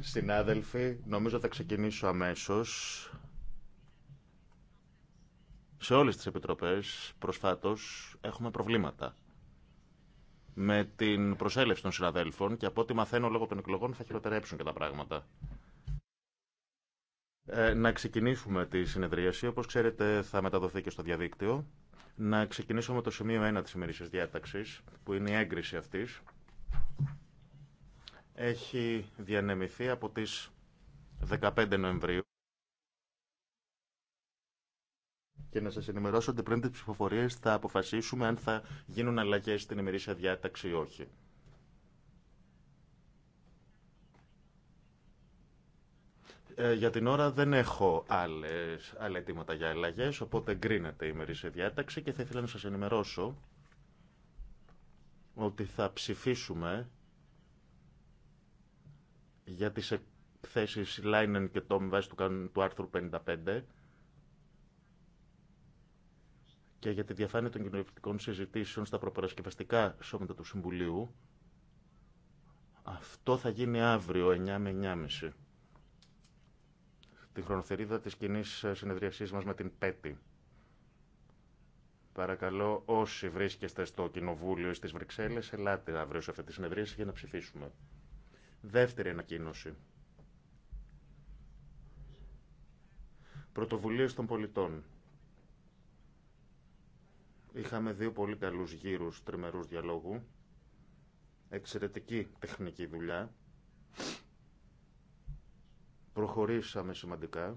Συνάδελφοι, νομίζω θα ξεκινήσω αμέσως. Σε όλες τις επιτροπές προσφάτως έχουμε προβλήματα με την προσέλευση των συναδέλφων και από ό,τι μαθαίνω λόγω των εκλογών θα χειροτερέψουν και τα πράγματα. Ε, να ξεκινήσουμε τη συνεδρίαση. Όπως ξέρετε θα μεταδοθεί και στο διαδίκτυο. Να ξεκινήσω με το σημείο 1 της ημερήσιας διάταξης που είναι η έγκριση αυτής έχει διανεμηθεί από τις 15 Νοεμβρίου. Και να σας ενημερώσω ότι πριν τις ψηφοφορίες θα αποφασίσουμε αν θα γίνουν αλλαγές στην ημερήσια διάταξη ή όχι. Ε, για την ώρα δεν έχω άλλες, άλλα αιτήματα για αλλαγές, οπότε γκρίνεται η ημερήσια διάταξη και θα ήθελα να σας ενημερώσω ότι θα ψηφίσουμε για τις εκθέσεις Λάινεν και Τόμ βάσει του, του άρθρου 55 και για τη διαφάνεια των κοινωνικών συζητήσεων στα προπαρασκευαστικά σώματα του Συμβουλίου. Αυτό θα γίνει αύριο 9 με 9.30. Την χρονοθερίδα της κοινή συνεδριασής μας με την ΠΕΤΗ. Παρακαλώ όσοι βρίσκεστε στο Κοινοβούλιο ή στις Βρυξέλλες, ελάτε αύριο σε αυτή τη συνεδρίαση για να ψηφίσουμε. Δεύτερη ανακοίνωση. Πρωτοβουλίε των πολιτών. Είχαμε δύο πολύ καλούς γύρους τριμερούς διαλόγου. Εξαιρετική τεχνική δουλειά. Προχωρήσαμε σημαντικά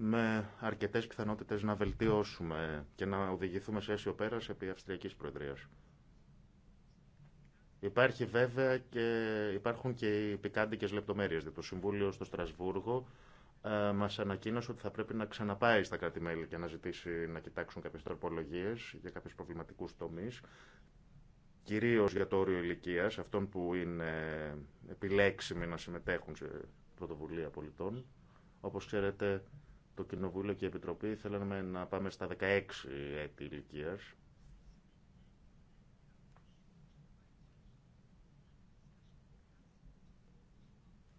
με αρκετές πιθανότητες να βελτιώσουμε και να οδηγηθούμε σε αίσιο πέρας επί Αυστριακής Προεδρίας. Υπάρχει βέβαια και υπάρχουν και οι πικάντικες λεπτομέρειες. Το Συμβούλιο στο Στρασβούργο ε, μας ανακοίνωσε ότι θα πρέπει να ξαναπάει στα κράτη-μέλη και να ζητήσει να κοιτάξουν κάποιες τροπολογίες για κάποιους προβληματικούς τομείς κυρίως για το όριο ηλικία, αυτών που είναι επιλέξιμοι να συμμετέχουν σε πρωτοβουλία πολιτών. Όπως ξέρετε, το Κοινοβούλιο και η Επιτροπή θέλαμε να πάμε στα 16 έτη ηλικία.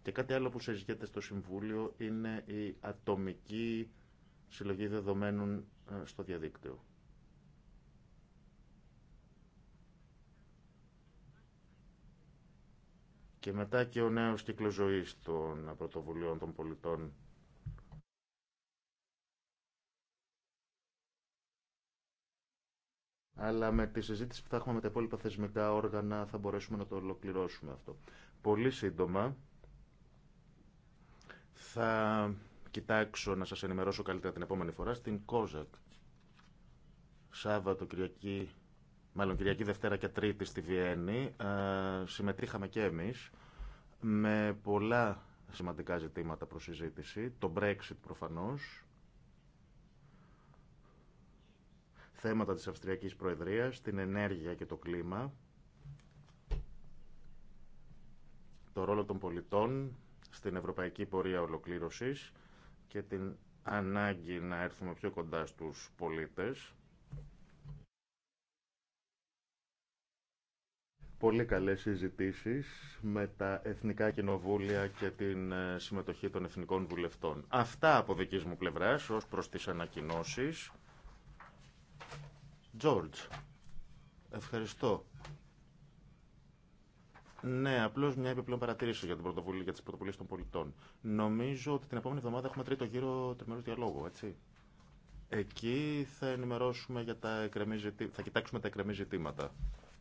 Και κάτι άλλο που συζητιέται στο Συμβούλιο είναι η ατομική συλλογή δεδομένων ε, στο διαδίκτυο. Και μετά και ο νέος κύκλος ζωής των πρωτοβουλίων των πολιτών αλλά με τη συζήτηση που θα έχουμε με τα υπόλοιπα θεσμικά όργανα θα μπορέσουμε να το ολοκληρώσουμε αυτό. Πολύ σύντομα θα κοιτάξω να σας ενημερώσω καλύτερα την επόμενη φορά στην Κόζακ. Σάββατο, Κυριακή, μάλλον Κυριακή, Δευτέρα και Τρίτη στη Βιέννη συμμετείχαμε και εμείς με πολλά σημαντικά ζητήματα προς συζήτηση. Το Brexit προφανώς, θέματα της Αυστριακής Προεδρίας, την ενέργεια και το κλίμα, το ρόλο των πολιτών στην ευρωπαϊκή πορεία ολοκλήρωσης και την ανάγκη να έρθουμε πιο κοντά στους πολίτες. Πολύ καλές συζητήσεις με τα Εθνικά Κοινοβούλια και την ε, συμμετοχή των Εθνικών Βουλευτών. Αυτά από δική μου πλευράς ως προς τις ανακοινώσεις. Τζόρτζ. Ευχαριστώ. Ναι, απλώ μια επιπλέον παρατήρηση για, την πρωτοβουλία, για τι πρωτοβουλίε των πολιτών. Νομίζω ότι την επόμενη εβδομάδα έχουμε τρίτο γύρο τριμερού διαλόγου, έτσι. Εκεί θα ενημερώσουμε για τα εκκρεμή ζητήματα, θα κοιτάξουμε τα εκκρεμή ζητήματα.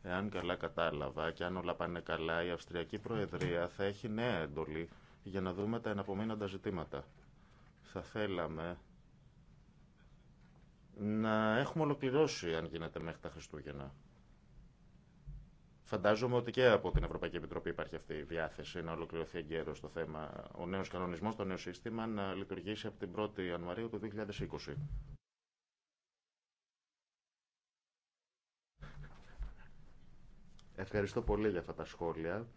Εάν καλά κατάλαβα και αν όλα πάνε καλά, η Αυστριακή Προεδρία θα έχει νέα εντολή για να δούμε τα εναπομείνοντα ζητήματα. Θα θέλαμε να έχουμε ολοκληρώσει, αν γίνεται, μέχρι τα Χριστούγεννα. Φαντάζομαι ότι και από την Ευρωπαϊκή Επιτροπή υπάρχει αυτή η διάθεση να ολοκληρωθεί εγκαίρω το θέμα. Ο νέο κανονισμό, το νέο σύστημα να λειτουργήσει από την 1η Ιανουαρίου του 2020. Ευχαριστώ πολύ για αυτά τα σχόλια.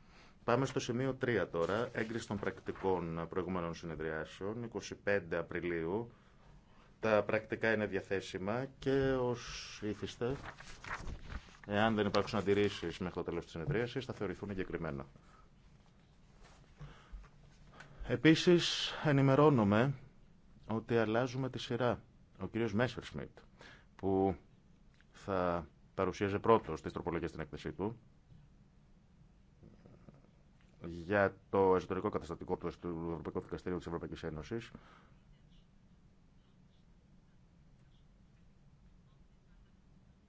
Πάμε στο σημείο 3 τώρα, έγκριση των πρακτικών προηγούμενων συνεδριάσεων, 25 Απριλίου, τα πρακτικά είναι διαθέσιμα και ως ήθιστε, εάν δεν υπάρξουν αντιρρήσεις μέχρι το τέλος της συνεδρίασης, θα θεωρηθούν εγκεκριμένα. Επίσης, ενημερώνομαι ότι αλλάζουμε τη σειρά. Ο κύριος Μέσερ Σμιτ, που θα παρουσίαζε πρώτος τις τροπολογίες στην έκθεσή του, για το εσωτερικό καταστατικό του Ευρωπαϊκού Δικαστηρίου της Ευρωπαϊκής Ένωσης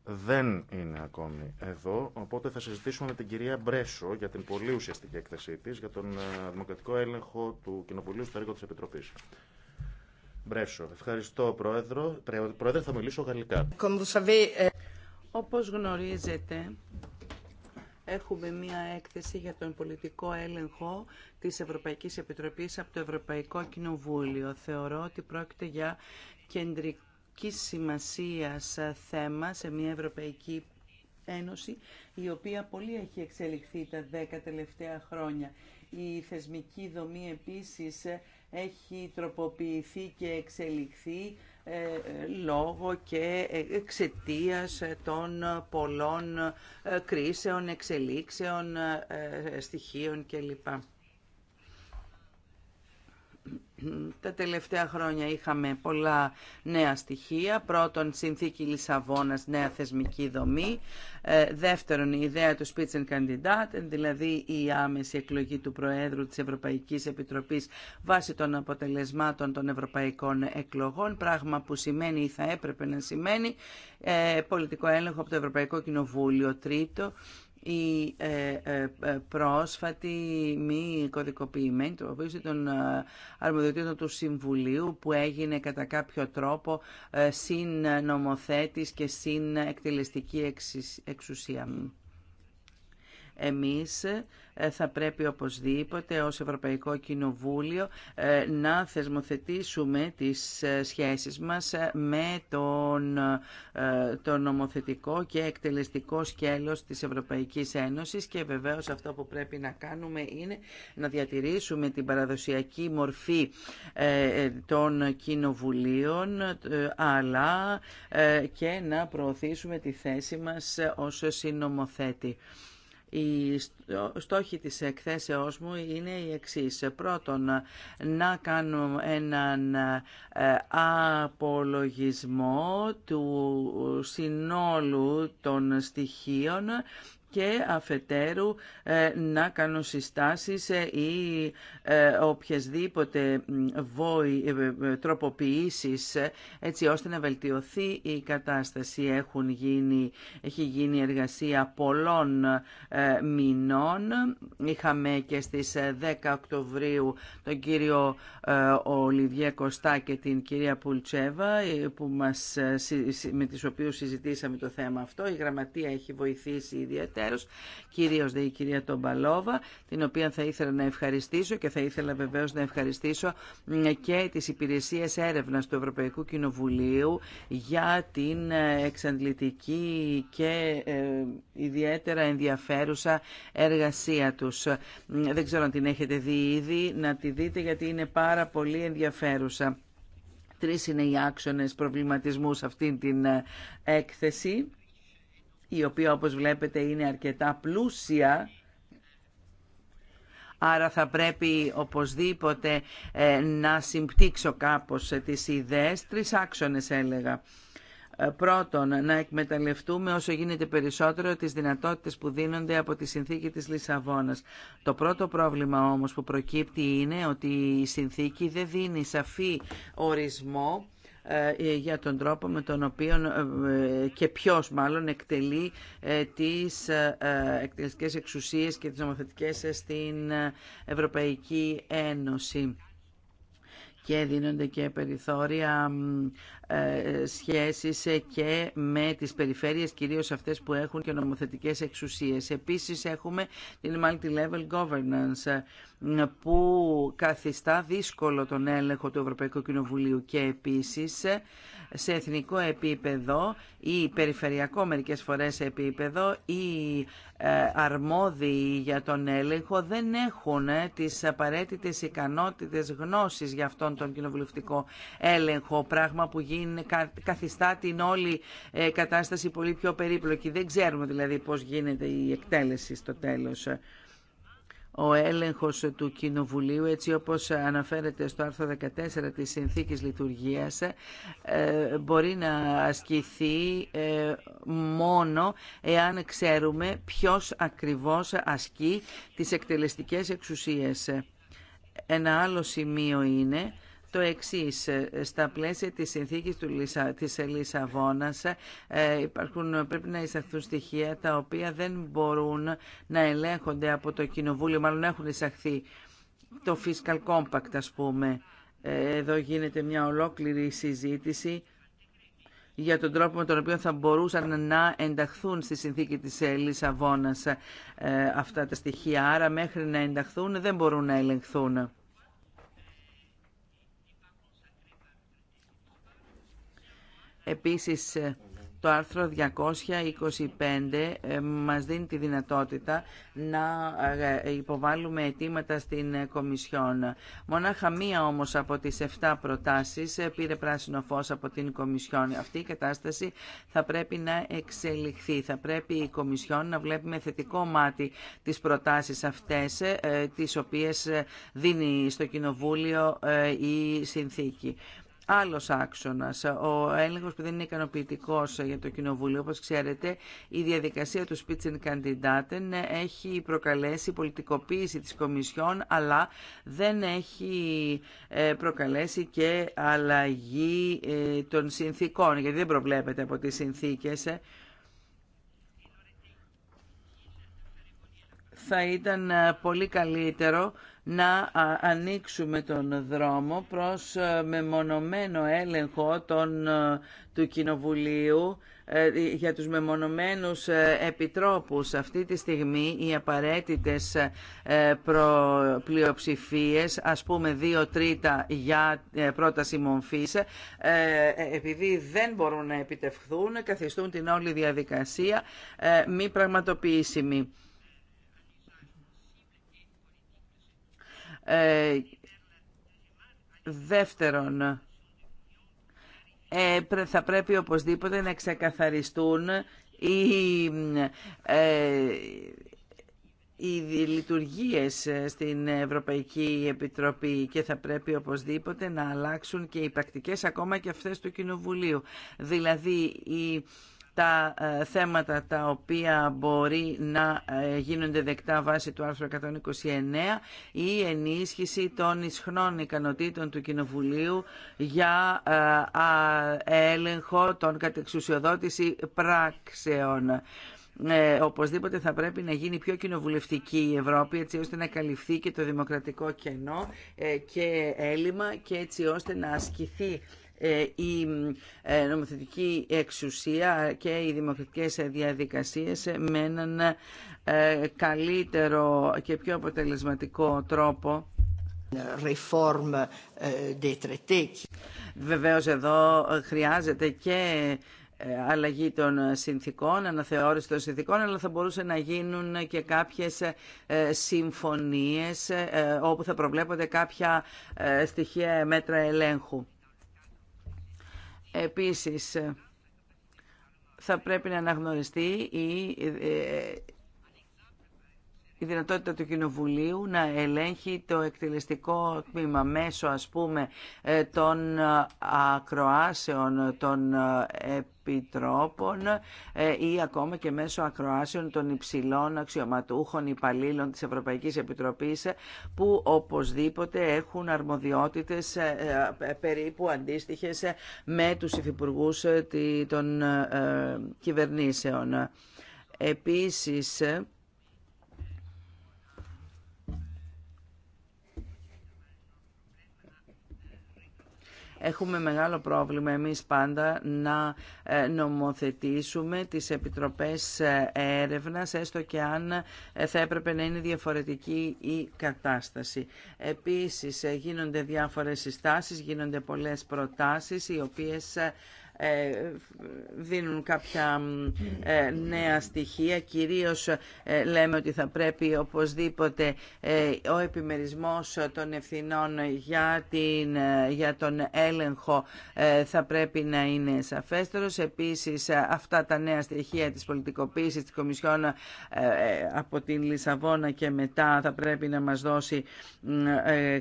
δεν είναι ακόμη εδώ, οπότε θα συζητήσουμε με την κυρία Μπρέσο για την πολύ ουσιαστική έκθεσή της, για τον ε, δημοκρατικό έλεγχο του Κοινοβουλίου στο έργο της Επιτροπής. Μπρέσο, ευχαριστώ Πρόεδρο. Πρόεδρε, θα μιλήσω γαλλικά. Ε, όπως γνωρίζετε, έχουμε μία έκθεση για τον πολιτικό έλεγχο της Ευρωπαϊκής Επιτροπής από το Ευρωπαϊκό Κοινοβούλιο. Θεωρώ ότι πρόκειται για κεντρικό σημασία ε, θέμα σε μια Ευρωπαϊκή Ένωση η οποία πολύ έχει εξελιχθεί τα δέκα τελευταία χρόνια. Η θεσμική δομή επίσης ε, έχει τροποποιηθεί και εξελιχθεί ε, λόγω και εξαιτία των πολλών κρίσεων, εξελίξεων, στοιχείων κλπ. Τα τελευταία χρόνια είχαμε πολλά νέα στοιχεία. Πρώτον, συνθήκη Λισαβόνας, νέα θεσμική δομή. Ε, δεύτερον, η ιδέα του Spitzenkandidat, δηλαδή η άμεση εκλογή του Προέδρου της Ευρωπαϊκής Επιτροπής βάσει των αποτελεσμάτων των ευρωπαϊκών εκλογών, πράγμα που σημαίνει ή θα έπρεπε να σημαίνει ε, πολιτικό έλεγχο από το Ευρωπαϊκό Κοινοβούλιο. Τρίτο, η ε, ε, ε, πρόσφατη μη κωδικοποιημένη τροποποίηση των αρμοδιοτήτων του Συμβουλίου που έγινε κατά κάποιο τρόπο συν νομοθέτης και συν εκτελεστική εξουσία. Εμείς ε, θα πρέπει οπωσδήποτε ως Ευρωπαϊκό Κοινοβούλιο ε, να θεσμοθετήσουμε τις ε, σχέσεις μας με τον, τον νομοθετικό και εκτελεστικό σκέλος της Ευρωπαϊκής Ένωσης και βεβαίως αυτό που πρέπει να κάνουμε είναι να διατηρήσουμε την παραδοσιακή μορφή των κοινοβουλίων αλλά και να προωθήσουμε τη θέση μας ως συνομοθέτη. Οι στόχοι της εκθέσεώς μου είναι οι εξής. Πρώτον, να κάνω έναν ε, απολογισμό του συνόλου των στοιχείων και αφετέρου ε, να κάνουν συστάσεις ε, ή ε, οποιασδήποτε τροποποιήσεις έτσι ώστε να βελτιωθεί η κατάσταση. Έχουν γίνει, έχει γίνει εργασία πολλών μηνών. Είχαμε και στις 10 Οκτωβρίου τον κύριο Ολιβιέ Κωστά και την κυρία Πουλτσέβα που μας, με τις οποίους συζητήσαμε το θέμα αυτό. Η γραμματεία έχει βοηθήσει ιδιαίτερα Κυρίω κυρίως η κυρία Τομπαλόβα, την οποία θα ήθελα να ευχαριστήσω και θα ήθελα βεβαίως να ευχαριστήσω και τις υπηρεσίες έρευνας του Ευρωπαϊκού Κοινοβουλίου για την ε, εξαντλητική και ε, ιδιαίτερα ενδιαφέρουσα εργασία τους. Δεν ξέρω αν την έχετε δει ήδη, να τη δείτε γιατί είναι πάρα πολύ ενδιαφέρουσα. Τρεις είναι οι άξονες προβληματισμούς αυτήν την ε, έκθεση η οποία όπως βλέπετε είναι αρκετά πλούσια. Άρα θα πρέπει οπωσδήποτε ε, να συμπτύξω κάπως ε, τις ιδέες. Τρεις άξονες έλεγα. Ε, πρώτον, να εκμεταλλευτούμε όσο γίνεται περισσότερο τις δυνατότητες που δίνονται από τη συνθήκη της Λισαβόνας. Το πρώτο πρόβλημα όμως που προκύπτει είναι ότι η συνθήκη δεν δίνει σαφή ορισμό ε, για τον τρόπο με τον οποίο ε, και ποιος μάλλον εκτελεί ε, τις εκτελεστικές εξουσίες και τις νομοθετικές στην Ευρωπαϊκή Ένωση και δίνονται και περιθώρια ε, σχέσεις και με τις περιφέρειες, κυρίως αυτές που έχουν και νομοθετικές εξουσίες. Επίσης έχουμε την multi-level governance που καθιστά δύσκολο τον έλεγχο του Ευρωπαϊκού Κοινοβουλίου και επίσης σε εθνικό επίπεδο ή περιφερειακό μερικές φορές επίπεδο ή ε, αρμόδιοι για τον έλεγχο δεν έχουν ε, τις απαραίτητες ικανότητες γνώσης για αυτόν τον κοινοβουλευτικό έλεγχο, πράγμα που καθιστά την όλη ε, κατάσταση πολύ πιο περίπλοκη. Δεν ξέρουμε δηλαδή πώς γίνεται η εκτέλεση στο τέλος. Ο έλεγχος του Κοινοβουλίου, έτσι όπως αναφέρεται στο άρθρο 14 της Συνθήκης Λειτουργίας, ε, μπορεί να ασκηθεί ε, μόνο εάν ξέρουμε ποιος ακριβώς ασκεί τις εκτελεστικές εξουσίες. Ένα άλλο σημείο είναι το εξής. Στα πλαίσια της συνθήκης του Λισα, της ε, υπάρχουν, πρέπει να εισαχθούν στοιχεία τα οποία δεν μπορούν να ελέγχονται από το Κοινοβούλιο, μάλλον έχουν εισαχθεί το Fiscal Compact ας πούμε. Ε, εδώ γίνεται μια ολόκληρη συζήτηση για τον τρόπο με τον οποίο θα μπορούσαν να ενταχθούν στη συνθήκη της ε, Λισαβόνας αυτά τα στοιχεία. Άρα μέχρι να ενταχθούν δεν μπορούν να ελεγχθούν. Επίσης, το άρθρο 225 ε, μας δίνει τη δυνατότητα να ε, υποβάλουμε αιτήματα στην Κομισιόν. Μονάχα μία όμως από τις 7 προτάσεις ε, πήρε πράσινο φως από την Κομισιόν. Αυτή η κατάσταση θα πρέπει να εξελιχθεί. Θα πρέπει η Κομισιόν να βλέπει με θετικό μάτι τις προτάσεις αυτές, τις οποίες δίνει στο Κοινοβούλιο η συνθήκη άλλος άξονας, ο έλεγχος που δεν είναι ικανοποιητικό για το Κοινοβούλιο. Όπως ξέρετε, η διαδικασία του Spitzenkandidaten έχει προκαλέσει πολιτικοποίηση της Κομισιόν, αλλά δεν έχει ε, προκαλέσει και αλλαγή ε, των συνθήκων, γιατί δεν προβλέπεται από τις συνθήκες. Θα ήταν ε, πολύ καλύτερο να ανοίξουμε τον δρόμο προς ε, μεμονωμένο έλεγχο των, ε, του Κοινοβουλίου ε, για τους μεμονωμένους επιτρόπους. Αυτή τη στιγμή οι απαραίτητες προ... πλειοψηφίες, ας πούμε δύο τρίτα για πρόταση μομφής, επειδή δεν μπορούν να επιτευχθούν, καθιστούν την όλη διαδικασία μη πραγματοποιήσιμη. Ε, δεύτερον, ε, θα πρέπει οπωσδήποτε να ξεκαθαριστούν οι, ε, λειτουργίες στην Ευρωπαϊκή Επιτροπή και θα πρέπει οπωσδήποτε να αλλάξουν και οι πρακτικές ακόμα και αυτές του Κοινοβουλίου. Δηλαδή, οι τα ε, θέματα τα οποία μπορεί να ε, γίνονται δεκτά βάσει του άρθρου 129 η ενίσχυση των ισχνών ικανοτήτων του Κοινοβουλίου για ε, έλεγχο των κατεξουσιοδότηση πράξεων. οπωσδήποτε θα πρέπει να γίνει πιο κοινοβουλευτική η Ευρώπη έτσι ώστε να καλυφθεί και το δημοκρατικό κενό και έλλειμμα και έτσι ώστε να ασκηθεί ε, η ε, νομοθετική εξουσία και οι δημοκρατικές διαδικασίες με έναν ε, καλύτερο και πιο αποτελεσματικό τρόπο Βεβαίω Βεβαίως εδώ χρειάζεται και αλλαγή των συνθήκων, αναθεώρηση των συνθήκων, αλλά θα μπορούσε να γίνουν και κάποιες συμφωνίες όπου θα προβλέπονται κάποια στοιχεία μέτρα ελέγχου. Επίσης, θα πρέπει να αναγνωριστεί η ε, η δυνατότητα του Κοινοβουλίου να ελέγχει το εκτελεστικό τμήμα μέσω ας πούμε ε, των ε, ακροάσεων των ε, επιτρόπων ή ακόμα και μέσω ακροάσεων των υψηλών αξιωματούχων υπαλλήλων της Ευρωπαϊκής Επιτροπής που οπωσδήποτε έχουν αρμοδιότητες περίπου αντίστοιχες με τους υφυπουργούς των κυβερνήσεων. Επίσης, Έχουμε μεγάλο πρόβλημα εμείς πάντα να ε, νομοθετήσουμε τις επιτροπές ε, έρευνας, έστω και αν ε, θα έπρεπε να είναι διαφορετική η κατάσταση. Επίσης, γίνονται διάφορες συστάσεις, γίνονται πολλές προτάσεις, οι οποίες ε, δίνουν κάποια ε, νέα στοιχεία. Κυρίως ε, λέμε ότι θα πρέπει οπωσδήποτε ο επιμερισμός των ευθυνών για, την, για τον έλεγχο θα πρέπει να είναι σαφέστερος. Επίσης αυτά τα νέα στοιχεία της πολιτικοποίησης της Κομισιόν από την Λισαβόνα και μετά θα πρέπει να μας δώσει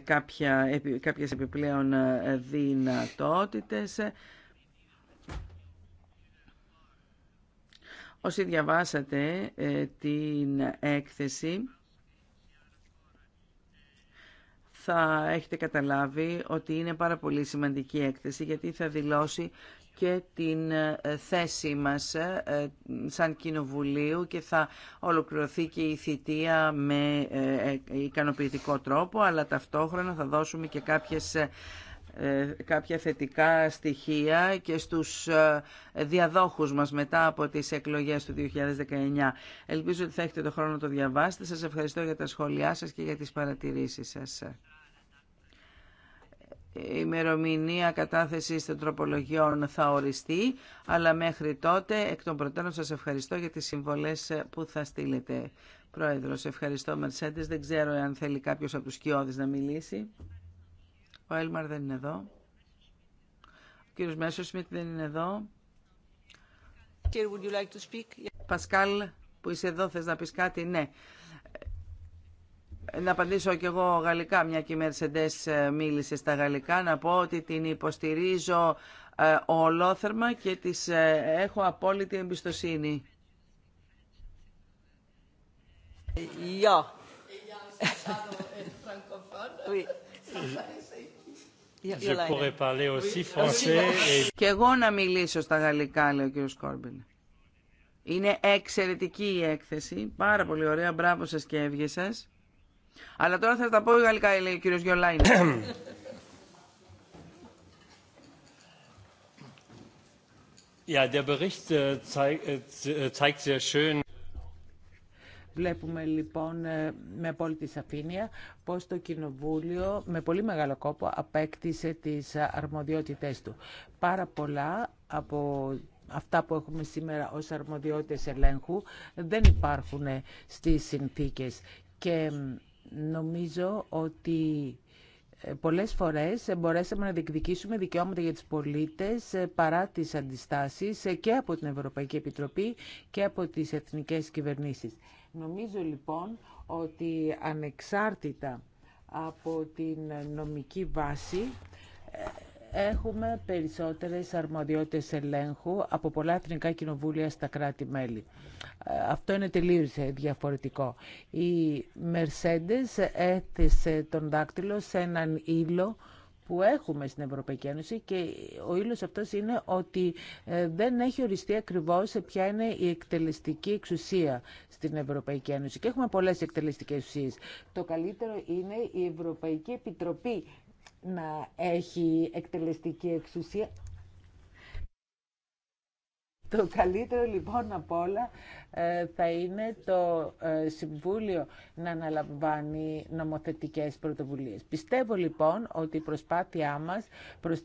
κάποια, κάποιες επιπλέον δυνατότητες. Όσοι διαβάσατε ε, την έκθεση θα έχετε καταλάβει ότι είναι πάρα πολύ σημαντική έκθεση γιατί θα δηλώσει και την ε, θέση μας ε, σαν Κοινοβουλίου και θα ολοκληρωθεί και η θητεία με ικανοποιητικό τρόπο αλλά ταυτόχρονα θα δώσουμε και κάποιες ε, κάποια θετικά στοιχεία και στους ε, διαδόχους μας μετά από τις εκλογές του 2019. Ελπίζω ότι θα έχετε το χρόνο να το διαβάσετε. Σας ευχαριστώ για τα σχόλιά σας και για τις παρατηρήσεις σας. Η ημερομηνία κατάθεση των τροπολογιών θα οριστεί, αλλά μέχρι τότε εκ των προτέρων σας ευχαριστώ για τις συμβολές που θα στείλετε. Πρόεδρος, ευχαριστώ Μερσέντες. Δεν ξέρω αν θέλει κάποιος από τους κοιόδης να μιλήσει. Ο Έλμαρ δεν είναι εδώ. Ο κύριος Μέσο Σμιτ δεν είναι εδώ. Would Πασκάλ, που είσαι εδώ, θες να πεις κάτι. Ναι. Ε, να απαντήσω κι εγώ γαλλικά, μια και η Mercedes ε, μίλησε στα γαλλικά, να πω ότι την υποστηρίζω ε, ολόθερμα και της έχω απόλυτη εμπιστοσύνη. Και εγώ να μιλήσω στα γαλλικά, λέει ο κύριο Κόρμπιν. Είναι εξαιρετική η έκθεση, πάρα πολύ ωραία, μπράβο σας και έβγε σα. Αλλά τώρα θα τα πω γαλλικά, λέει ο κύριο Γιολάιν. Ja, der Bericht äh, äh, äh, zeigt sehr schön. Βλέπουμε λοιπόν ε, με απόλυτη σαφήνεια πως το Κοινοβούλιο με πολύ μεγάλο κόπο απέκτησε τις αρμοδιότητές του. Πάρα πολλά από αυτά που έχουμε σήμερα ως αρμοδιότητες ελέγχου δεν υπάρχουν στις συνθήκες και νομίζω ότι ε, πολλές φορές μπορέσαμε να διεκδικήσουμε δικαιώματα για τις πολίτες ε, παρά τις αντιστάσεις και από την Ευρωπαϊκή Επιτροπή και από τις εθνικές κυβερνήσεις. Νομίζω λοιπόν ότι ανεξάρτητα από την νομική βάση ε, έχουμε περισσότερες αρμοδιότητες ελέγχου από πολλά εθνικά κοινοβούλια στα κράτη-μέλη. Ε, αυτό είναι τελείως διαφορετικό. Η Mercedes έθεσε τον δάκτυλο σε έναν ήλο που έχουμε στην Ευρωπαϊκή Ένωση και ο ήλος αυτός είναι ότι ε, δεν έχει οριστεί ακριβώς σε ποια είναι η εκτελεστική εξουσία στην Ευρωπαϊκή Ένωση και έχουμε πολλές εκτελεστικές εξουσίες. Το καλύτερο είναι η Ευρωπαϊκή Επιτροπή να έχει εκτελεστική εξουσία το καλύτερο λοιπόν από όλα ε, θα είναι το ε, Συμβούλιο να αναλαμβάνει νομοθετικές πρωτοβουλίες. Πιστεύω λοιπόν ότι η προσπάθειά μας προς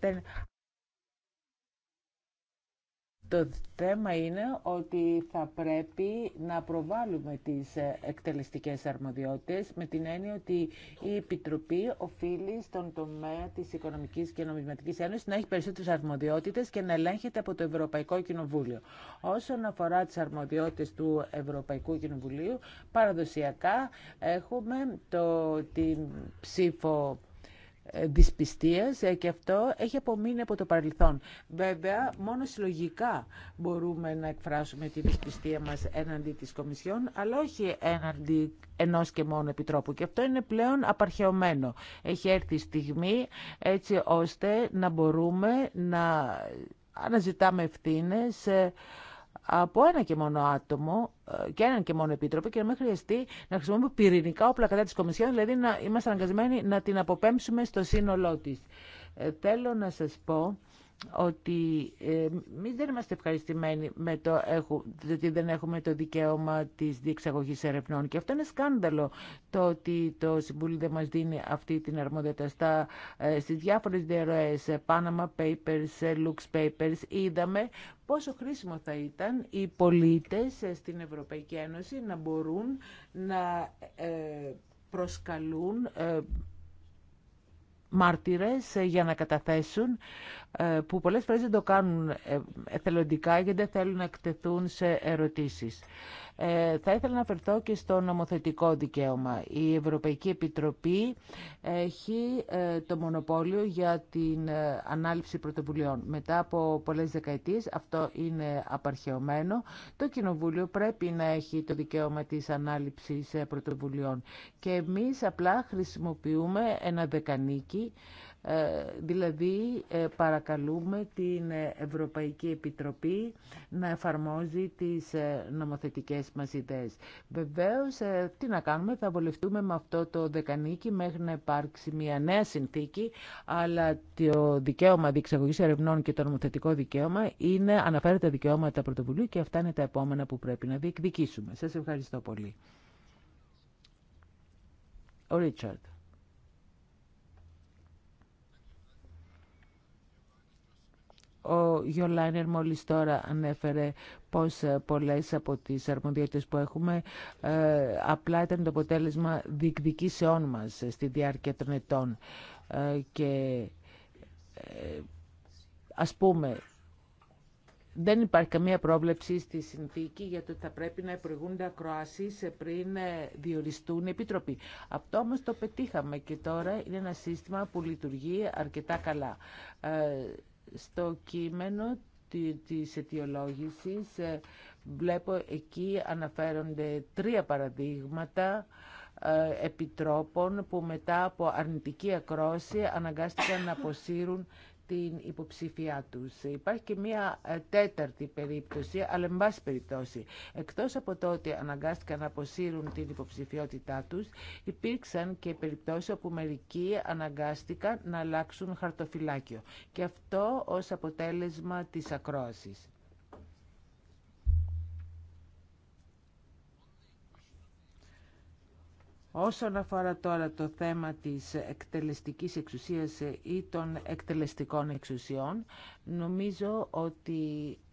το θέμα είναι ότι θα πρέπει να προβάλλουμε τις ε, εκτελεστικές αρμοδιότητες με την έννοια ότι η Επιτροπή οφείλει στον τομέα της Οικονομικής και Νομισματικής Ένωσης να έχει περισσότερες αρμοδιότητες και να ελέγχεται από το Ευρωπαϊκό Κοινοβούλιο. Όσον αφορά τις αρμοδιότητες του Ευρωπαϊκού Κοινοβουλίου, παραδοσιακά έχουμε το, την ψήφο δυσπιστίας ε, και αυτό έχει απομείνει από το παρελθόν. Βέβαια, μόνο συλλογικά μπορούμε να εκφράσουμε τη δυσπιστία μας έναντι της Κομισιόν, αλλά όχι έναντι ενός και μόνο επιτρόπου. Και αυτό είναι πλέον απαρχαιωμένο. Έχει έρθει η στιγμή έτσι ώστε να μπορούμε να αναζητάμε ευθύνες, ε, από ένα και μόνο άτομο ε, και έναν και μόνο επίτροπο και να μην χρειαστεί να χρησιμοποιούμε πυρηνικά όπλα κατά της Κομισιόν, δηλαδή να είμαστε αναγκασμένοι να την αποπέμψουμε στο σύνολό της. Ε, θέλω να σας πω ότι ε, μην δεν είμαστε ευχαριστημένοι με το ότι δεν έχουμε το δικαίωμα της διεξαγωγής ερευνών. Και αυτό είναι σκάνδαλο το ότι το Συμβούλιο δεν μας δίνει αυτή την αρμοδιότητα στα, ε, στις διάφορες διαρροές, ε, Panama Papers, Lux Papers. Είδαμε πόσο χρήσιμο θα ήταν οι πολίτες στην Ευρωπαϊκή Ένωση να μπορούν να προσκαλούν μάρτυρες για να καταθέσουν ε, που πολλές φορές δεν το κάνουν ε, εθελοντικά γιατί δεν θέλουν να εκτεθούν σε ερωτήσεις. Ε, θα ήθελα να αφαιρθώ και στο νομοθετικό δικαίωμα. Η Ευρωπαϊκή Επιτροπή έχει το μονοπόλιο για την ανάληψη πρωτοβουλειών. Μετά από πολλές δεκαετίες αυτό είναι απαρχαιωμένο. Το Κοινοβούλιο πρέπει να έχει το δικαίωμα της ανάληψης πρωτοβουλειών. Και εμείς απλά χρησιμοποιούμε ένα δεκανίκι ε, δηλαδή ε, παρακαλούμε την Ευρωπαϊκή Επιτροπή να εφαρμόζει τις ε, νομοθετικές μας ιδέες. Βεβαίως, τι να κάνουμε, θα βολευτούμε με αυτό το δεκανίκι μέχρι να υπάρξει μια νέα συνθήκη, αλλά το δικαίωμα διεξαγωγής ερευνών και το νομοθετικό δικαίωμα είναι, αναφέρεται δικαιώματα πρωτοβουλίου και αυτά είναι τα επόμενα που πρέπει να διεκδικήσουμε. Σας ευχαριστώ πολύ. Ο Ο Γιολάινερ μόλις τώρα ανέφερε πως ε, πολλές από τις αρμοδιότητες που έχουμε ε, απλά ήταν το αποτέλεσμα διεκδικήσεών μας ε, στη διάρκεια των ετών. Και ας πούμε, δεν υπάρχει καμία πρόβλεψη στη συνθήκη για το ότι θα πρέπει να προηγούνται ακροάσει πριν διοριστούν οι επιτροποί. Αυτό όμω το πετύχαμε και τώρα είναι ένα σύστημα που λειτουργεί αρκετά καλά στο κείμενο της αιτιολόγησης ε, βλέπω εκεί αναφέρονται τρία παραδείγματα ε, επιτρόπων που μετά από αρνητική ακρόση αναγκάστηκαν να αποσύρουν την υποψήφιά τους. Υπάρχει και μία ε, τέταρτη περίπτωση, αλλά εν πάση περιπτώσει, εκτός από το ότι αναγκάστηκαν να αποσύρουν την υποψηφιότητά τους, υπήρξαν και περιπτώσεις όπου μερικοί αναγκάστηκαν να αλλάξουν χαρτοφυλάκιο. Και αυτό ως αποτέλεσμα της ακρόασης. Όσον αφορά τώρα το θέμα της εκτελεστικής εξουσίας ή των εκτελεστικών εξουσιών, νομίζω ότι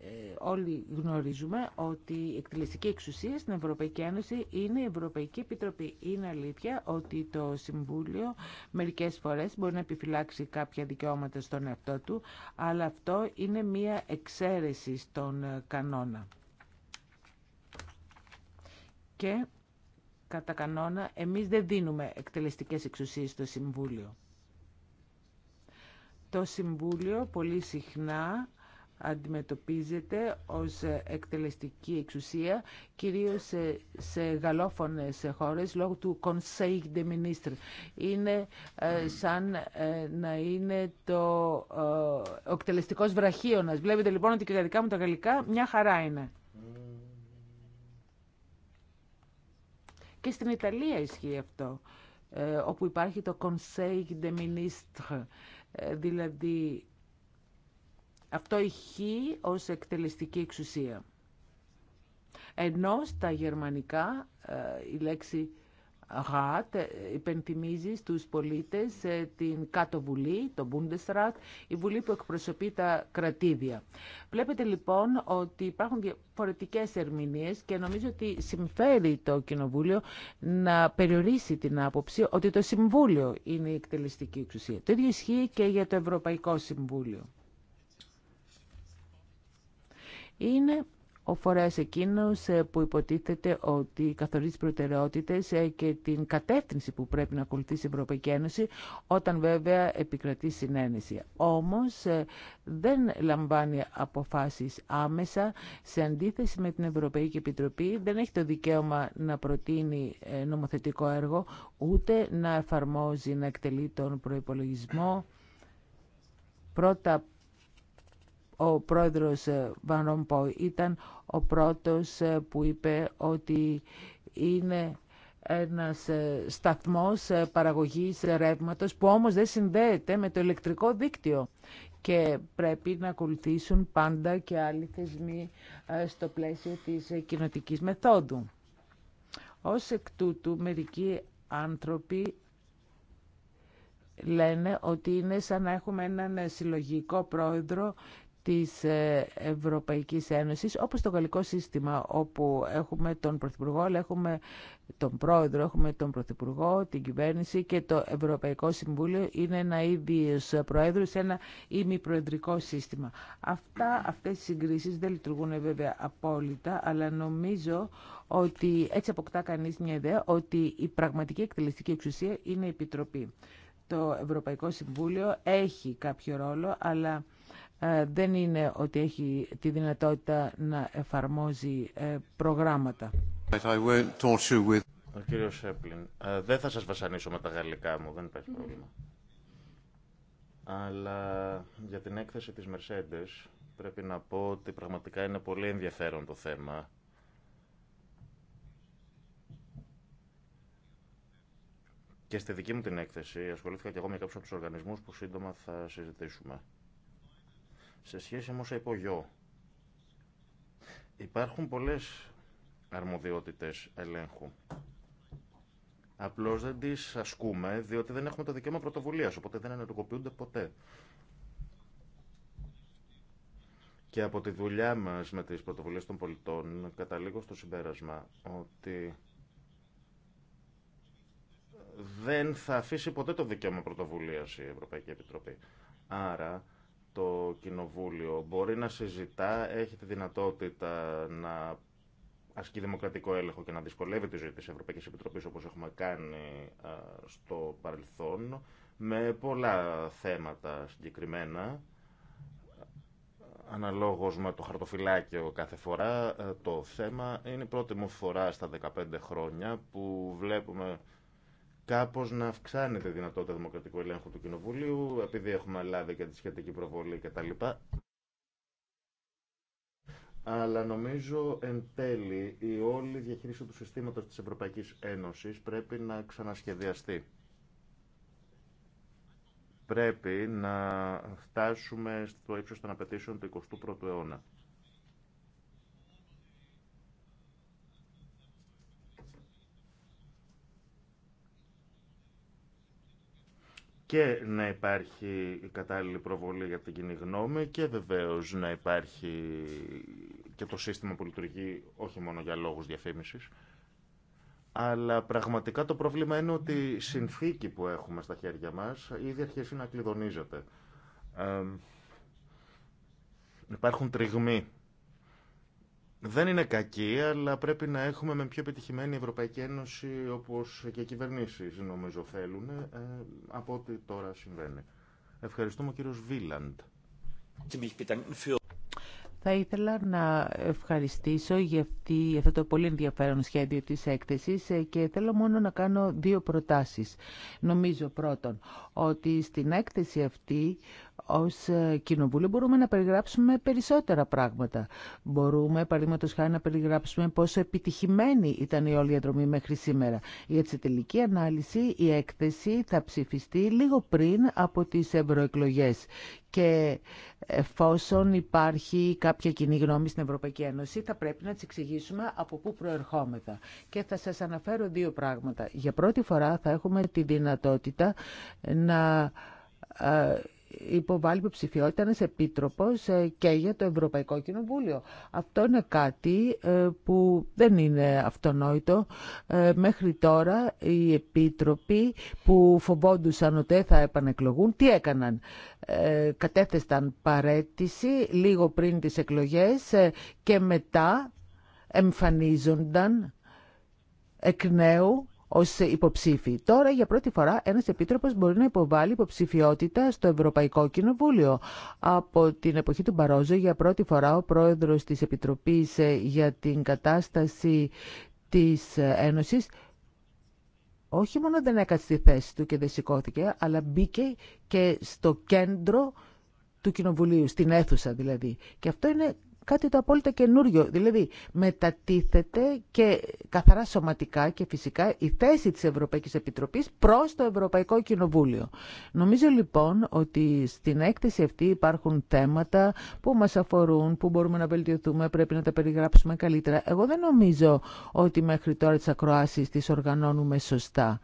ε, όλοι γνωρίζουμε ότι η εκτελεστική εξουσία στην Ευρωπαϊκή Ένωση είναι η Ευρωπαϊκή Επιτροπή. Είναι αλήθεια ότι το Συμβούλιο μερικές φορές μπορεί να επιφυλάξει κάποια δικαιώματα στον εαυτό του, αλλά αυτό είναι μία εξαίρεση στον κανόνα. Και κατά κανόνα εμείς δεν δίνουμε εκτελεστικές εξουσίες στο Συμβούλιο. Το Συμβούλιο πολύ συχνά αντιμετωπίζεται ως εκτελεστική εξουσία, κυρίως σε, σε γαλλόφωνες χώρες, λόγω του Conseil de Ministres. Είναι ε, σαν ε, να είναι το, ε, ο εκτελεστικός βραχίωνας. Βλέπετε λοιπόν ότι και τα δικά μου τα γαλλικά μια χαρά είναι. Mm. Και στην Ιταλία ισχύει αυτό, ε, όπου υπάρχει το Conseil de Ministres, ε, δηλαδή αυτό ηχεί ως εκτελεστική εξουσία. Ενώ στα γερμανικά ε, η λέξη Rat υπενθυμίζει στους πολίτες ε, την κάτω βουλή, το Bundesrat, η βουλή που εκπροσωπεί τα κρατήδια. Βλέπετε λοιπόν ότι υπάρχουν διαφορετικέ ερμηνείε και νομίζω ότι συμφέρει το Κοινοβούλιο να περιορίσει την άποψη ότι το Συμβούλιο είναι η εκτελεστική εξουσία. Το ίδιο ισχύει και για το Ευρωπαϊκό Συμβούλιο. Είναι ο φορέας εκείνος ε, που υποτίθεται ότι καθορίζει τις προτεραιότητες ε, και την κατεύθυνση που πρέπει να ακολουθήσει η Ευρωπαϊκή Ένωση όταν βέβαια επικρατεί συνένεση. Όμως ε, δεν λαμβάνει αποφάσεις άμεσα σε αντίθεση με την Ευρωπαϊκή Επιτροπή δεν έχει το δικαίωμα να προτείνει νομοθετικό έργο ούτε να εφαρμόζει, να εκτελεί τον προϋπολογισμό. Πρώτα ο πρόεδρος Βαν ε, Ρομπό ήταν ο πρώτος ε, που είπε ότι είναι ένας ε, σταθμός παραγωγής ρεύματος που όμως δεν συνδέεται με το ηλεκτρικό δίκτυο και πρέπει να ακολουθήσουν πάντα και άλλοι θεσμοί στο πλαίσιο της κοινοτικής μεθόδου. Ως εκ τούτου μερικοί άνθρωποι λένε ότι είναι σαν να έχουμε έναν συλλογικό πρόεδρο της ε, Ευρωπαϊκής Ένωσης, όπως το γαλλικό σύστημα, όπου έχουμε τον Πρωθυπουργό, αλλά έχουμε τον Πρόεδρο, έχουμε τον Πρωθυπουργό, την Κυβέρνηση και το Ευρωπαϊκό Συμβούλιο είναι ένα ίδιος σε ένα ημιπροεδρικό σύστημα. Αυτά, αυτές οι συγκρίσεις δεν λειτουργούν βέβαια απόλυτα, αλλά νομίζω ότι έτσι αποκτά κανείς μια ιδέα ότι η πραγματική εκτελεστική εξουσία είναι η Επιτροπή. Το Ευρωπαϊκό Συμβούλιο έχει κάποιο ρόλο, αλλά ε, δεν είναι ότι έχει τη δυνατότητα να εφαρμόζει ε, προγράμματα. Ο κύριο Σέπλιν, ε, δεν θα σας βασανίσω με τα γαλλικά μου, δεν υπάρχει πρόβλημα. Αλλά για την έκθεση της Mercedes πρέπει να πω ότι πραγματικά είναι πολύ ενδιαφέρον το θέμα. Και στη δική μου την έκθεση ασχολήθηκα και εγώ με κάποιους από τους οργανισμούς που σύντομα θα συζητήσουμε. Σε σχέση με όσα υπογειώ υπάρχουν πολλές αρμοδιότητες ελέγχου. Απλώς δεν τις ασκούμε, διότι δεν έχουμε το δικαίωμα πρωτοβουλίας, οπότε δεν ενεργοποιούνται ποτέ. Και από τη δουλειά μας με τις πρωτοβουλίες των πολιτών καταλήγω στο συμπέρασμα ότι δεν θα αφήσει ποτέ το δικαίωμα πρωτοβουλίας η Ευρωπαϊκή Επιτροπή. Άρα το Κοινοβούλιο. Μπορεί να συζητά, έχει τη δυνατότητα να ασκεί δημοκρατικό έλεγχο και να δυσκολεύει τη ζωή της Ευρωπαϊκής Επιτροπής όπως έχουμε κάνει στο παρελθόν με πολλά θέματα συγκεκριμένα αναλόγως με το χαρτοφυλάκιο κάθε φορά ε, το θέμα είναι η πρώτη μου φορά στα 15 χρόνια που βλέπουμε Κάπω να αυξάνεται η δυνατότητα δημοκρατικού ελέγχου του Κοινοβουλίου, επειδή έχουμε λάβει και τη σχετική προβολή κτλ. Αλλά νομίζω εν τέλει η όλη διαχείριση του συστήματος της Ευρωπαϊκής Ένωσης πρέπει να ξανασχεδιαστεί. Πρέπει να φτάσουμε στο ύψος των απαιτήσεων του 21ου αιώνα. και να υπάρχει η κατάλληλη προβολή για την κοινή γνώμη και βεβαίως να υπάρχει και το σύστημα που λειτουργεί όχι μόνο για λόγους διαφήμισης. Αλλά πραγματικά το πρόβλημα είναι ότι η συνθήκη που έχουμε στα χέρια μας ήδη αρχίζει να κλειδονίζεται. Ε, υπάρχουν τριγμοί δεν είναι κακή, αλλά πρέπει να έχουμε με πιο επιτυχημένη Ευρωπαϊκή Ένωση, όπως και οι κυβερνήσεις νομίζω θέλουν, ε, από ό,τι τώρα συμβαίνει. Ευχαριστούμε ο κύριος Βίλαντ. Θα ήθελα να ευχαριστήσω για, αυτή, αυτό το πολύ ενδιαφέρον σχέδιο της έκθεσης ε, και θέλω μόνο να κάνω δύο προτάσεις. Νομίζω πρώτον ότι στην έκθεση αυτή ως ε, κοινοβούλιο μπορούμε να περιγράψουμε περισσότερα πράγματα. Μπορούμε, παραδείγματο χάρη, να περιγράψουμε πόσο επιτυχημένη ήταν η όλη διαδρομή μέχρι σήμερα. Η τη τελική ανάλυση, η έκθεση θα ψηφιστεί λίγο πριν από τις ευρωεκλογέ. Και εφόσον υπάρχει κάποια κοινή γνώμη στην Ευρωπαϊκή Ένωση, θα πρέπει να τι εξηγήσουμε από πού προερχόμεθα. Και θα σας αναφέρω δύο πράγματα. Για πρώτη φορά θα έχουμε τη δυνατότητα να ε, υποβάλει υποψηφιότητα ένας επίτροπος ε, και για το Ευρωπαϊκό Κοινοβούλιο. Αυτό είναι κάτι ε, που δεν είναι αυτονόητο. Ε, μέχρι τώρα οι επίτροποι που φοβόντουσαν ότι θα επανεκλογούν, τι έκαναν. Κατέθεσαν παρέτηση λίγο πριν τις εκλογές και μετά εμφανίζονταν εκ νέου Ω υποψήφοι. Τώρα για πρώτη φορά ένας επίτροπος μπορεί να υποβάλει υποψηφιότητα στο Ευρωπαϊκό Κοινοβούλιο. Από την εποχή του Μπαρόζο για πρώτη φορά ο πρόεδρος της Επιτροπής ε, για την κατάσταση της ε, Ένωσης όχι μόνο δεν έκατσε τη θέση του και δεν σηκώθηκε, αλλά μπήκε και στο κέντρο του Κοινοβουλίου, στην αίθουσα δηλαδή. Και αυτό είναι κάτι το απόλυτα καινούριο. Δηλαδή μετατίθεται και καθαρά σωματικά και φυσικά η θέση της Ευρωπαϊκής Επιτροπής προς το Ευρωπαϊκό Κοινοβούλιο. Νομίζω λοιπόν ότι στην έκθεση αυτή υπάρχουν θέματα που μας αφορούν, που μπορούμε να βελτιωθούμε, πρέπει να τα περιγράψουμε καλύτερα. Εγώ δεν νομίζω ότι μέχρι τώρα τις ακροάσεις τις οργανώνουμε σωστά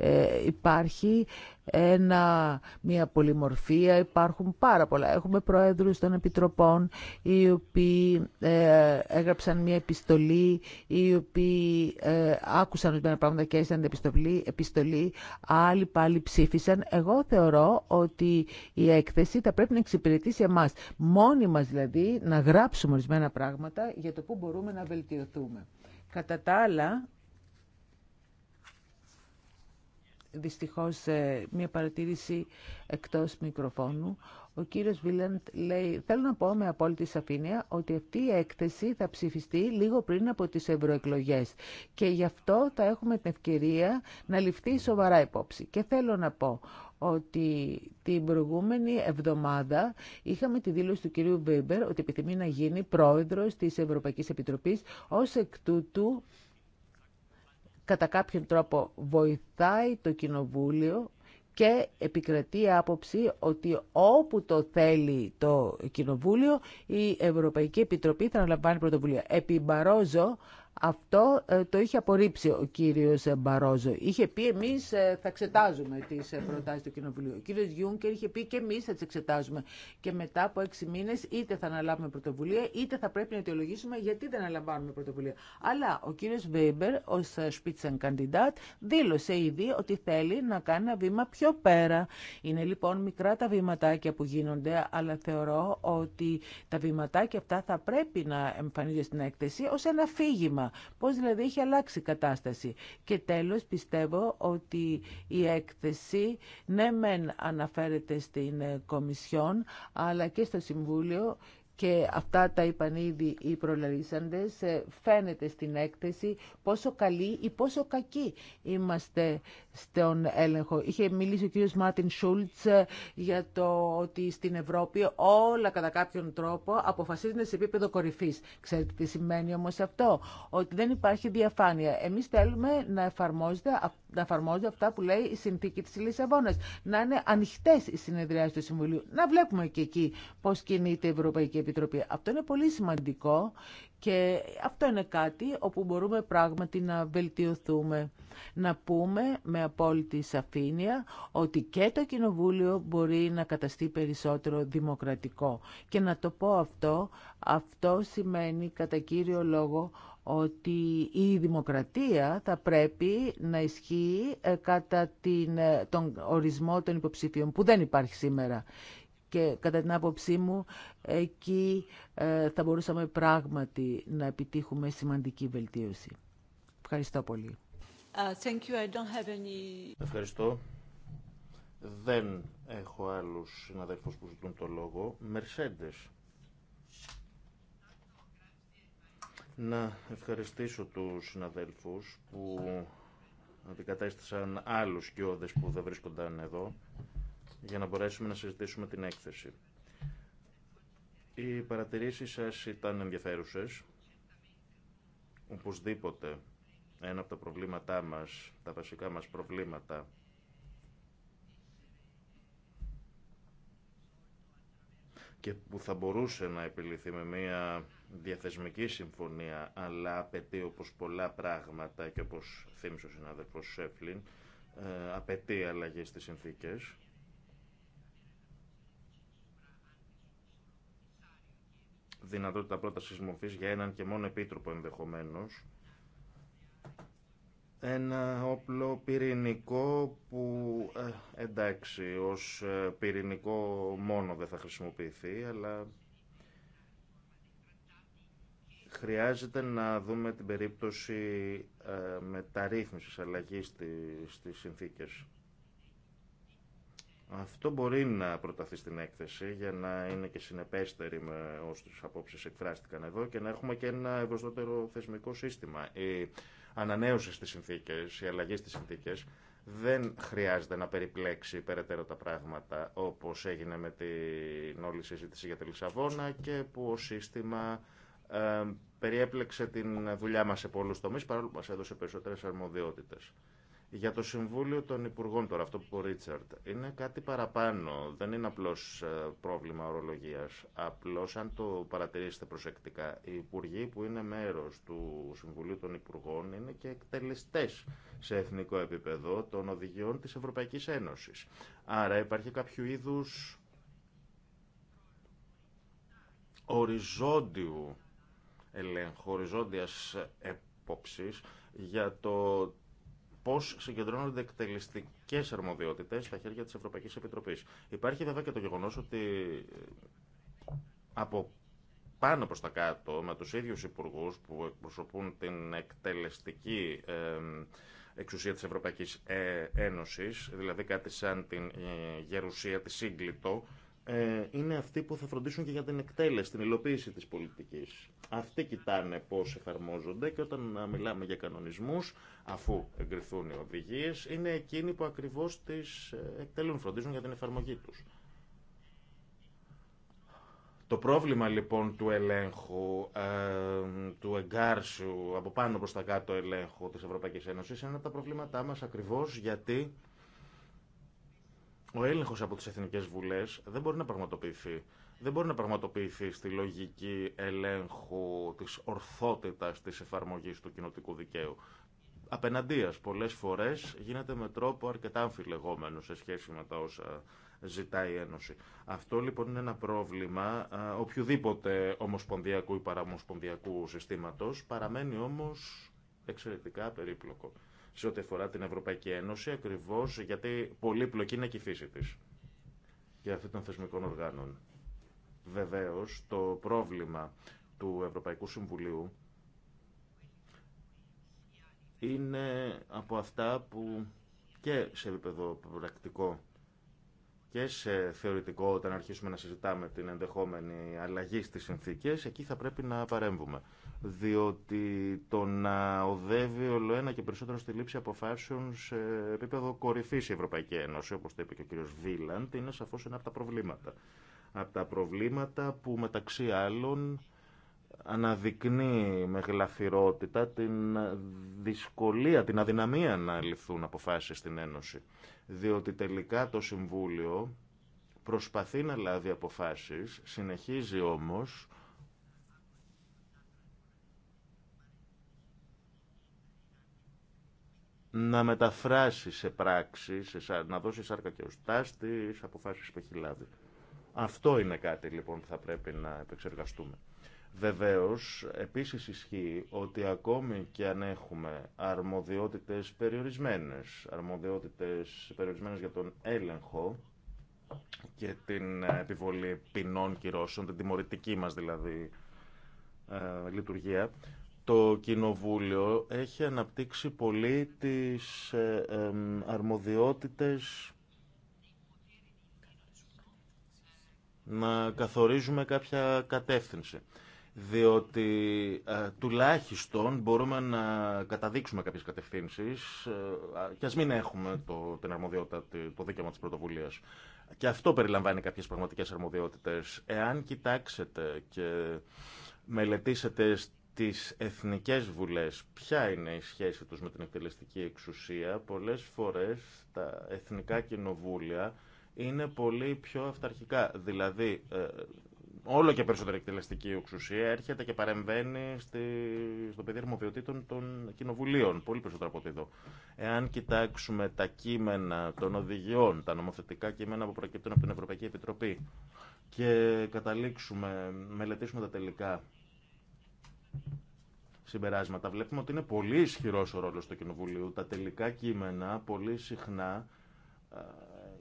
ε, υπάρχει ένα, μια πολυμορφία, υπάρχουν πάρα πολλά. Έχουμε πρόεδρους των επιτροπών οι οποίοι ε, έγραψαν μια επιστολή, οι οποίοι ε, άκουσαν ορισμένα πράγματα και έστειλαν την επιστολή, επιστολή, άλλοι πάλι ψήφισαν. Εγώ θεωρώ ότι η έκθεση θα πρέπει να εξυπηρετήσει εμά, Μόνοι μας δηλαδή να γράψουμε ορισμένα πράγματα για το πού μπορούμε να βελτιωθούμε. Κατά τα άλλα, δυστυχώς ε, μια παρατήρηση εκτός μικροφώνου. Ο κύριος Βίλαντ λέει, θέλω να πω με απόλυτη σαφήνεια ότι αυτή η έκθεση θα ψηφιστεί λίγο πριν από τις ευρωεκλογέ. και γι' αυτό θα έχουμε την ευκαιρία να ληφθεί σοβαρά υπόψη. Και θέλω να πω ότι την προηγούμενη εβδομάδα είχαμε τη δήλωση του κυρίου Βίμπερ ότι επιθυμεί να γίνει πρόεδρος της Ευρωπαϊκής Επιτροπής. Ως εκ τούτου κατά κάποιον τρόπο βοηθάει το Κοινοβούλιο και επικρατεί άποψη ότι όπου το θέλει το Κοινοβούλιο η Ευρωπαϊκή Επιτροπή θα αναλαμβάνει πρωτοβουλία. Επιμπαρόζω αυτό ε, το είχε απορρίψει ο κύριος Μπαρόζο. Είχε πει εμείς ε, θα εξετάζουμε τις ε, προτάσεις του Κοινοβουλίου. Ο κύριος Γιούνκερ είχε πει και εμείς θα τις εξετάζουμε. Και μετά από έξι μήνες είτε θα αναλάβουμε πρωτοβουλία είτε θα πρέπει να αιτιολογήσουμε γιατί δεν αναλαμβάνουμε πρωτοβουλία. Αλλά ο κύριος Βέιμπερ ως σπίτσαν καντιντάτ δήλωσε ήδη ότι θέλει να κάνει ένα βήμα πιο πέρα. Είναι λοιπόν μικρά τα βήματάκια που γίνονται αλλά θεωρώ ότι τα βήματάκια αυτά θα πρέπει να εμφανίζονται στην έκθεση ως ένα φύγημα Πώ Πώς δηλαδή έχει αλλάξει η κατάσταση. Και τέλος πιστεύω ότι η έκθεση ναι μεν αναφέρεται στην ε, Κομισιόν αλλά και στο Συμβούλιο και αυτά τα είπαν ήδη οι προλαλήσαντες, ε, φαίνεται στην έκθεση πόσο καλή ή πόσο κακή είμαστε στον έλεγχο. Είχε μιλήσει ο κ. Μάρτιν Σούλτς ε, για το ότι στην Ευρώπη όλα κατά κάποιον τρόπο αποφασίζονται σε επίπεδο κορυφής. Ξέρετε τι σημαίνει όμως αυτό, ότι δεν υπάρχει διαφάνεια. Εμείς θέλουμε να εφαρμόζεται να εφαρμόζονται αυτά που λέει η συνθήκη της Λισαβόνας. Να είναι ανοιχτές οι συνεδριάσεις του Συμβουλίου. Να βλέπουμε και εκεί πώς κινείται η Ευρωπαϊκή Επιτροπή. Αυτό είναι πολύ σημαντικό και αυτό είναι κάτι όπου μπορούμε πράγματι να βελτιωθούμε. Να πούμε με απόλυτη σαφήνεια ότι και το Κοινοβούλιο μπορεί να καταστεί περισσότερο δημοκρατικό. Και να το πω αυτό, αυτό σημαίνει κατά κύριο λόγο ότι η δημοκρατία θα πρέπει να ισχύει ε, κατά την, ε, τον ορισμό των υποψηφίων που δεν υπάρχει σήμερα. Και κατά την άποψή μου εκεί ε, θα μπορούσαμε πράγματι να επιτύχουμε σημαντική βελτίωση. Ευχαριστώ πολύ. Thank you. I don't Ευχαριστώ. Δεν έχω άλλους συναδελφούς που ζητούν το λόγο. Mercedes. Να ευχαριστήσω τους συναδέλφους που αντικατέστησαν άλλους κοιόδες που δεν βρίσκονταν εδώ για να μπορέσουμε να συζητήσουμε την έκθεση. Οι παρατηρήσεις σας ήταν ενδιαφέρουσες. Οπωσδήποτε ένα από τα προβλήματά μας, τα βασικά μας προβλήματα και που θα μπορούσε να επιληθεί με μια διαθεσμική συμφωνία, αλλά απαιτεί όπως πολλά πράγματα και όπως θύμισε ο συνάδελφος Σέφλιν, ε, απαιτεί αλλαγές στις συνθήκες. Δυνατότητα πρόταση μορφή για έναν και μόνο επίτροπο ενδεχομένω ένα όπλο πυρηνικό που ε, εντάξει ως ε, πυρηνικό μόνο δεν θα χρησιμοποιηθεί αλλά χρειάζεται να δούμε την περίπτωση ε, μεταρρύθμισης αλλαγής στις, στις συνθήκες. Αυτό μπορεί να προταθεί στην έκθεση για να είναι και συνεπέστερη με όσες απόψεις εκφράστηκαν εδώ και να έχουμε και ένα ευρωστότερο θεσμικό σύστημα. Η ανανέωση στις συνθήκες, η αλλαγή στι συνθήκε, δεν χρειάζεται να περιπλέξει περαιτέρω τα πράγματα όπως έγινε με την όλη συζήτηση για τη Λισαβόνα και που ο σύστημα ε, περιέπλεξε την δουλειά μας σε πολλού τομεί, παρόλο που μας έδωσε περισσότερε αρμοδιότητες. Για το Συμβούλιο των Υπουργών τώρα, αυτό που είπε ο Ρίτσαρτ, είναι κάτι παραπάνω. Δεν είναι απλώς ε, πρόβλημα ορολογίας. Απλώς, αν το παρατηρήσετε προσεκτικά, οι υπουργοί που είναι μέρος του Συμβουλίου των Υπουργών είναι και εκτελεστές σε εθνικό επίπεδο των οδηγιών της Ευρωπαϊκής Ένωσης. Άρα υπάρχει κάποιο είδους οριζόντιου ελέγχου, οριζόντιας επόψης για το πώ συγκεντρώνονται εκτελεστικέ αρμοδιότητε στα χέρια τη Ευρωπαϊκή Επιτροπή. Υπάρχει βέβαια και το γεγονό ότι ε, από πάνω προς τα κάτω με του ίδιου υπουργού που εκπροσωπούν την εκτελεστική ε, εξουσία της Ευρωπαϊκής ε, Ένωσης, δηλαδή κάτι σαν την γερουσία, τη σύγκλιτο, ε, είναι αυτοί που θα φροντίσουν και για την εκτέλεση, την υλοποίηση της πολιτικής. Αυτοί κοιτάνε πώς εφαρμόζονται και όταν μιλάμε για κανονισμούς, αφού εγκριθούν οι οδηγίες, είναι εκείνοι που ακριβώς τις ε, εκτελούν, φροντίζουν για την εφαρμογή τους. Το πρόβλημα λοιπόν του ελέγχου, ε, του εγκάρσου, από πάνω προς τα κάτω ελέγχου της Ευρωπαϊκής Ένωσης είναι ένα από τα προβλήματά μας ακριβώς γιατί ο έλεγχος από τι Εθνικές Βουλές δεν μπορεί να πραγματοποιηθεί. Δεν μπορεί να πραγματοποιηθεί στη λογική ελέγχου της ορθότητας της εφαρμογής του κοινοτικού δικαίου. Απέναντίας πολλέ φορές γίνεται με τρόπο αρκετά αμφιλεγόμενο σε σχέση με τα όσα ζητάει η Ένωση. Αυτό λοιπόν είναι ένα πρόβλημα οποιοδήποτε ομοσπονδιακού ή παραμοσπονδιακού συστήματο, παραμένει όμω εξαιρετικά περίπλοκο σε ό,τι αφορά την Ευρωπαϊκή Ένωση, ακριβώ γιατί πολύπλοκη είναι και η φύση τη και αυτή των θεσμικών οργάνων. Βεβαίω, το πρόβλημα του Ευρωπαϊκού Συμβουλίου είναι από αυτά που και σε επίπεδο πρακτικό και σε θεωρητικό όταν αρχίσουμε να συζητάμε την ενδεχόμενη αλλαγή στις συνθήκες, εκεί θα πρέπει να παρέμβουμε διότι το να οδεύει όλο ένα και περισσότερο στη λήψη αποφάσεων σε επίπεδο κορυφής η Ευρωπαϊκή Ένωση, όπως το είπε και ο κύριος Βίλαντ, είναι σαφώς ένα από τα προβλήματα. Από τα προβλήματα που μεταξύ άλλων αναδεικνύει με γλαφυρότητα την δυσκολία, την αδυναμία να ληφθούν αποφάσεις στην Ένωση. Διότι τελικά το Συμβούλιο προσπαθεί να λάβει αποφάσεις, συνεχίζει όμως να μεταφράσει σε πράξη, να δώσει σάρκα και οστά στις αποφάσεις που έχει λάβει. Αυτό είναι κάτι λοιπόν που θα πρέπει να επεξεργαστούμε. Βεβαίως, επίση ισχύει ότι ακόμη και αν έχουμε αρμοδιότητες περιορισμένες, αρμοδιότητες περιορισμένε για τον έλεγχο και την ε, επιβολή ποινών κυρώσεων, την τιμωρητική μας δηλαδή ε, λειτουργία, το Κοινοβούλιο έχει αναπτύξει πολύ τις ε, αρμοδιότητες να καθορίζουμε κάποια κατεύθυνση. Διότι ε, τουλάχιστον μπορούμε να καταδείξουμε κάποιες κατευθύνσεις ε, και ας μην έχουμε το, την αρμοδιότητα, το δίκαιο της πρωτοβουλίας. Και αυτό περιλαμβάνει κάποιες πραγματικές αρμοδιότητες. Εάν κοιτάξετε και μελετήσετε τις εθνικές βουλές, ποια είναι η σχέση τους με την εκτελεστική εξουσία, πολλές φορές τα εθνικά κοινοβούλια είναι πολύ πιο αυταρχικά. Δηλαδή, ε, όλο και περισσότερη εκτελεστική εξουσία έρχεται και παρεμβαίνει στη, στο πεδίο αρμοδιοτήτων των κοινοβουλίων, πολύ περισσότερο από ότι εδώ. Εάν κοιτάξουμε τα κείμενα των οδηγιών, τα νομοθετικά κείμενα που προκύπτουν από την Ευρωπαϊκή Επιτροπή και καταλήξουμε, μελετήσουμε τα τελικά συμπεράσματα. Βλέπουμε ότι είναι πολύ ισχυρό ο ρόλο του Κοινοβουλίου. Τα τελικά κείμενα πολύ συχνά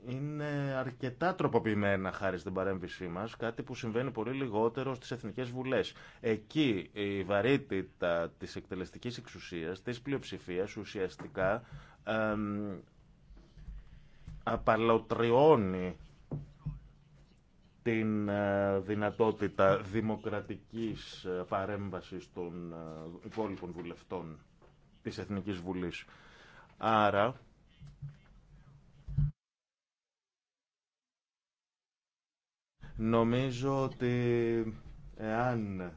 είναι αρκετά τροποποιημένα χάρη στην παρέμβησή μα, κάτι που συμβαίνει πολύ λιγότερο στι εθνικέ βουλέ. Εκεί η βαρύτητα τη εκτελεστική εξουσία, τη πλειοψηφία ουσιαστικά εμ, απαλωτριώνει την ε, δυνατότητα δημοκρατικής ε, παρέμβασης των ε, υπόλοιπων βουλευτών της Εθνικής Βουλής. Άρα, νομίζω ότι εάν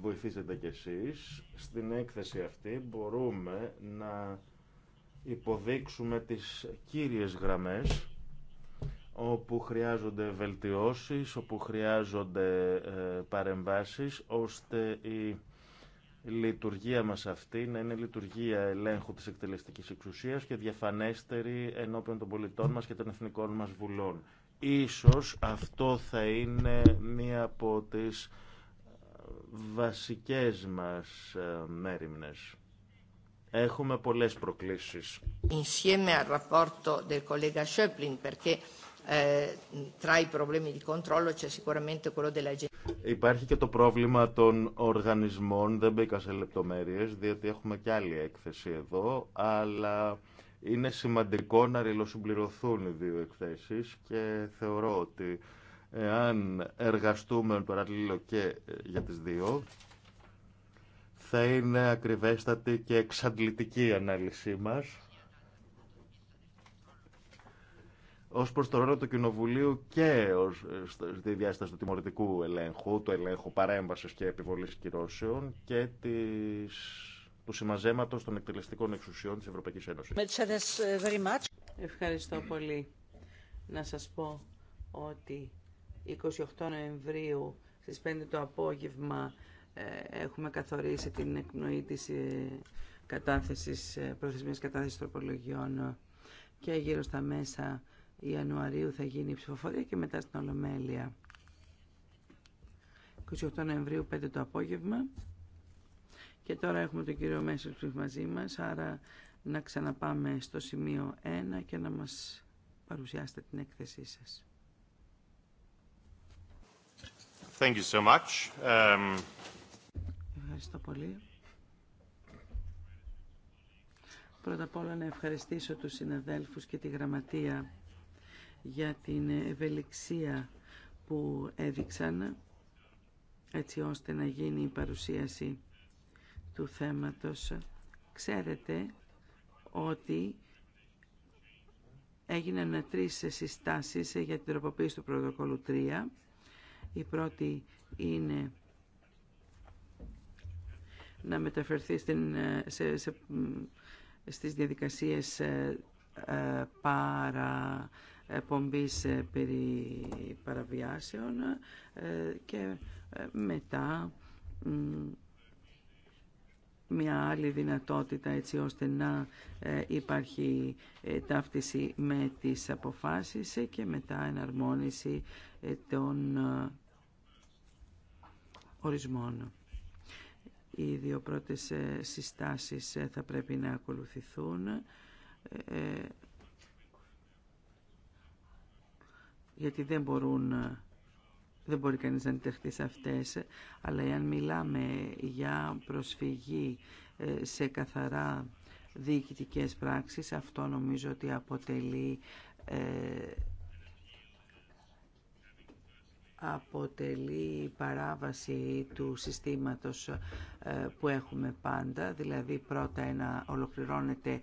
βοηθήσετε κι εσείς, στην έκθεση αυτή μπορούμε να υποδείξουμε τις κύριες γραμμές όπου χρειάζονται βελτιώσεις, όπου χρειάζονται ε, παρεμβάσεις, ώστε η λειτουργία μας αυτή να είναι λειτουργία ελέγχου της εκτελεστικής εξουσίας και διαφανέστερη ενώπιον των πολιτών μας και των εθνικών μας βουλών. Ίσως αυτό θα είναι μία από τις ε, βασικές μας ε, μέρημνες. Έχουμε πολλές προκλήσεις. Insieme al rapporto del collega Υπάρχει και το πρόβλημα των οργανισμών, δεν μπήκα σε λεπτομέρειες, διότι έχουμε και άλλη έκθεση εδώ, αλλά είναι σημαντικό να ρηλοσυμπληρωθούν οι δύο εκθέσεις και θεωρώ ότι εάν εργαστούμε παραλληλό και ε, για τις δύο, θα είναι ακριβέστατη και εξαντλητική η ανάλυση μας ω προ το ρόλο του Κοινοβουλίου και ως, ε, στη διάσταση του τιμωρητικού ελέγχου, του ελέγχου παρέμβαση και επιβολή κυρώσεων και τη του συμμαζέματο των εκτελεστικών εξουσιών τη Ευρωπαϊκή Ένωση. Ε, Ευχαριστώ πολύ. Να σας πω ότι 28 Νοεμβρίου στις 5 το απόγευμα ε, έχουμε καθορίσει την εκπνοή της κατάθεσης, προθεσμίας κατάθεσης τροπολογιών και γύρω στα μέσα Ιανουαρίου θα γίνει η ψηφοφορία και μετά στην Ολομέλεια. 28 Νοεμβρίου 5 το απόγευμα. Και τώρα έχουμε τον κύριο Μέσελψη μαζί μας, άρα να ξαναπάμε στο σημείο 1 και να μας παρουσιάσετε την έκθεσή σας. Thank you so much. Um, Ευχαριστώ πολύ. Πρώτα απ' όλα να ευχαριστήσω τους συναδέλφους και τη γραμματεία για την ευελιξία που έδειξαν έτσι ώστε να γίνει η παρουσίαση του θέματος. Ξέρετε ότι έγιναν τρεις συστάσεις για την τροποποίηση του πρωτοκόλου 3. Η πρώτη είναι να μεταφερθεί στην, σε, στις διαδικασίες ε, ε, παρα πομπής ε, περί παραβιάσεων ε, και ε, μετά μια άλλη δυνατότητα έτσι ώστε να υπάρχει ταύτιση με τις αποφάσεις και μετά εναρμόνιση των ορισμών. Οι δύο πρώτες συστάσεις θα πρέπει να ακολουθηθούν γιατί δεν μπορούν δεν μπορεί κανείς να αντιτεχθεί σε αυτές, αλλά εάν μιλάμε για προσφυγή ε, σε καθαρά διοικητικές πράξεις, αυτό νομίζω ότι αποτελεί ε, αποτελεί παράβαση του συστήματος ε, που έχουμε πάντα, δηλαδή πρώτα ένα, ολοκληρώνεται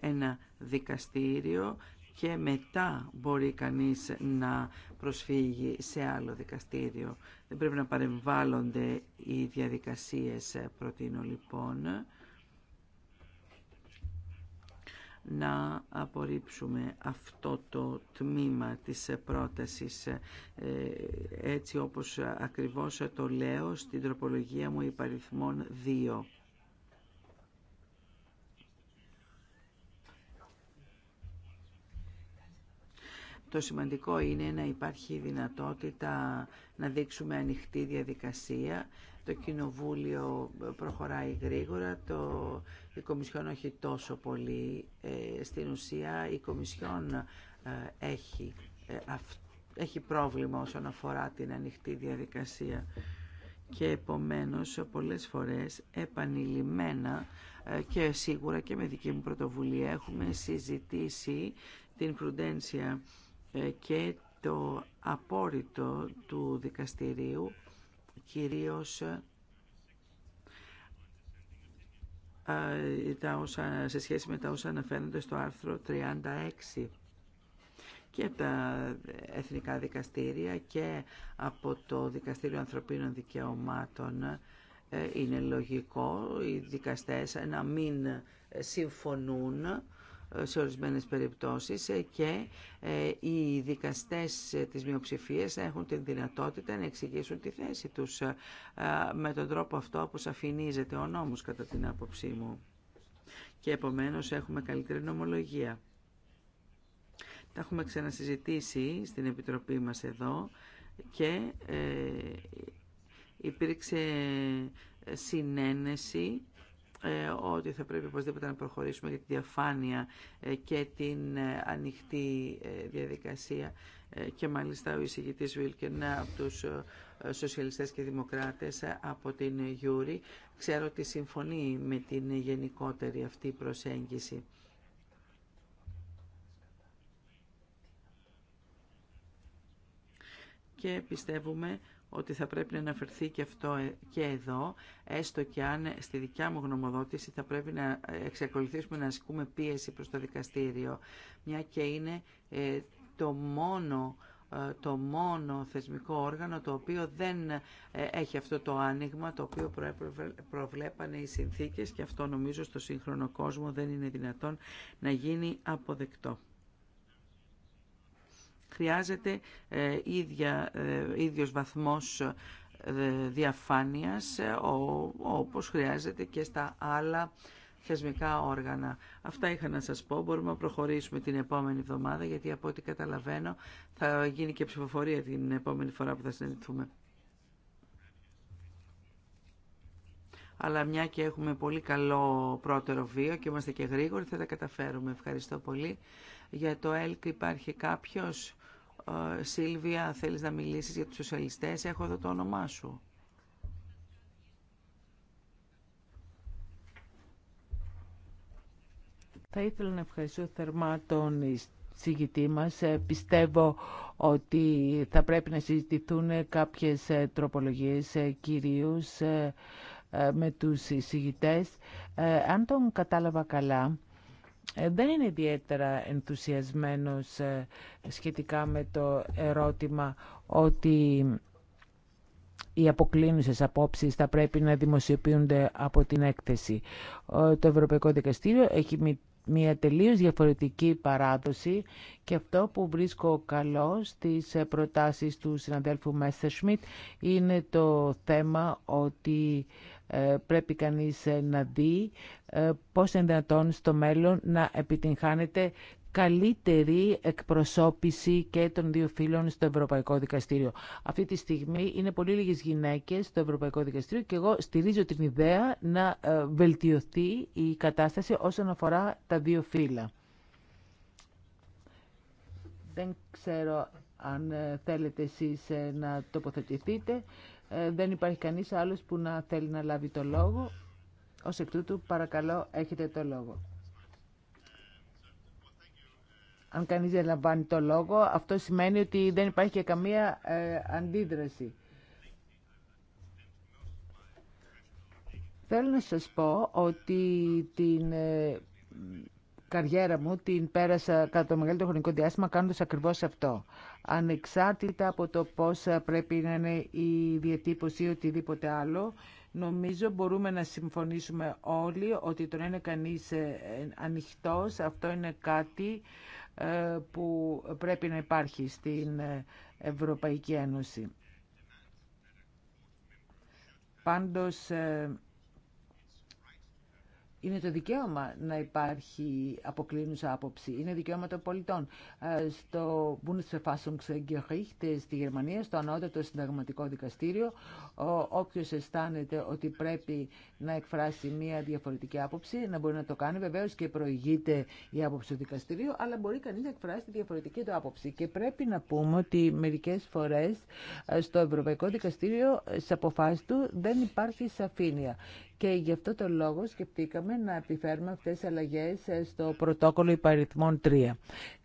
ένα δικαστήριο και μετά μπορεί κανείς να προσφύγει σε άλλο δικαστήριο. Δεν πρέπει να παρεμβάλλονται οι διαδικασίες, προτείνω λοιπόν, να απορρίψουμε αυτό το τμήμα της πρότασης ε, έτσι όπως ακριβώς το λέω στην τροπολογία μου υπαριθμών 2. Το σημαντικό είναι να υπάρχει δυνατότητα να δείξουμε ανοιχτή διαδικασία. Το Κοινοβούλιο προχωράει γρήγορα, το, η Κομισιόν όχι τόσο πολύ. Ε, στην ουσία η Κομισιόν ε, έχει, ε, έχει πρόβλημα όσον αφορά την ανοιχτή διαδικασία και επομένως πολλές φορές επανειλημμένα και σίγουρα και με δική μου πρωτοβουλία έχουμε συζητήσει την Prudencia ε, και το απόρριτο του δικαστηρίου κυρίως ε, τα όσα, σε σχέση με τα όσα αναφέρονται στο άρθρο 36 και από τα εθνικά δικαστήρια και από το Δικαστήριο Ανθρωπίνων Δικαιωμάτων ε, είναι λογικό οι δικαστές να μην συμφωνούν σε ορισμένες περιπτώσεις ε, και ε, οι δικαστές της μειοψηφίας έχουν την δυνατότητα να εξηγήσουν τη θέση τους ε, με τον τρόπο αυτό που σαφηνίζεται ο νόμος κατά την άποψή μου. Και επομένως έχουμε καλύτερη νομολογία. Τα έχουμε ξανασυζητήσει στην Επιτροπή μας εδώ και υπήρξε συνένεση ε, ότι θα πρέπει οπωσδήποτε να προχωρήσουμε για τη διαφάνεια ε, και την ε, ανοιχτή διαδικασία και μάλιστα ο εισηγητής Βίλκεν από τους σοσιαλιστές και δημοκράτες από την Γιούρη. Ξέρω ότι συμφωνεί με την γενικότερη αυτή προσέγγιση. Και πιστεύουμε ότι θα πρέπει να αναφερθεί και αυτό ε, και εδώ, έστω και αν ε, στη δικιά μου γνωμοδότηση θα πρέπει να ε, εξακολουθήσουμε να ασκούμε πίεση προς το δικαστήριο, μια και είναι το μόνο το μόνο θεσμικό όργανο το οποίο δεν έχει αυτό το άνοιγμα το οποίο προβλέπανε οι συνθήκες και αυτό νομίζω στο σύγχρονο κόσμο δεν είναι δυνατόν να γίνει αποδεκτό. Χρειάζεται ε, ίδια, ε, ίδιος βαθμός ε, διαφάνειας όπως χρειάζεται και στα άλλα θεσμικά όργανα. Αυτά είχα να σας πω. Μπορούμε να προχωρήσουμε την επόμενη εβδομάδα γιατί από ό,τι καταλαβαίνω θα γίνει και ψηφοφορία την επόμενη φορά που θα συναντηθούμε. Αλλά μια και έχουμε πολύ καλό πρώτερο βίο και είμαστε και γρήγοροι θα τα καταφέρουμε. Ευχαριστώ πολύ. Για το ΕΛΚ υπάρχει κάποιος Σίλβια, θέλεις να μιλήσεις για τους σοσιαλιστές, έχω εδώ το όνομά σου. Θα ήθελα να ευχαριστώ θερμά τον συγητή μας. Ε, πιστεύω ότι θα πρέπει να συζητηθούν κάποιες ε, τροπολογίες ε, κυρίως με τους συγητές. Αν τον κατάλαβα καλά, ε, δεν είναι ιδιαίτερα ενθουσιασμένος ε, σχετικά με το ερώτημα ότι οι αποκλίνουσες απόψεις θα πρέπει να δημοσιοποιούνται από την έκθεση. Το Ευρωπαϊκό Δικαστήριο έχει μια τελείως διαφορετική παράδοση και αυτό που βρίσκω καλό στις ε, προτάσεις του συναδέλφου Μέστερ Σμιτ είναι το θέμα ότι ε, πρέπει κανείς ε, να δει ε, πώς είναι δυνατόν στο μέλλον να επιτυγχάνεται καλύτερη εκπροσώπηση και των δύο φίλων στο Ευρωπαϊκό Δικαστήριο. Αυτή τη στιγμή είναι πολύ λίγες γυναίκες στο Ευρωπαϊκό Δικαστήριο και εγώ στηρίζω την ιδέα να βελτιωθεί η κατάσταση όσον αφορά τα δύο φύλλα. Δεν ξέρω αν θέλετε εσείς να τοποθετηθείτε. Ε, δεν υπάρχει κανείς άλλος που να θέλει να λάβει το λόγο. Ως εκ τούτου, παρακαλώ, έχετε το λόγο. Αν κανείς δεν λαμβάνει το λόγο, αυτό σημαίνει ότι δεν υπάρχει και καμία ε, αντίδραση. Θέλω να σας πω ότι την ε, καριέρα μου την πέρασα κατά το μεγαλύτερο χρονικό διάστημα κάνοντας ακριβώς αυτό. Ανεξάρτητα από το πώς πρέπει να είναι η διατύπωση ή οτιδήποτε άλλο, νομίζω μπορούμε να συμφωνήσουμε όλοι ότι το να είναι κανείς ε, ανοιχτός, αυτό είναι κάτι ε, που πρέπει να υπάρχει στην ε, Ευρωπαϊκή Ένωση. Πάντως, είναι το δικαίωμα να υπάρχει αποκλίνουσα άποψη. Είναι δικαίωμα των πολιτών. Ε, στο Bundesverfassungsgericht στη Γερμανία, στο ανώτατο συνταγματικό δικαστήριο, όποιος αισθάνεται ότι πρέπει να εκφράσει μία διαφορετική άποψη, να μπορεί να το κάνει. Βεβαίω και προηγείται η άποψη του δικαστηρίου, αλλά μπορεί κανείς να εκφράσει τη διαφορετική του άποψη. Και πρέπει να πούμε ότι μερικέ φορέ ε, στο Ευρωπαϊκό Δικαστήριο, ε, στι αποφάσει του, δεν υπάρχει σαφήνεια. Και γι' αυτό το λόγο σκεφτήκαμε να επιφέρουμε αυτές τις αλλαγές ε, στο πρωτόκολλο υπαριθμών 3.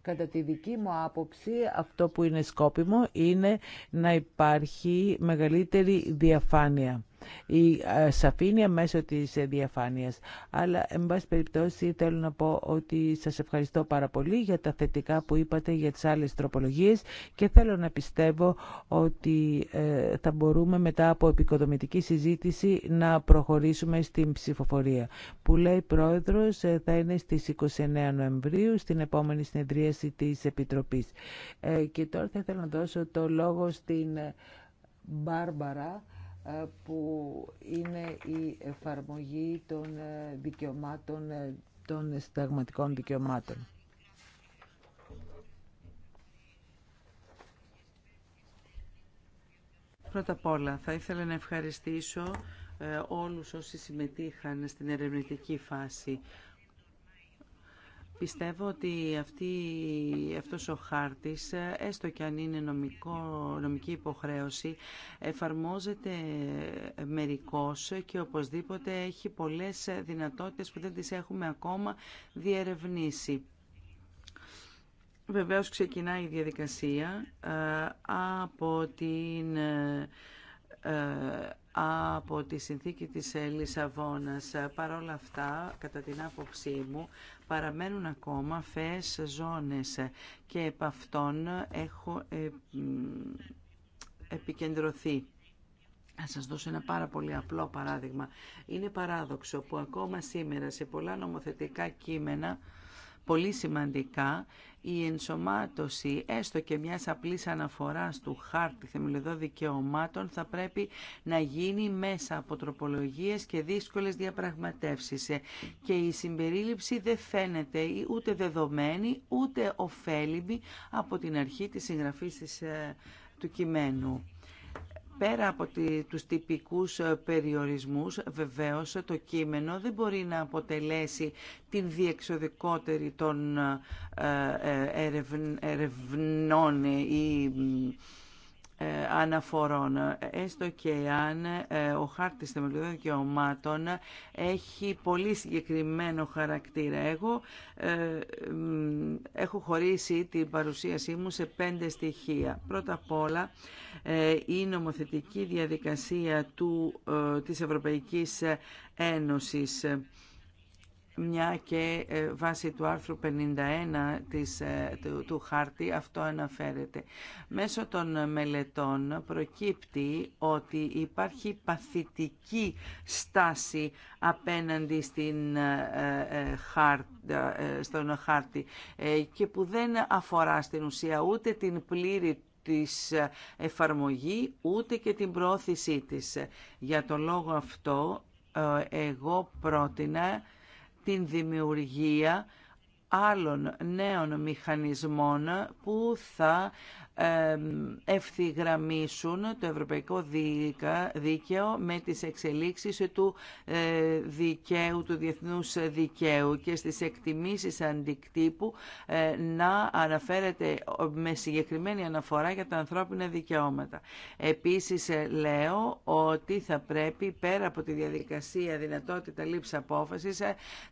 Κατά τη δική μου άποψη, αυτό που είναι σκόπιμο είναι να υπάρχει μεγαλύτερη διαφάνεια η ε, σαφήνεια μέσω της διαφάνειας. Αλλά, εν πάση περιπτώσει, θέλω να πω ότι σας ευχαριστώ πάρα πολύ για τα θετικά που είπατε για τις άλλες τροπολογίες και θέλω να πιστεύω ότι ε, θα μπορούμε μετά από επικοδομητική συζήτηση να προχωρήσουμε στην ψηφοφορία. Που λέει Πρόεδρος ε, θα είναι στις 29 Νοεμβρίου στην επόμενη συνεδρίαση της Επιτροπής. Και τώρα θα ήθελα να δώσω το λόγο στην Μπάρμπαρα ε, που είναι η εφαρμογή των ε, δικαιωμάτων, ε, των συνταγματικών δικαιωμάτων. Πρώτα απ' όλα θα ήθελα να ευχαριστήσω όλους όσοι συμμετείχαν στην ερευνητική φάση Πιστεύω ότι αυτή, αυτός ο χάρτης, έστω και αν είναι νομικό, νομική υποχρέωση, εφαρμόζεται μερικώς και οπωσδήποτε έχει πολλές δυνατότητες που δεν τις έχουμε ακόμα διερευνήσει. Βεβαίως ξεκινάει η διαδικασία ε, από την ε, από τη συνθήκη της Λισαβόνας. Παρ' όλα αυτά, κατά την άποψή μου, παραμένουν ακόμα φαίες ζώνες και επ' αυτών έχω ε, επικεντρωθεί. Να σας δώσω ένα πάρα πολύ απλό παράδειγμα. Είναι παράδοξο που ακόμα σήμερα σε πολλά νομοθετικά κείμενα πολύ σημαντικά η ενσωμάτωση έστω και μιας απλής αναφοράς του χάρτη θεμελιωδών δικαιωμάτων θα πρέπει να γίνει μέσα από τροπολογίες και δύσκολες διαπραγματεύσεις και η συμπερίληψη δεν φαίνεται ούτε δεδομένη ούτε ωφέλιμη από την αρχή της συγγραφής ε, του κειμένου. Πέρα από τους τυπικούς ε, περιορισμούς, βεβαίως το κείμενο δεν μπορεί να αποτελέσει την διεξοδικότερη των ε, ε, ερευνών ή ε, αναφορών, έστω και αν ε, ο χάρτης θεμελιωδών δικαιωμάτων έχει πολύ συγκεκριμένο χαρακτήρα. Εγώ ε, έχω χωρίσει την παρουσίασή μου σε πέντε στοιχεία. Πρώτα απ' όλα η νομοθετική διαδικασία του, της Ευρωπαϊκής Ένωσης μια και ε, βάσει του άρθρου 51 της, ε, του, χάρτη αυτό αναφέρεται. Μέσω των μελετών προκύπτει ότι υπάρχει παθητική στάση απέναντι στην, ε, ε στον χάρτη και που δεν αφορά στην ουσία ούτε την πλήρη της εφαρμογή ούτε και την πρόθεσή της. Για το λόγο αυτό εγώ πρότεινα την δημιουργία άλλων νέων μηχανισμών που θα ευθυγραμμίσουν το ευρωπαϊκό δίκαιο με τις εξελίξεις του ε, δικαίου, του διεθνούς δικαίου και στις εκτιμήσεις αντικτύπου ε, να αναφέρεται με συγκεκριμένη αναφορά για τα ανθρώπινα δικαιώματα. Επίσης ε, λέω ότι θα πρέπει πέρα από τη διαδικασία δυνατότητα λήψη απόφασης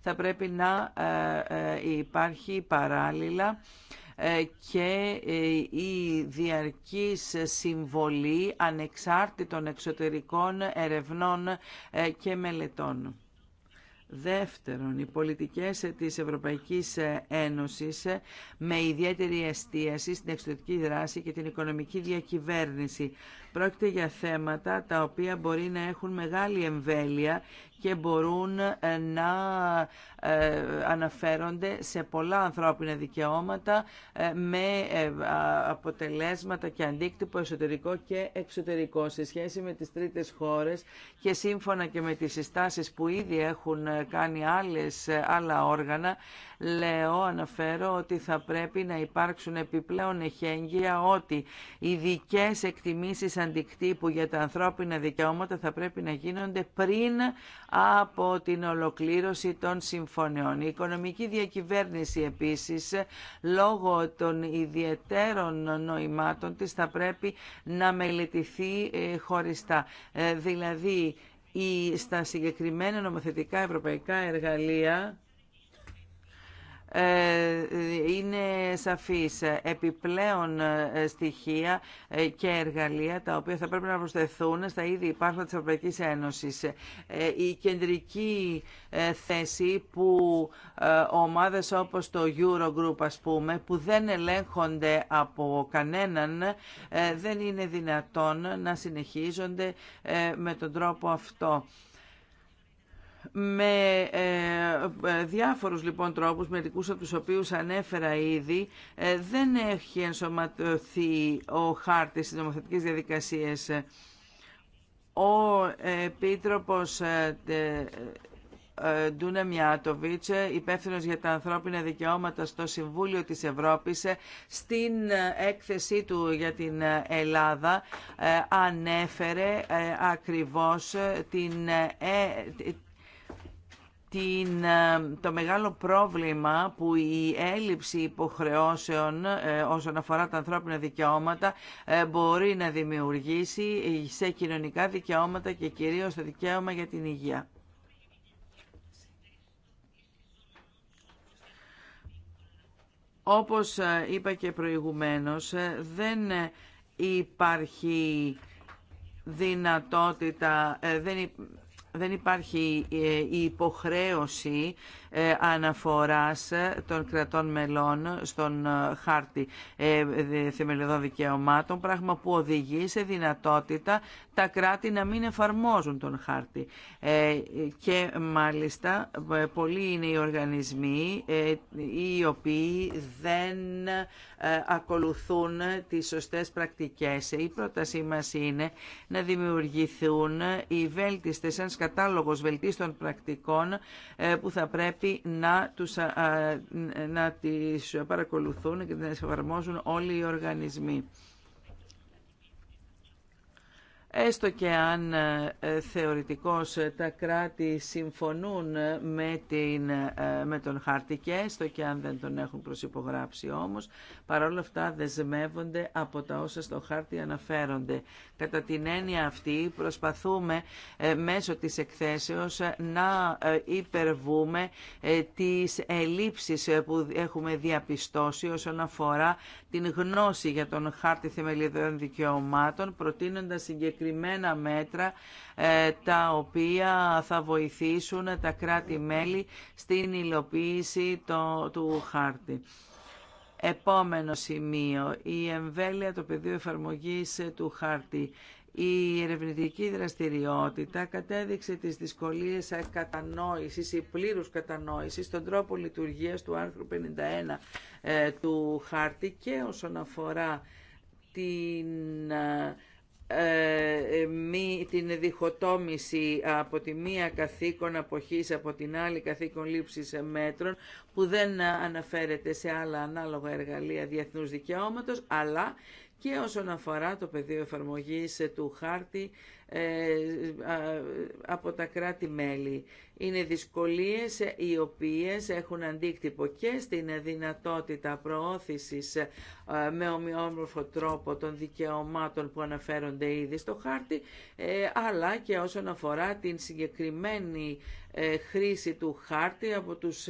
θα πρέπει να υπάρχει παράλληλα ε, και ε, η διαρκής συμβολή ανεξάρτητων εξωτερικών ερευνών ε, και μελετών. Δεύτερον, οι πολιτικές της Ευρωπαϊκής Ένωσης με ιδιαίτερη εστίαση στην εξωτερική δράση και την οικονομική διακυβέρνηση. Πρόκειται για θέματα τα οποία μπορεί να έχουν μεγάλη εμβέλεια και μπορούν ε, να ε, αναφέρονται σε πολλά ανθρώπινα δικαιώματα ε, με αποτελέσματα και αντίκτυπο εσωτερικό και εξωτερικό σε σχέση με τις τρίτες χώρες και σύμφωνα και με τις συστάσεις που ήδη έχουν κάνει άλλες, άλλα όργανα λέω, αναφέρω ότι θα πρέπει να υπάρξουν επιπλέον εχέγγυα ότι οι δικές εκτιμήσεις αντικτύπου για τα ανθρώπινα δικαιώματα θα πρέπει να γίνονται πριν από την ολοκλήρωση των συμφωνιών. Η οικονομική διακυβέρνηση επίσης, λόγω των ιδιαιτέρων νοημάτων της, θα πρέπει να μελετηθεί ε, χωριστά. Ε, δηλαδή, στα συγκεκριμένα νομοθετικά ευρωπαϊκά εργαλεία ε, είναι σαφής. Επιπλέον ε, στοιχεία ε, και εργαλεία τα οποία θα πρέπει να προσθεθούν στα ήδη υπάρχοντα της Ευρωπαϊκής Ένωσης. Η κεντρική θέση που ομάδες όπως το Eurogroup ας πούμε που δεν ελέγχονται από κανέναν δεν είναι δυνατόν να συνεχίζονται με τον τρόπο αυτό με ε, ε, διάφορους λοιπόν τρόπους, μερικούς από τους οποίους ανέφερα ήδη, ε, δεν έχει ενσωματωθεί ο χάρτης της νομοθετικής διαδικασίας. Ο Επίτροπος Ντούνα Μιάτοβιτς, υπεύθυνο για τα ανθρώπινα δικαιώματα στο Συμβούλιο της Ευρώπης, στην έκθεσή του για την Ελλάδα ανέφερε ακριβώς την, την, ε, το μεγάλο πρόβλημα που η έλλειψη υποχρεώσεων ε, όσον αφορά τα ανθρώπινα δικαιώματα ε, μπορεί να δημιουργήσει σε κοινωνικά δικαιώματα και κυρίως το δικαίωμα για την υγεία. Όπως είπα και προηγουμένως, δεν υπάρχει δυνατότητα, δεν δεν υπάρχει ε, η υποχρέωση ε, αναφοράς ε, των κρατών μελών στον ε, χάρτη θεμελιωδών δικαιωμάτων, πράγμα που οδηγεί σε δυνατότητα τα κράτη να μην εφαρμόζουν τον χάρτη. Και μάλιστα πολλοί είναι οι οργανισμοί οι οποίοι δεν ακολουθούν τις σωστές πρακτικές. Η πρότασή μας είναι να δημιουργηθούν οι βέλτιστες, ένας κατάλογος βελτίστων πρακτικών που θα πρέπει να, τους, να τις παρακολουθούν και να τις εφαρμόζουν όλοι οι οργανισμοί. Έστω και αν ε, ε, θεωρητικώς ε, τα κράτη συμφωνούν με, την, με τον χάρτη και έστω και αν δεν τον έχουν προσυπογράψει όμως, παρόλα αυτά δεσμεύονται από τα όσα στο χάρτη αναφέρονται. Κατά την έννοια αυτή προσπαθούμε μέσω της εκθέσεως να υπερβούμε τις ελλείψεις που έχουμε διαπιστώσει όσον αφορά την γνώση για τον χάρτη θεμελιωδών δικαιωμάτων, προτείνοντας συγκεκριμένα μέτρα ε, τα οποία θα βοηθήσουν τα κράτη-μέλη στην υλοποίηση του χάρτη. Επόμενο σημείο, η εμβέλεια, το πεδίο εφαρμογής του χάρτη. Η ερευνητική δραστηριότητα κατέδειξε τις δυσκολίες κατανόησης ή πλήρους κατανόησης στον τρόπο λειτουργίας του άρθρου 51 ε, του χάρτη και όσον αφορά την ε, ε την διχοτόμηση από τη μία καθήκον αποχής από την άλλη καθήκον λήψης μέτρων που δεν αναφέρεται σε άλλα ανάλογα εργαλεία διεθνούς δικαιώματος αλλά και όσον αφορά το πεδίο εφαρμογής ε, του χάρτη ε, από τα κράτη-μέλη. Είναι δυσκολίες ε, οι οποίες έχουν αντίκτυπο και στην δυνατότητα προώθησης με ομοιόμορφο τρόπο των δικαιωμάτων που αναφέρονται ήδη στο χάρτη, αλλά και όσον αφορά την συγκεκριμένη χρήση του χάρτη από τους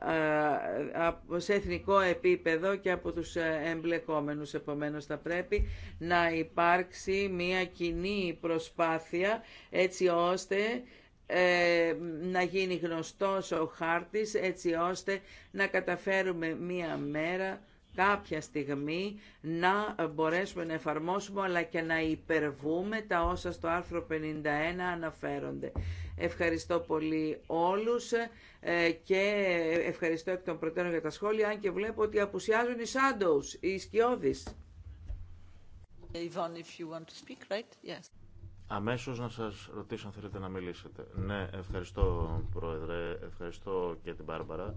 ε, σε εθνικό επίπεδο και από τους ε, εμπλεκόμενους. Επομένως θα πρέπει να υπάρξει μια κοινή προσπάθεια έτσι ώστε ε, να γίνει γνωστός ο χάρτης έτσι ώστε να καταφέρουμε μία μέρα κάποια στιγμή να μπορέσουμε να εφαρμόσουμε αλλά και να υπερβούμε τα όσα στο άρθρο 51 αναφέρονται. Ευχαριστώ πολύ όλους ε, και ευχαριστώ εκ των προτέρων για τα σχόλια, αν και βλέπω ότι απουσιάζουν οι shadows, οι σκιώδεις. right? Yes. Αμέσως να σας ρωτήσω αν θέλετε να μιλήσετε. Ναι, ευχαριστώ Πρόεδρε, ευχαριστώ και την Μπάρμπαρα.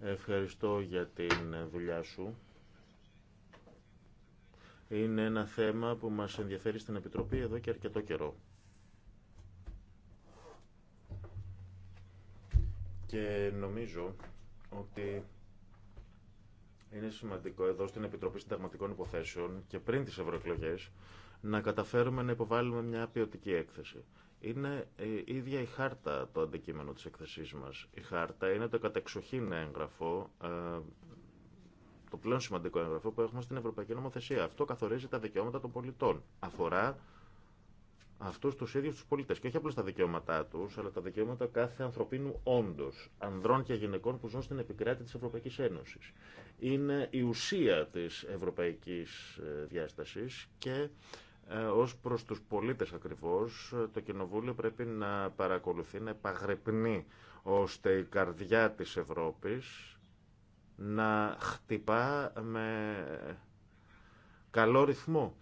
Ευχαριστώ για την δουλειά σου. Είναι ένα θέμα που μας ενδιαφέρει στην Επιτροπή εδώ και αρκετό καιρό. Και νομίζω ότι είναι σημαντικό εδώ στην Επιτροπή Συνταγματικών Υποθέσεων και πριν τις ευρωεκλογέ να καταφέρουμε να υποβάλουμε μια ποιοτική έκθεση. Είναι η ίδια η χάρτα το αντικείμενο της έκθεσής μας. Η χάρτα είναι το κατεξοχήν έγγραφο ε, το πλέον σημαντικό έγγραφο που έχουμε στην Ευρωπαϊκή Νομοθεσία. Αυτό καθορίζει τα δικαιώματα των πολιτών. Αφορά αυτού του ίδιου του πολίτε. Και όχι απλώ τα δικαιώματά του, αλλά τα δικαιώματα κάθε ανθρωπίνου όντω, ανδρών και γυναικών που ζουν στην επικράτη τη Ευρωπαϊκή Ένωση. Είναι η ουσία τη ευρωπαϊκή ε, διάσταση και ε, ω προ του πολίτε ακριβώ, ε, το Κοινοβούλιο πρέπει να παρακολουθεί, να επαγρυπνεί ώστε η καρδιά της Ευρώπης να χτυπά με καλό ρυθμό.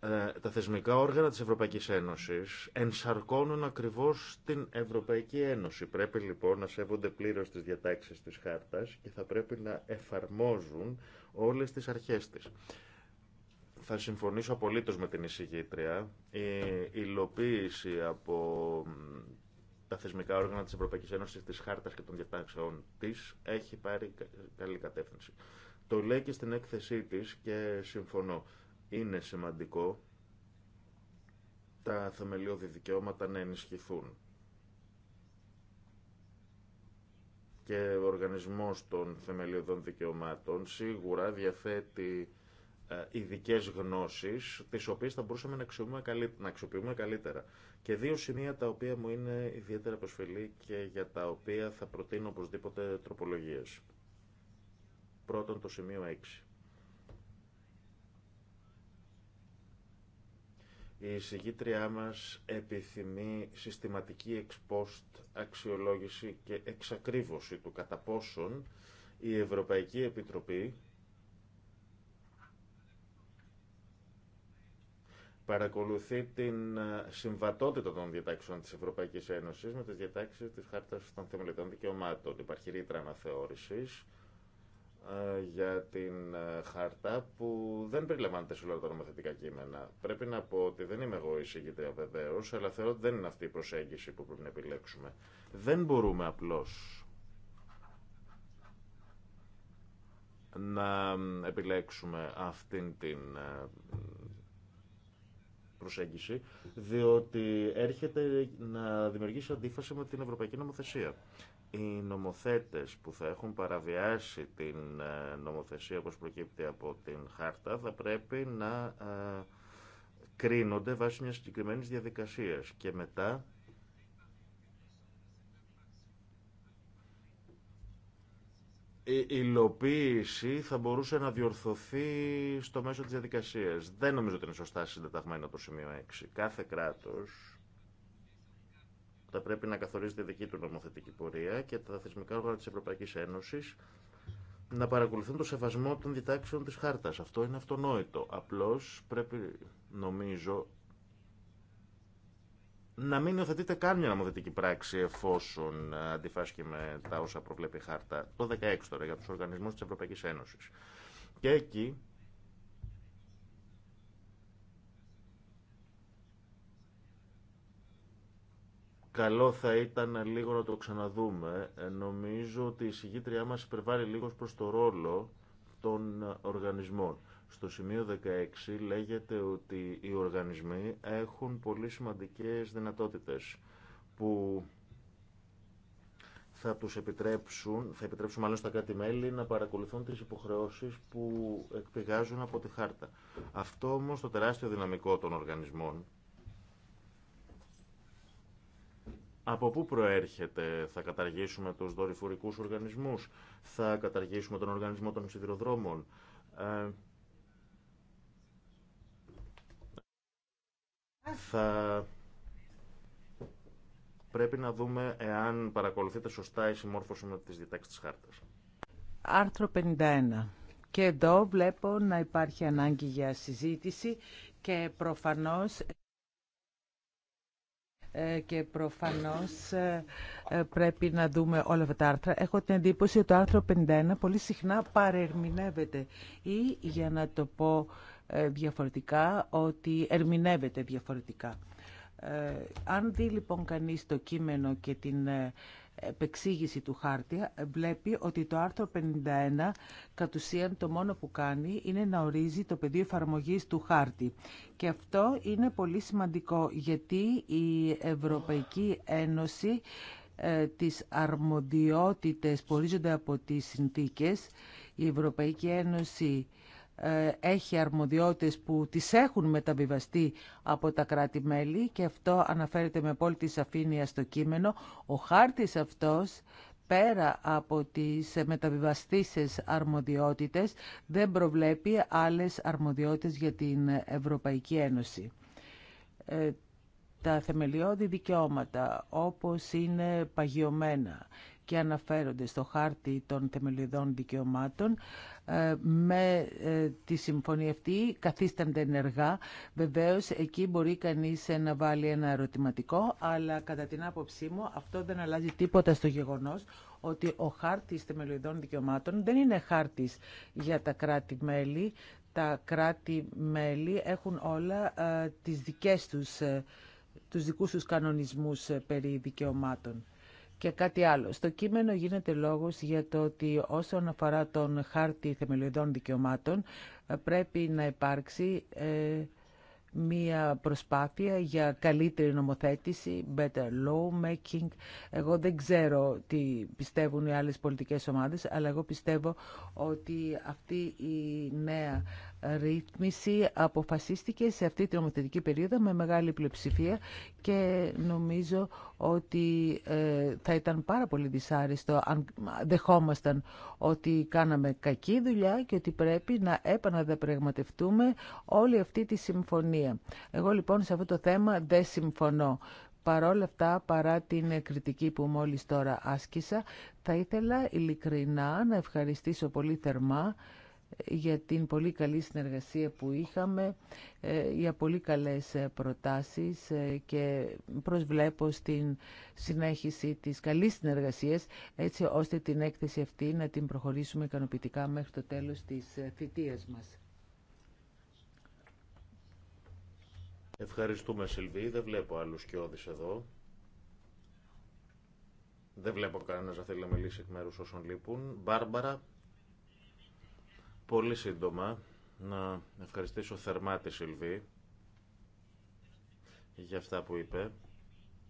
Ε, τα θεσμικά όργανα της Ευρωπαϊκής Ένωσης ενσαρκώνουν ακριβώς την Ευρωπαϊκή Ένωση. Πρέπει λοιπόν να σέβονται πλήρως τις διατάξεις της χάρτας και θα πρέπει να εφαρμόζουν όλες τις αρχές της. Θα συμφωνήσω απολύτως με την εισηγήτρια. Η υλοποίηση από τα θεσμικά όργανα τη Ευρωπαϊκή Ένωση, τη Χάρτα και των διατάξεων τη, έχει πάρει καλή κατεύθυνση. Το λέει και στην έκθεσή τη και συμφωνώ. Είναι σημαντικό τα θεμελιώδη δικαιώματα να ενισχυθούν. Και ο οργανισμός των θεμελιωδών δικαιωμάτων σίγουρα διαθέτει ε, ειδικέ γνώσεις, τις οποίες θα μπορούσαμε να αξιοποιούμε καλύτερα. Και δύο σημεία τα οποία μου είναι ιδιαίτερα προσφυλή και για τα οποία θα προτείνω οπωσδήποτε τροπολογίες. Πρώτον το σημείο 6. Η εισηγήτριά μας επιθυμεί συστηματική εξπόστ αξιολόγηση και εξακρίβωση του κατά πόσον η Ευρωπαϊκή Επιτροπή παρακολουθεί την ε, συμβατότητα των διατάξεων της Ευρωπαϊκής Ένωσης με τις διατάξεις της Χάρτας των Θεμελιωτών Δικαιωμάτων. Υπάρχει ρήτρα αναθεώρησης ε, για την ε, χάρτα που δεν περιλαμβάνεται σε όλα τα νομοθετικά κείμενα. Πρέπει να πω ότι δεν είμαι εγώ εισηγητρία βεβαίω, αλλά θεωρώ ότι δεν είναι αυτή η προσέγγιση που πρέπει να επιλέξουμε. Δεν μπορούμε απλώς να επιλέξουμε αυτήν την προσέγγιση, διότι έρχεται να δημιουργήσει αντίφαση με την Ευρωπαϊκή Νομοθεσία. Οι νομοθέτες που θα έχουν παραβιάσει την ε, νομοθεσία όπως προκύπτει από την χάρτα θα πρέπει να ε, κρίνονται βάσει μια συγκεκριμένη διαδικασία και μετά η υλοποίηση θα μπορούσε να διορθωθεί στο μέσο της διαδικασίας. Δεν νομίζω ότι είναι σωστά συντεταγμένο το σημείο 6. Κάθε κράτος θα πρέπει να καθορίζει τη δική του νομοθετική πορεία και τα θεσμικά όργανα της Ευρωπαϊκής Ένωσης να παρακολουθούν το σεβασμό των διτάξεων της χάρτας. Αυτό είναι αυτονόητο. Απλώς πρέπει, νομίζω, να μην υιοθετείται καν μια νομοθετική πράξη εφόσον ε, αντιφάσκει με τα όσα προβλέπει η χάρτα. Το 16 τώρα για του Οργανισμού της Ευρωπαϊκής Ένωσης. Και εκεί Καλό θα ήταν λίγο να το ξαναδούμε. Ε, νομίζω ότι η συγγήτριά μας υπερβάλλει λίγο προς το ρόλο των οργανισμών. Στο σημείο 16 λέγεται ότι οι οργανισμοί έχουν πολύ σημαντικές δυνατότητες που θα τους επιτρέψουν, θα επιτρέψουν μάλλον στα κάτι μελη να παρακολουθούν τις υποχρεώσεις που εκπηγάζουν από τη χάρτα. Αυτό όμως το τεράστιο δυναμικό των οργανισμών Από πού προέρχεται, θα καταργήσουμε τους δορυφορικούς οργανισμούς, θα καταργήσουμε τον οργανισμό των σιδηροδρόμων. Ε, Θα πρέπει να δούμε εάν παρακολουθείτε σωστά η συμμόρφωση με τις διατάξεις της χάρτας. Άρθρο 51. Και εδώ βλέπω να υπάρχει ανάγκη για συζήτηση και προφανώς ε, και προφανώς ε, ε, πρέπει να δούμε όλα αυτά τα άρθρα. Έχω την εντύπωση ότι το άρθρο 51 πολύ συχνά παρερμηνεύεται ή για να το πω ε, διαφορετικά, ότι ερμηνεύεται διαφορετικά. Ε, αν δει λοιπόν κανείς το κείμενο και την ε, επεξήγηση του χάρτη βλέπει ότι το άρθρο 51 κατ' ουσίαν το μόνο που κάνει είναι να ορίζει το πεδίο εφαρμογή του χάρτη. Και αυτό είναι πολύ σημαντικό γιατί η Ευρωπαϊκή Ένωση ε, τις αρμοδιότητες που ορίζονται από τις συνθήκες, η Ευρωπαϊκή Ένωση ε, έχει αρμοδιότητες που τις έχουν μεταβιβαστεί από τα κράτη-μέλη και αυτό αναφέρεται με απόλυτη σαφήνεια στο κείμενο. Ο χάρτης αυτός πέρα από τις μεταβιβαστήσεις αρμοδιότητες δεν προβλέπει άλλες αρμοδιότητες για την Ευρωπαϊκή Ένωση. Ε, τα θεμελιώδη δικαιώματα όπως είναι παγιωμένα και αναφέρονται στο χάρτη των θεμελιωδών δικαιωμάτων. Ε, με ε, τη συμφωνία αυτή καθίστανται ενεργά. Βεβαίως εκεί μπορεί κανείς ε, να βάλει ένα ερωτηματικό, αλλά κατά την άποψή μου αυτό δεν αλλάζει τίποτα στο γεγονός ότι ο χάρτης θεμελιωδών δικαιωμάτων δεν είναι χάρτης για τα κράτη-μέλη. Τα κράτη-μέλη έχουν όλα τις δικές τους, τους δικούς τους κανονισμούς περί δικαιωμάτων. Και κάτι άλλο. Στο κείμενο γίνεται λόγος για το ότι όσον αφορά τον χάρτη θεμελιωδών δικαιωμάτων ε, πρέπει να υπάρξει ε, μία προσπάθεια για καλύτερη νομοθέτηση, better law making. Εγώ δεν ξέρω τι πιστεύουν οι άλλες πολιτικές ομάδες, αλλά εγώ πιστεύω ότι αυτή η νέα ρύθμιση αποφασίστηκε σε αυτή την νομοθετική περίοδο με μεγάλη πλειοψηφία και νομίζω ότι ε, θα ήταν πάρα πολύ δυσάριστο αν δεχόμασταν ότι κάναμε κακή δουλειά και ότι πρέπει να επαναδεπραγματευτούμε όλη αυτή τη συμφωνία. Εγώ λοιπόν σε αυτό το θέμα δεν συμφωνώ. Παρόλα αυτά, παρά την κριτική που μόλις τώρα άσκησα, θα ήθελα ειλικρινά να ευχαριστήσω πολύ θερμά για την πολύ καλή συνεργασία που είχαμε, ε, για πολύ καλές ε, προτάσεις ε, και προσβλέπω στην συνέχιση της καλής συνεργασίας έτσι ώστε την έκθεση αυτή να την προχωρήσουμε ικανοποιητικά μέχρι το τέλος της θητείας μας. Ευχαριστούμε Σιλβί, δεν βλέπω άλλους κοιόδης εδώ. Δεν βλέπω κανένας να θέλει να μιλήσει εκ μέρους όσων λείπουν. Μπάρμπαρα, Πολύ σύντομα να ευχαριστήσω θερμά τη Σιλβή για αυτά που είπε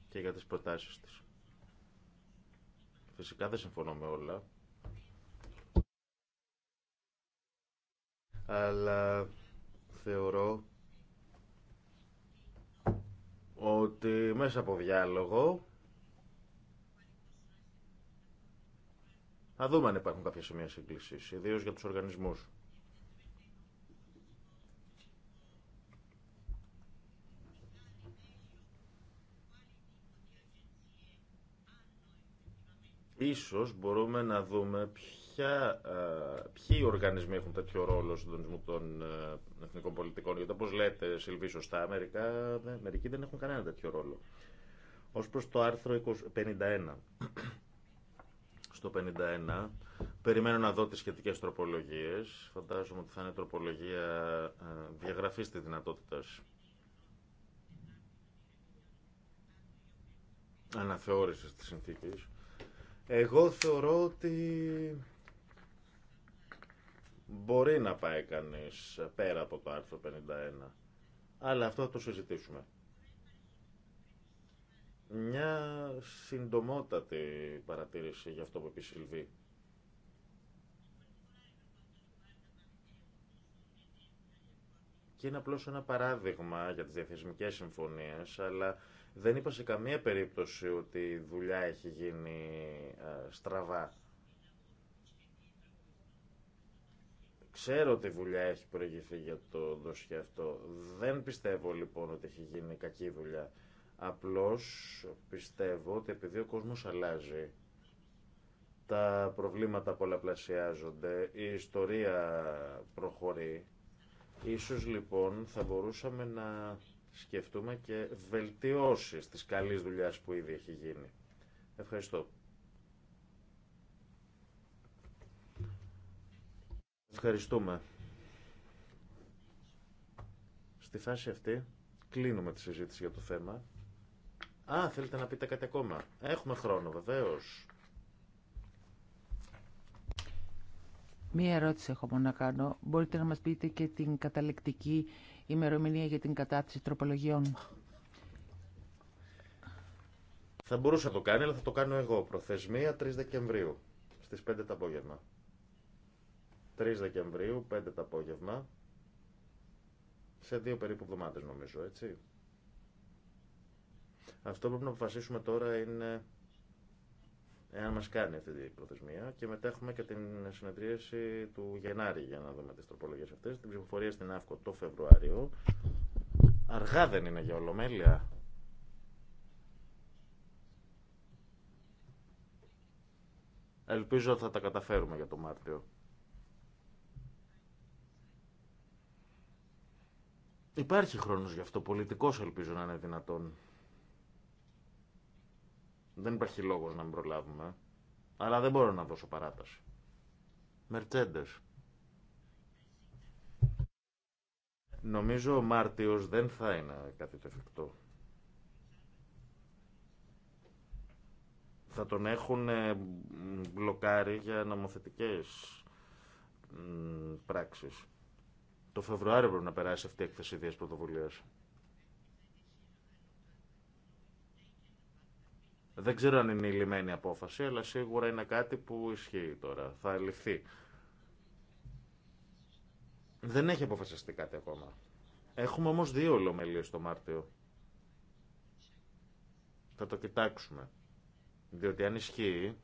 και για τις προτάσεις της. Φυσικά δεν συμφωνώ με όλα. Αλλά θεωρώ ότι μέσα από διάλογο Θα δούμε αν υπάρχουν κάποια σημεία σύγκληση, ιδίω για του οργανισμού. Ίσως μπορούμε να δούμε ποιοι οργανισμοί έχουν τέτοιο ρόλο στον τονισμό των εθνικών πολιτικών. Γιατί όπως λέτε, Σιλβί, σωστά, μερικά, μερικοί δεν έχουν κανένα τέτοιο ρόλο. Ως προς το άρθρο 51 το 51. Περιμένω να δω τις σχετικές τροπολογίες. Φαντάζομαι ότι θα είναι τροπολογία ε, διαγραφής της δυνατότητας. Αναθεώρησης της συνθήκης. Εγώ θεωρώ ότι μπορεί να πάει κανείς πέρα από το άρθρο 51. Αλλά αυτό θα το συζητήσουμε. Μια συντομότατη παρατήρηση για αυτό που είπε η Σιλβή. Και είναι απλώς ένα παράδειγμα για τις διαθεσμικές συμφωνίες, αλλά δεν είπα σε καμία περίπτωση ότι η δουλειά έχει γίνει στραβά. Ξέρω ότι η δουλειά έχει προηγηθεί για το δοσχέ αυτό. Δεν πιστεύω λοιπόν ότι έχει γίνει κακή δουλειά. Απλώς πιστεύω ότι επειδή ο κόσμος αλλάζει, τα προβλήματα πολλαπλασιάζονται, η ιστορία προχωρεί, ίσως λοιπόν θα μπορούσαμε να σκεφτούμε και βελτιώσεις της καλής δουλειάς που ήδη έχει γίνει. Ευχαριστώ. Ευχαριστούμε. Στη φάση αυτή κλείνουμε τη συζήτηση για το θέμα. Α, θέλετε να πείτε κάτι ακόμα. Έχουμε χρόνο, βεβαίω. Μία ερώτηση έχω μόνο να κάνω. Μπορείτε να μας πείτε και την καταληκτική ημερομηνία για την κατάθεση τροπολογιών. Θα μπορούσα να το κάνει, αλλά θα το κάνω εγώ. Προθεσμία 3 Δεκεμβρίου, στις 5 το απόγευμα. 3 Δεκεμβρίου, 5 το απόγευμα, σε δύο περίπου εβδομάδες νομίζω, έτσι. Αυτό που πρέπει να αποφασίσουμε τώρα είναι εάν μας κάνει αυτή η προθεσμία και μετά έχουμε και την συνεδρίαση του Γενάρη για να δούμε τις τροπολογίες αυτές, την ψηφοφορία στην ΑΦΚΟ το Φεβρουάριο. Αργά δεν είναι για ολομέλεια. Ελπίζω θα τα καταφέρουμε για το Μάρτιο. Υπάρχει χρόνος γι' αυτό, πολιτικός ελπίζω να είναι δυνατόν. Δεν υπάρχει λόγος να μην προλάβουμε. Αλλά δεν μπορώ να δώσω παράταση. Μερτσέντες. Νομίζω ο Μάρτιος δεν θα είναι κάτι το εφικτό. Θα τον έχουν ε, μπλοκάρει για νομοθετικές πράξεις. Το Φεβρουάριο πρέπει να περάσει αυτή η έκθεση πρωτοβουλίας. Δεν ξέρω αν είναι η λιμένη απόφαση, αλλά σίγουρα είναι κάτι που ισχύει τώρα. Θα ληφθεί. Δεν έχει αποφασιστεί κάτι ακόμα. Έχουμε όμως δύο ολομελίες το Μάρτιο. Θα το κοιτάξουμε. Διότι αν ισχύει,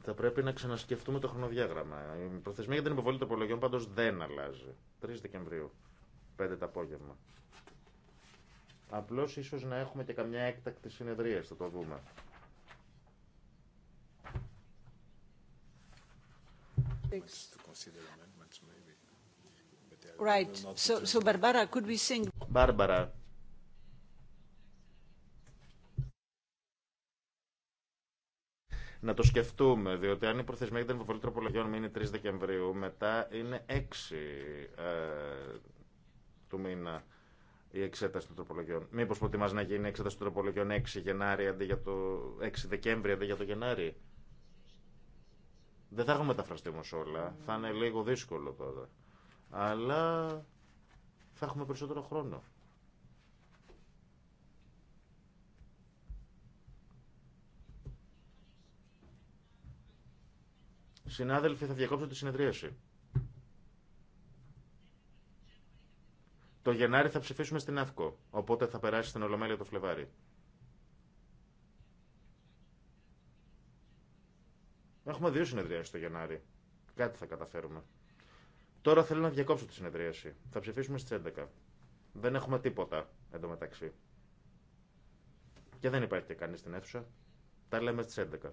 θα πρέπει να ξανασκεφτούμε το χρονοδιάγραμμα. Η προθεσμία για την υποβολή των απολογιών πάντως δεν αλλάζει. 3 Δεκεμβρίου, 5 το απόγευμα. Απλώς ίσως να έχουμε και καμιά έκτακτη συνεδρία, θα το δούμε. Right. Να το σκεφτούμε, διότι αν η προθεσμία για την υποβολή τροπολογιών μείνει 3 Δεκεμβρίου, μετά είναι 6 ε, του μήνα η εξέταση των τροπολογιών. Μήπω προτιμά να γίνει η εξέταση των τροπολογιών 6, Γενάρη, αντί για το 6 Δεκέμβρη αντί για το Γενάρη. Δεν θα έχουμε μεταφραστεί όλα. Θα είναι λίγο δύσκολο τώρα. Αλλά θα έχουμε περισσότερο χρόνο. Συνάδελφοι, θα διακόψω τη συνεδρίαση. Το Γενάρη θα ψηφίσουμε στην ΑΦΚΟ, οπότε θα περάσει στην Ολομέλεια το Φλεβάρι. Έχουμε δύο συνεδριάσεις το Γενάρη. Κάτι θα καταφέρουμε. Τώρα θέλω να διακόψω τη συνεδρίαση. Θα ψηφίσουμε στις 11. Δεν έχουμε τίποτα μεταξύ. Και δεν υπάρχει και κανείς στην αίθουσα. Τα λέμε στις 11.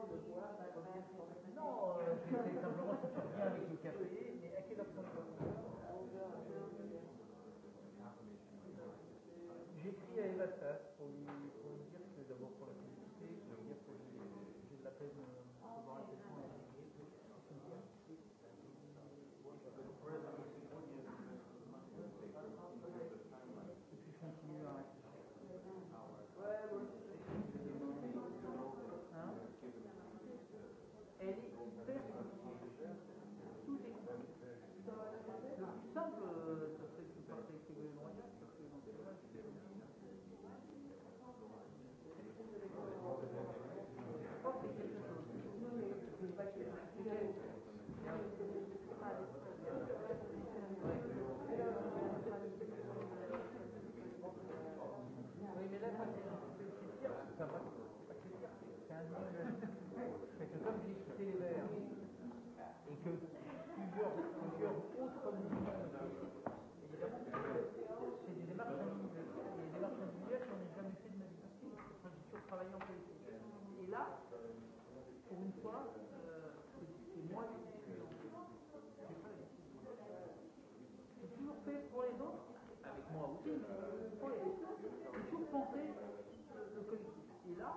No, c'est simplement avec une café. mais à quelle là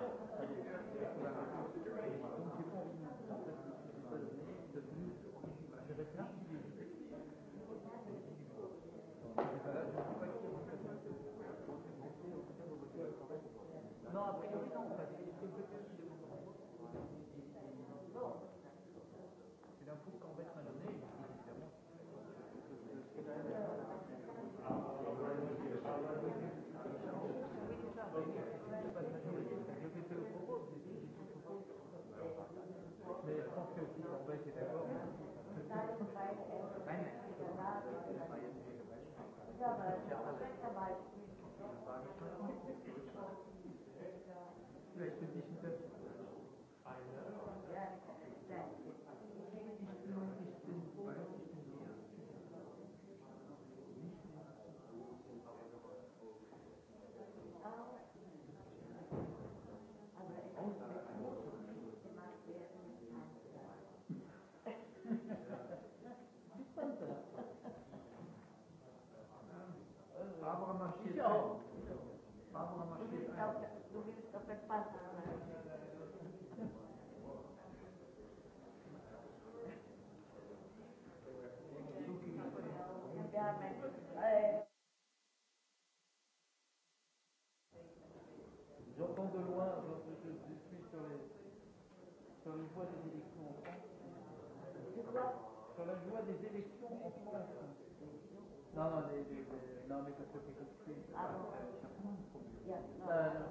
Yeah,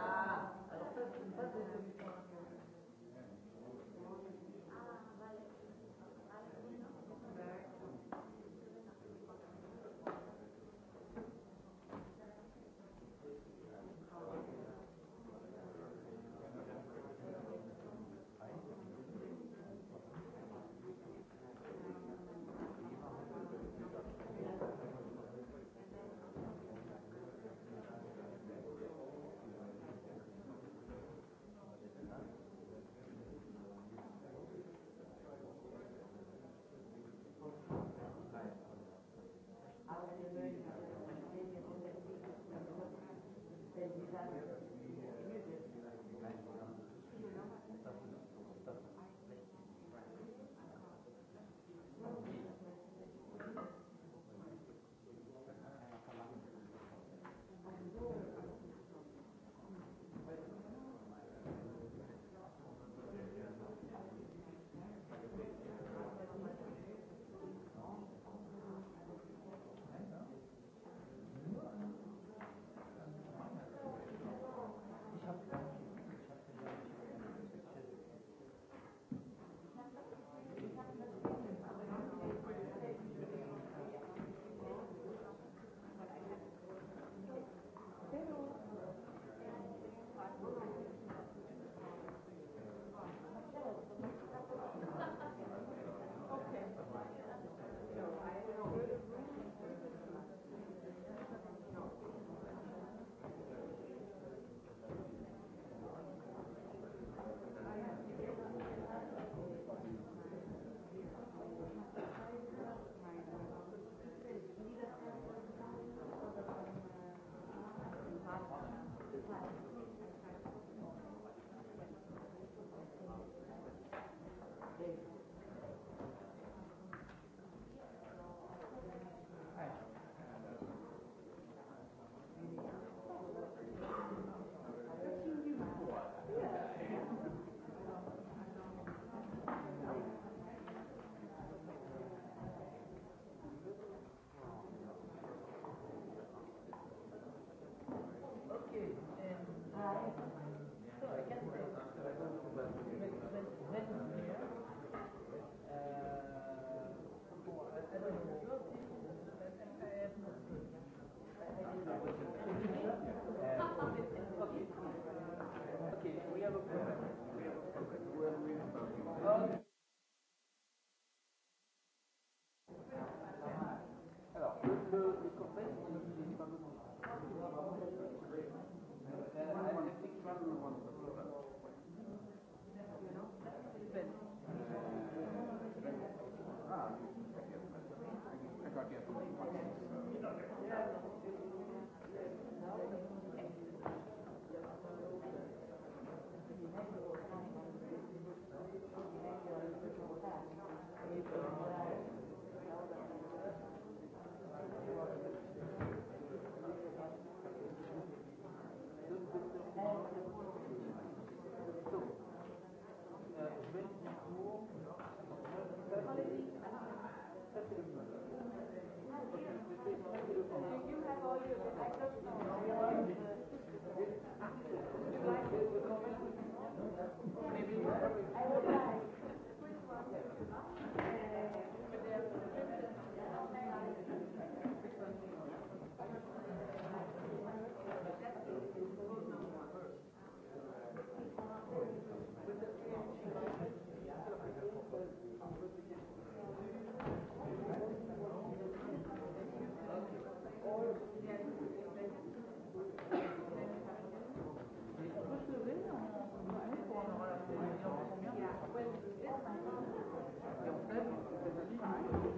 Alors ça, Αυτός είναι Hi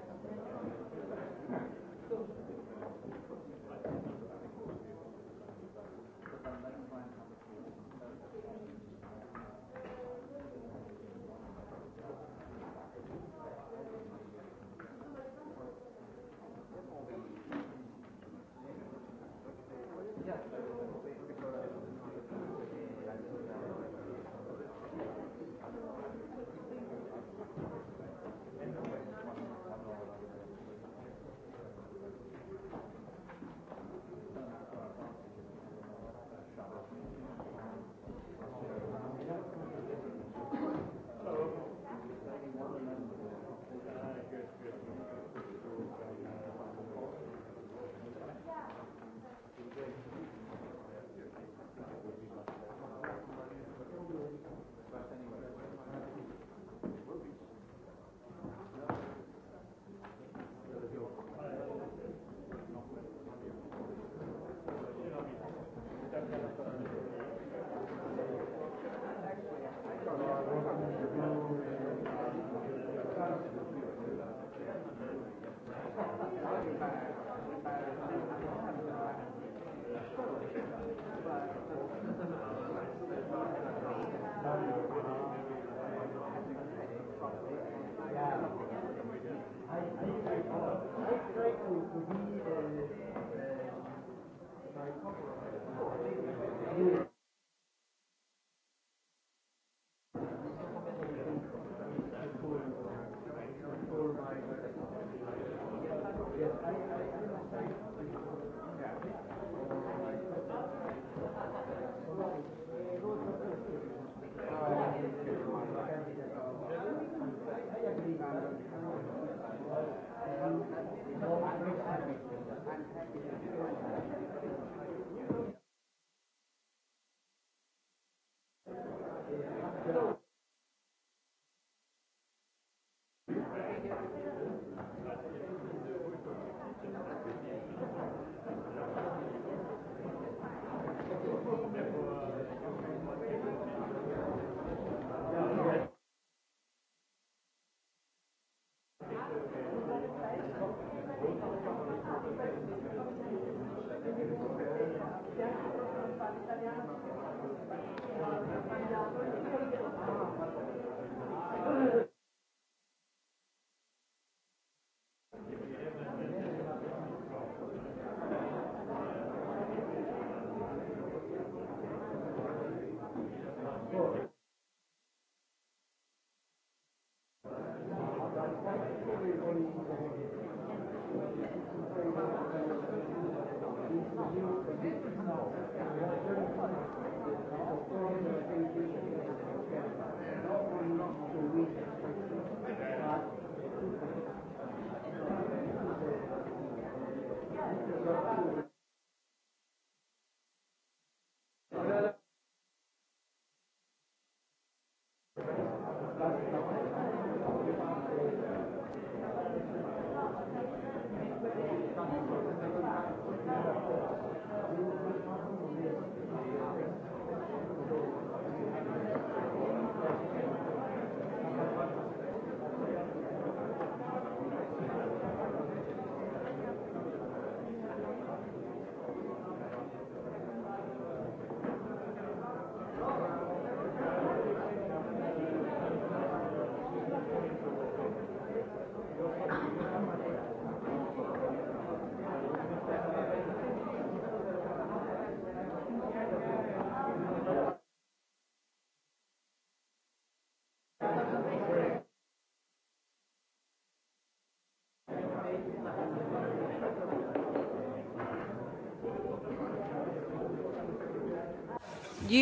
Θα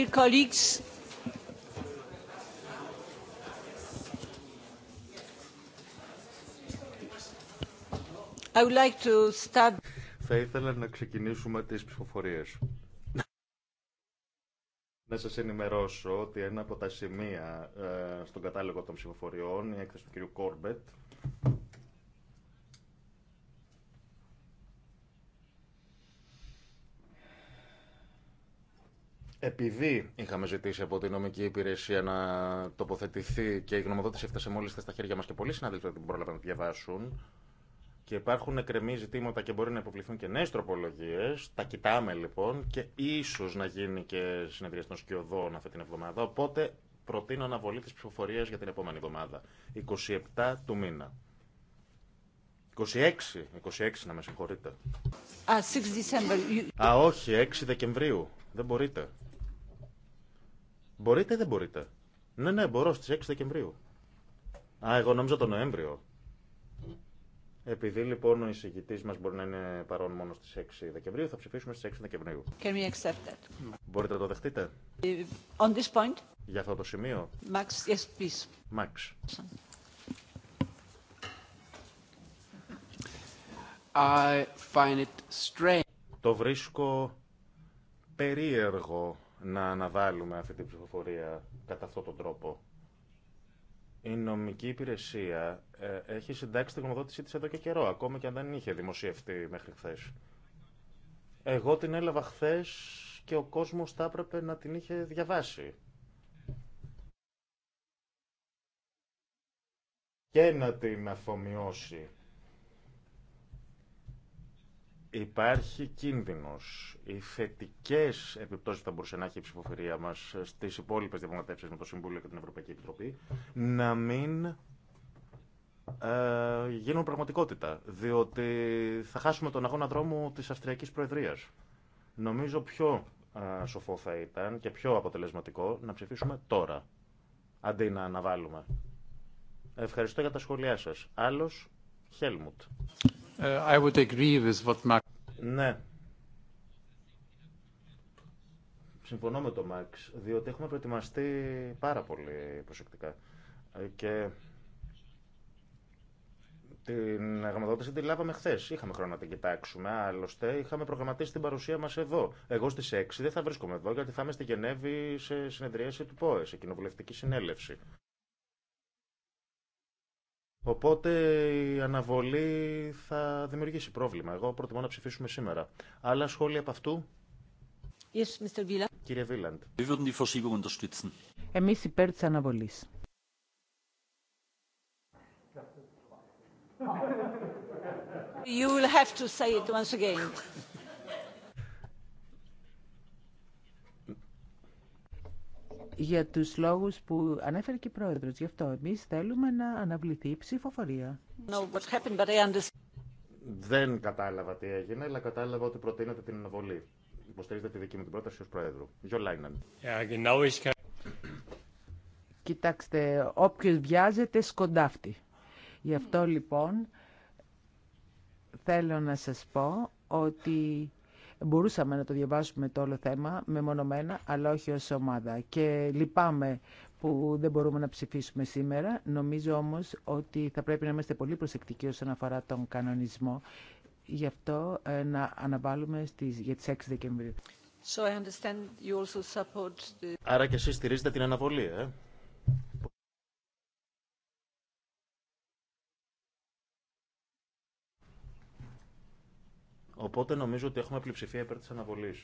ήθελα να ξεκινήσουμε τις ψηφοφορίες. Να σας ενημερώσω ότι ένα από τα σημεία ε, στον κατάλογο των ψηφοφοριών, η έκθεση του κ. Κόρμπετ, επειδή είχαμε ζητήσει από την νομική υπηρεσία να τοποθετηθεί και η γνωμοδότηση έφτασε μόλι στα χέρια μα και πολλοί συνάδελφοι δεν πρόλαβαν να διαβάσουν και υπάρχουν εκκρεμή ζητήματα και μπορεί να υποβληθούν και νέε τροπολογίε. Τα κοιτάμε λοιπόν και ίσω να γίνει και συνεδρία των σκιωδών αυτή την εβδομάδα. Οπότε προτείνω αναβολή τη ψηφοφορία για την επόμενη εβδομάδα. 27 του μήνα. 26, 26 να με συγχωρείτε. Α, Α, όχι, 6 Δεκεμβρίου. Δεν μπορείτε. Μπορείτε ή δεν μπορείτε. Ναι, ναι, μπορώ στις 6 Δεκεμβρίου. Α, εγώ νόμιζα το Νοέμβριο. Επειδή λοιπόν ο εισηγητή μα μπορεί να είναι παρόν μόνο στι 6 Δεκεμβρίου, θα ψηφίσουμε στι 6 Δεκεμβρίου. Can we accept that? Μπορείτε να το δεχτείτε. Ε, on this point. Για αυτό το σημείο. Max, yes, please. Max. I find it strange. Το βρίσκω περίεργο να αναβάλουμε αυτή την ψηφοφορία κατά αυτόν τον τρόπο. Η νομική υπηρεσία ε, έχει συντάξει τη γνωμοδότησή της εδώ και καιρό, ακόμα και αν δεν είχε δημοσιευτεί μέχρι χθε. Εγώ την έλαβα χθε και ο κόσμος θα έπρεπε να την είχε διαβάσει. Και να την αφομοιώσει Υπάρχει κίνδυνος. Οι θετικές επιπτώσεις που θα μπορούσε να έχει η ψηφοφορία μας στις υπόλοιπες διαπραγματεύσεις με το Συμβούλιο και την Ευρωπαϊκή Επιτροπή να μην ε, γίνουν πραγματικότητα. Διότι θα χάσουμε τον αγώνα δρόμου της Αυστριακής Προεδρίας. Νομίζω πιο ε, σοφό θα ήταν και πιο αποτελεσματικό να ψηφίσουμε τώρα, αντί να αναβάλουμε. Ευχαριστώ για τα σχόλιά σας. Άλλος, Χέλμουτ. Uh, I would agree with what Ναι. Συμφωνώ με τον Μαξ, διότι έχουμε προετοιμαστεί πάρα πολύ προσεκτικά. Ε, και την γραμματοδότηση την λάβαμε χθε. Είχαμε χρόνο να την κοιτάξουμε. Άλλωστε, είχαμε προγραμματίσει την παρουσία μα εδώ. Εγώ στι 6 δεν θα βρίσκομαι εδώ, γιατί θα είμαι στη Γενέβη σε συνεδρίαση του ΠΟΕ, σε κοινοβουλευτική συνέλευση. Οπότε η αναβολή θα δημιουργήσει πρόβλημα. Εγώ προτιμώ να ψηφίσουμε σήμερα. Άλλα σχόλια από αυτού. Yes, Mr. Wieland. Κύριε Βίλαντ. Εμείς υπέρ της αναβολής. You will have to say it once again. για τους λόγους που ανέφερε και η Πρόεδρος. Γι' αυτό εμείς θέλουμε να αναβληθεί η ψηφοφορία. Δεν κατάλαβα τι έγινε, αλλά κατάλαβα ότι προτείνατε την αναβολή. Υποστηρίζετε τη δική μου την πρόταση ως Πρόεδρου. Γιο Κοιτάξτε, όποιος βιάζεται σκοντάφτει. Γι' αυτό λοιπόν θέλω να σας πω ότι μπορούσαμε να το διαβάσουμε το όλο θέμα μεμονωμένα, αλλά όχι ως ομάδα. Και λυπάμαι που δεν μπορούμε να ψηφίσουμε σήμερα. Νομίζω όμως ότι θα πρέπει να είμαστε πολύ προσεκτικοί όσον αφορά τον κανονισμό. Γι' αυτό ε, να αναβάλουμε στις, για τις 6 Δεκεμβρίου. Άρα και εσείς στηρίζετε την αναβολή, ε? Οπότε νομίζω ότι έχουμε πλειοψηφία υπέρ τη αναβολή.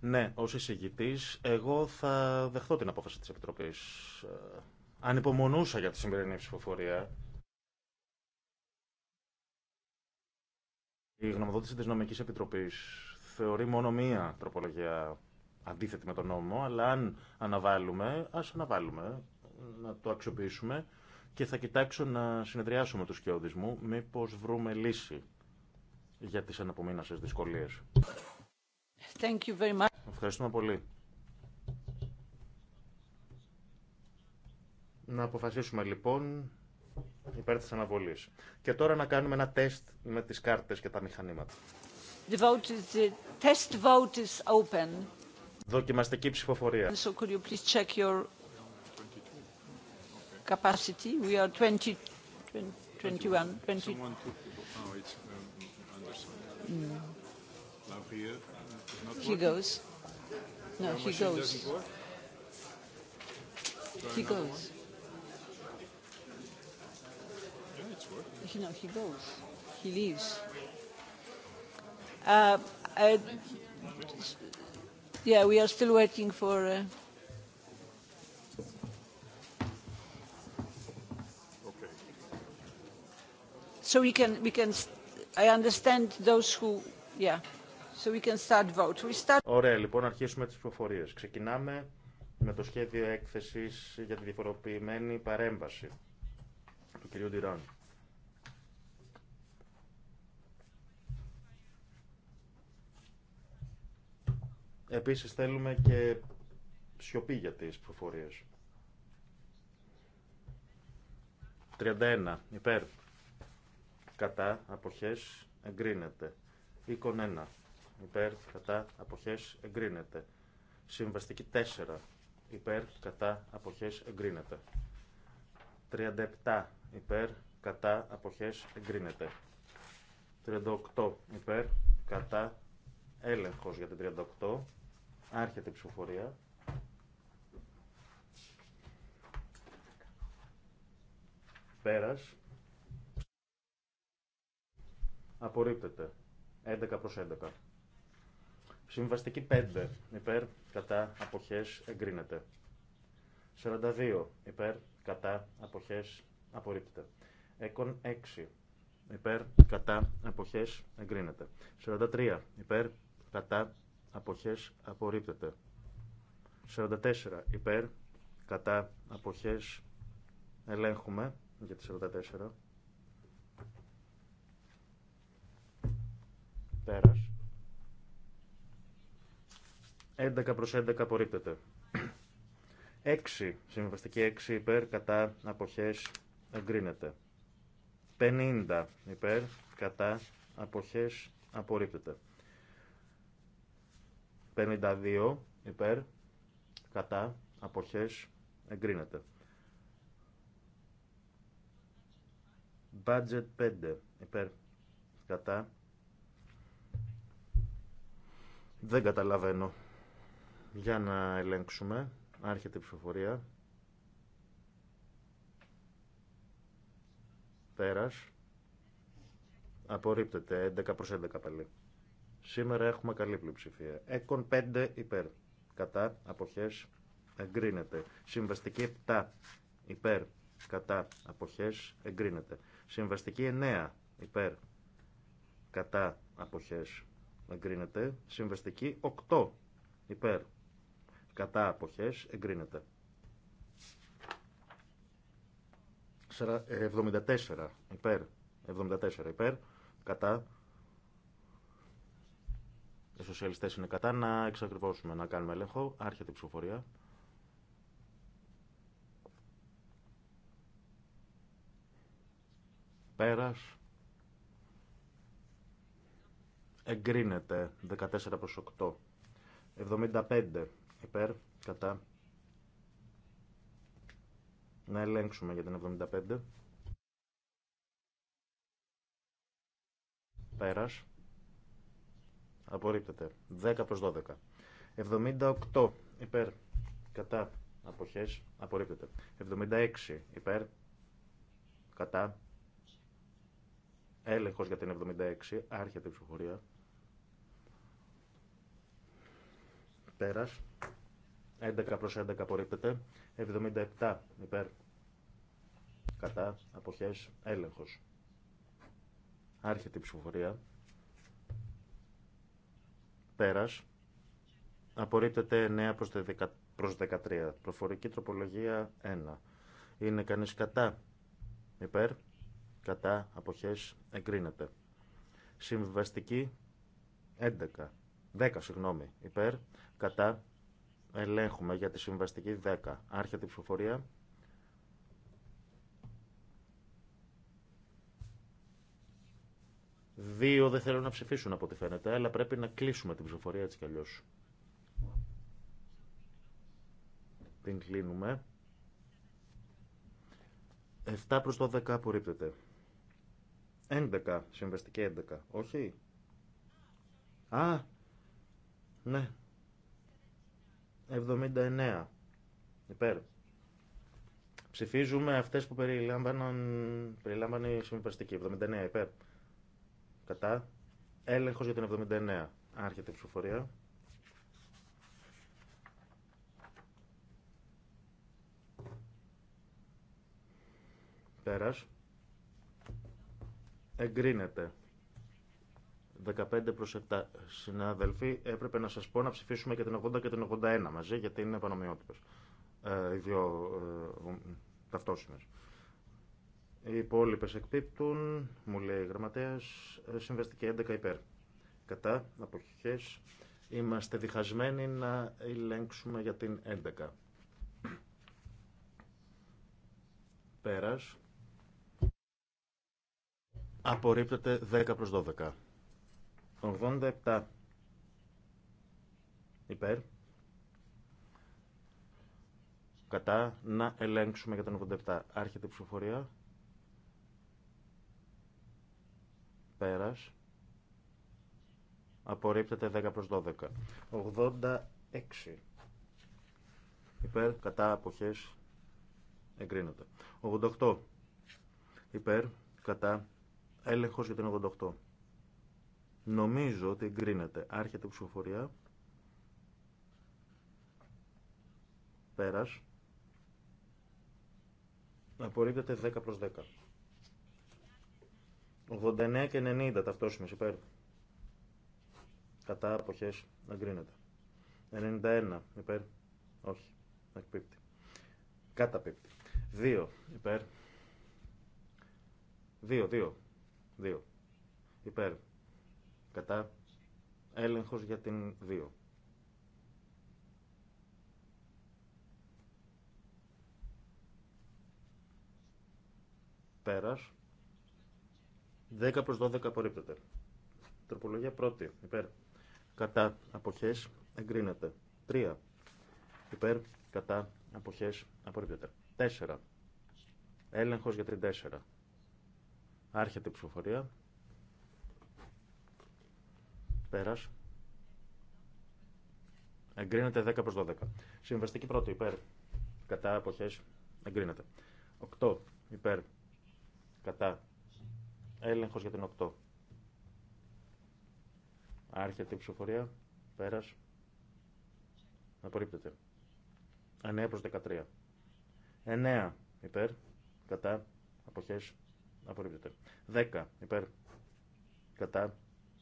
Ναι, ω εισηγητή, εγώ θα δεχτώ την απόφαση της Επιτροπής. Ε, υπομονούσα για τη σημερινή ψηφοφορία. Η γνωμοδότηση της Νομικής Επιτροπής θεωρεί μόνο μία τροπολογία αντίθετη με τον νόμο, αλλά αν αναβάλουμε, ας αναβάλουμε, να το αξιοποιήσουμε και θα κοιτάξω να συνεδριάσω με τους κοιόδης μου, μήπω βρούμε λύση για τις αναπομείνασες δυσκολίες. Thank you very much. Ευχαριστούμε πολύ. Να αποφασίσουμε λοιπόν υπέρ της αναβολής. Και τώρα να κάνουμε ένα τεστ με τις κάρτες και τα μηχανήματα. The vote is, the test vote is open. Δοκιμαστική ψηφοφορία. So could you please check your capacity? We are 20, 20 21, 20. He goes. No, he goes. He goes. You know, he goes. He leaves. Uh, I, yeah, we are still waiting for. Uh, So we can we can Ωραία, λοιπόν, αρχίσουμε τις προφορίες. Ξεκινάμε με το σχέδιο έκθεσης για τη διαφοροποιημένη παρέμβαση του κυρίου Ντιράν. Επίσης θέλουμε και σιωπή για τις προφορίες. 31. Υπέρ κατά, αποχές, εγκρίνεται. Οίκον 1, υπέρ, κατά, αποχές, εγκρίνεται. Συμβαστική 4, υπέρ, κατά, αποχές, εγκρίνεται. 37, υπέρ, κατά, αποχές, εγκρίνεται. 38, υπέρ, κατά, έλεγχος για την 38, άρχεται η ψηφοφορία. Πέρας, Απορρίπτεται. 11 προς 11. Συμβαστική 5. Υπέρ, κατά, αποχές, εγκρίνεται. 42. Υπέρ, κατά, αποχές, απορρίπτεται. Έκον 6. Υπέρ, κατά, αποχές, εγκρίνεται. 43. Υπέρ, κατά, αποχές, απορρίπτεται. 44. Υπέρ, κατά, αποχές, ελέγχουμε για τη 44. 11 προς 11 απορρίπτεται. 6. Συμβαστική 6 υπέρ κατά αποχές εγκρίνεται. 50 υπέρ κατά αποχές απορρίπτεται. 52 υπέρ κατά αποχές εγκρίνεται. Budget 5 υπέρ κατά Δεν καταλαβαίνω. Για να ελέγξουμε. Άρχεται η ψηφοφορία. Πέρας. Απορρίπτεται. 11 προς 11 πάλι. Σήμερα έχουμε καλή πλειοψηφία. Έκον 5 υπέρ. Κατά. Αποχές. Εγκρίνεται. Συμβαστική 7 υπέρ. Κατά. Αποχές. Εγκρίνεται. Συμβαστική 9 υπέρ. Κατά. Αποχές εγκρίνεται. Συμβεστική 8 υπέρ κατά αποχές εγκρίνεται. 74 ε, υπέρ, 74 υπέρ, κατά. Οι σοσιαλιστές είναι κατά. Να εξακριβώσουμε, να κάνουμε έλεγχο. Άρχεται η ψηφοφορία. Πέρας εγκρίνεται 14 προς 8 75 υπέρ κατά να ελέγξουμε για την 75 πέρας απορρίπτεται 10 προς 12 78 υπέρ κατά αποχές απορρίπτεται 76 υπέρ κατά έλεγχος για την 76 άρχεται η ψηφοφορία Δευτέρας. 11 προς 11 απορρίπτεται. 77 υπέρ. Κατά. Αποχές. Έλεγχος. Άρχεται η ψηφοφορία. Πέρας. Απορρίπτεται 9 προς, 10, προς 13. Προφορική τροπολογία 1. Είναι κανείς κατά. Υπέρ. Κατά. Αποχές. Εγκρίνεται. Συμβιβαστική 11. 10, συγγνώμη. Υπέρ. Κατά. Ελέγχουμε για τη συμβαστική 10. Άρχεται η ψηφοφορία. Δύο δεν θέλουν να ψηφίσουν από ό,τι φαίνεται, αλλά πρέπει να κλείσουμε την ψηφοφορία έτσι κι αλλιώς. Την κλείνουμε. 7 προς το 10 απορρίπτεται. 11, συμβαστική 11. Όχι. Α, ναι, 79. Υπέρ. Ψηφίζουμε αυτέ που περιλάμβαναν, περιλάμβανε η 79 υπέρ. Κατά. Έλεγχο για την 79. Άρχεται η ψηφοφορία. Πέρας. Εγκρίνεται. 15 προ 7. Συνάδελφοι, έπρεπε να σα πω να ψηφίσουμε και την 80 και την 81 μαζί, γιατί είναι πανομοιότυπες ε, οι δύο ε, Οι υπόλοιπε εκπίπτουν, μου λέει η γραμματέας, ε, συμβαστική 11 υπέρ. Κατά, αποχέ. είμαστε διχασμένοι να ελέγξουμε για την 11. Πέρας. Απορρίπτεται 10 προς 12. 87 υπέρ κατά να ελέγξουμε για τον 87. Άρχεται η ψηφοφορία. Πέρας. Απορρίπτεται 10 προς 12. 86. Υπέρ, κατά, αποχές, εγκρίνεται. 88. Υπέρ, κατά, έλεγχος για τον 88. Νομίζω ότι εγκρίνεται. Άρχεται ψηφοφορία. Πέρας. Απορρίπτεται 10 προς 10. 89 και 90 ταυτόσιμες υπέρ. Κατά αποχές εγκρίνεται. 91 υπέρ. Όχι. Εκπίπτει. Καταπίπτει. 2 υπέρ. 2, 2. 2. Υπέρ. Κατά. Έλεγχος για την 2. Πέρας. 10 προς 12 απορρίπτεται. Τροπολογία πρώτη. Υπέρ. Κατά. Αποχές. Εγκρίνεται. 3. Υπέρ. Κατά. Αποχές. Απορρίπτεται. 4. Έλεγχος για την 4. Άρχεται η ψηφοφορία. Πέρας. Εγκρίνεται 10 προς 12. Συμβαστική πρώτη υπέρ. Κατά αποχές. Εγκρίνεται. 8 υπέρ. Κατά. Έλεγχος για την 8. Άρχεται η ψηφοφορία. Πέρας. Απορρίπτεται. 9 προς 13. 9 υπέρ. Κατά. Αποχές. Απορρίπτεται. 10 υπέρ. Κατά.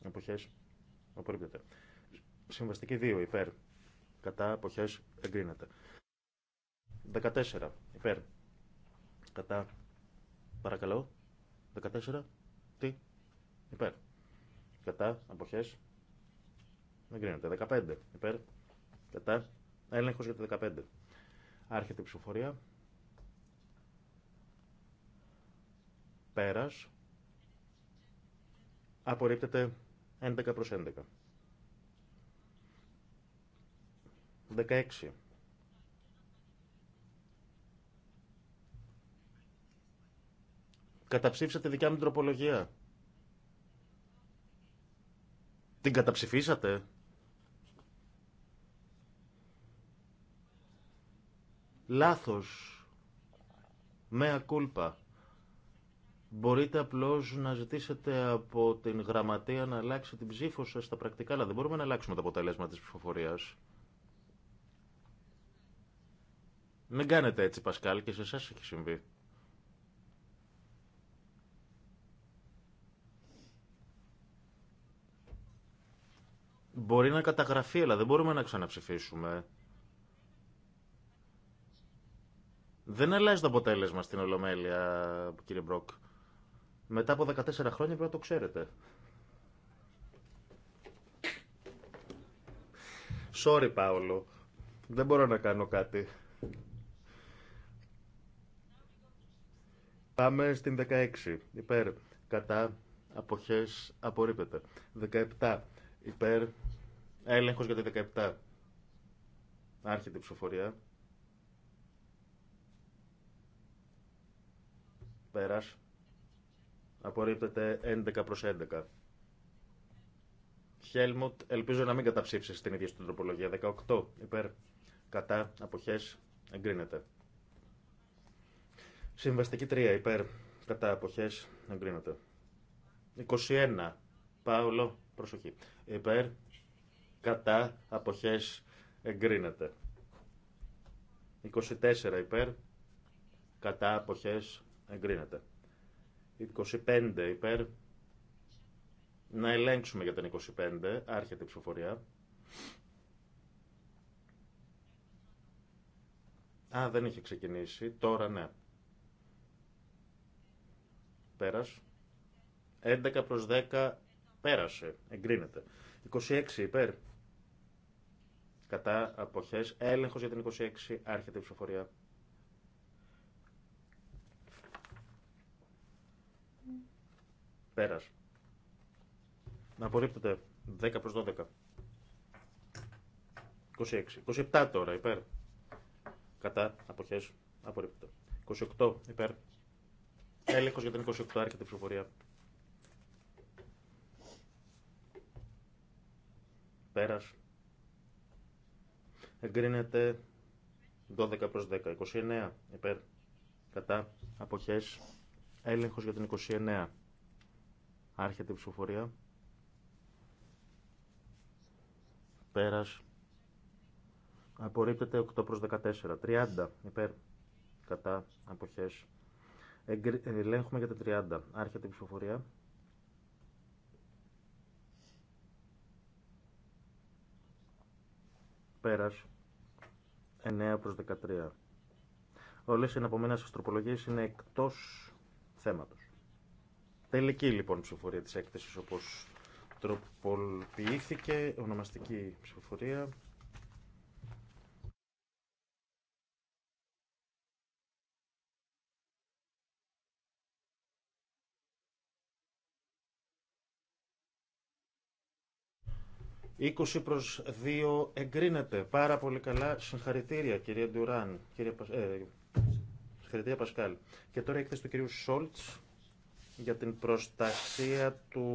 Αποχές. Απορρίπτεται. Συμβαστική 2 υπέρ. Κατά εποχέ εγκρίνεται. 14 υπέρ. Κατά. Παρακαλώ. 14. Τι. Υπέρ. Κατά αποχέ εγκρίνεται. 15 υπέρ. Κατά. Έλεγχο για το 15. Άρχεται η ψηφοφορία. Πέρας. Απορρίπτεται 11 προς 11. 16. Καταψήφισατε δικιά μου την τροπολογία. Την καταψηφίσατε. Λάθος. Μέα κούλπα. Μπορείτε απλώ να ζητήσετε από την γραμματεία να αλλάξει την ψήφο σα στα πρακτικά, αλλά δεν μπορούμε να αλλάξουμε τα αποτέλεσμα τη ψηφοφορία. Μην κάνετε έτσι, Πασκάλ, και σε εσά έχει συμβεί. Μπορεί να καταγραφεί, αλλά δεν μπορούμε να ξαναψηφίσουμε. Δεν αλλάζει το αποτέλεσμα στην Ολομέλεια, κύριε Μπρόκ. Μετά από 14 χρόνια πρέπει να το ξέρετε. Sorry, Πάολο. Δεν μπορώ να κάνω κάτι. Πάμε στην 16. Υπέρ. Κατά. Αποχές. απορρίπεται. 17. Υπέρ. Έλεγχος για τη 17. Άρχεται η ψηφοφορία. Πέρας. Απορρίπτεται 11 προς 11. Χέλμουτ, ελπίζω να μην καταψήψεις την ίδια στην τροπολογία. 18 υπέρ κατά αποχές εγκρίνεται. Συμβαστική 3 υπέρ κατά αποχές εγκρίνεται. 21 Παύλο, προσοχή. Υπέρ κατά αποχές εγκρίνεται. 24 υπέρ κατά αποχές εγκρίνεται. 25 υπέρ. Να ελέγξουμε για την 25. Άρχεται η ψηφοφορία. Α, δεν είχε ξεκινήσει. Τώρα ναι. Πέρασε. 11 προς 10 πέρασε. Εγκρίνεται. 26 υπέρ. Κατά αποχές. Έλεγχος για την 26. Άρχεται η ψηφοφορία. Πέρας. Να απορρίπτεται. 10 προ 12. 26. 27 τώρα υπέρ. Κατά αποχέ. Απορρίπτεται. 28 υπέρ. Έλεγχο για την 28 άρχεται η ψηφοφορία. Πέρας. Εγκρίνεται 12 προς 10. 29 υπέρ. Κατά αποχές. Έλεγχος για την 29. Άρχεται η ψηφοφορία. Πέρας. Απορρίπτεται 8 προς 14. 30 υπέρ κατά αποχές. Ελέγχουμε για τα 30. Άρχεται η ψηφοφορία. Πέρας. 9 προς 13. Όλες οι εναπομένες αστροπολογίες είναι εκτός θέματος. Τελική λοιπόν ψηφοφορία της έκθεσης όπως τροποποιήθηκε, ονομαστική ψηφοφορία. «20 προς 2 εγκρίνεται. Πάρα πολύ καλά. Συγχαρητήρια, κυρία Ντουράν. κύριε ε, συγχαρητήρια, Πασκάλ. Και τώρα η έκθεση του κυρίου Σόλτς για την προστασία του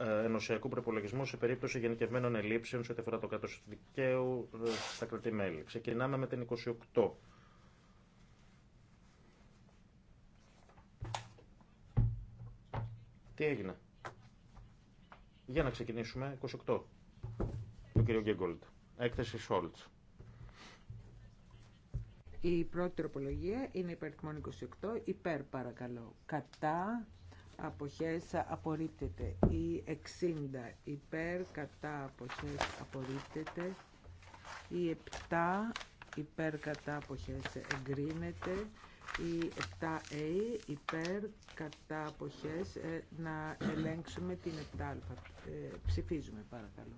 ε, ενωσιακού προπολογισμού σε περίπτωση γενικευμένων ελλείψεων σε ό,τι αφορά το κράτο δικαίου ε, στα κρατή-μέλη. Ξεκινάμε με την 28. Τι έγινε. Για να ξεκινήσουμε. 28. Το κύριο Γκέγκολτ. Έκθεση Σόλτ. Η πρώτη τροπολογία είναι υπέρ 28. Υπέρ παρακαλώ. Κατά αποχές απορρίπτεται. Η 60 υπέρ κατά αποχές απορρίπτεται. Η 7 υπέρ κατά αποχές εγκρίνεται. Η 7A υπέρ κατά αποχές ε, να ελέγξουμε την 7α. Ε, ψηφίζουμε παρακαλώ.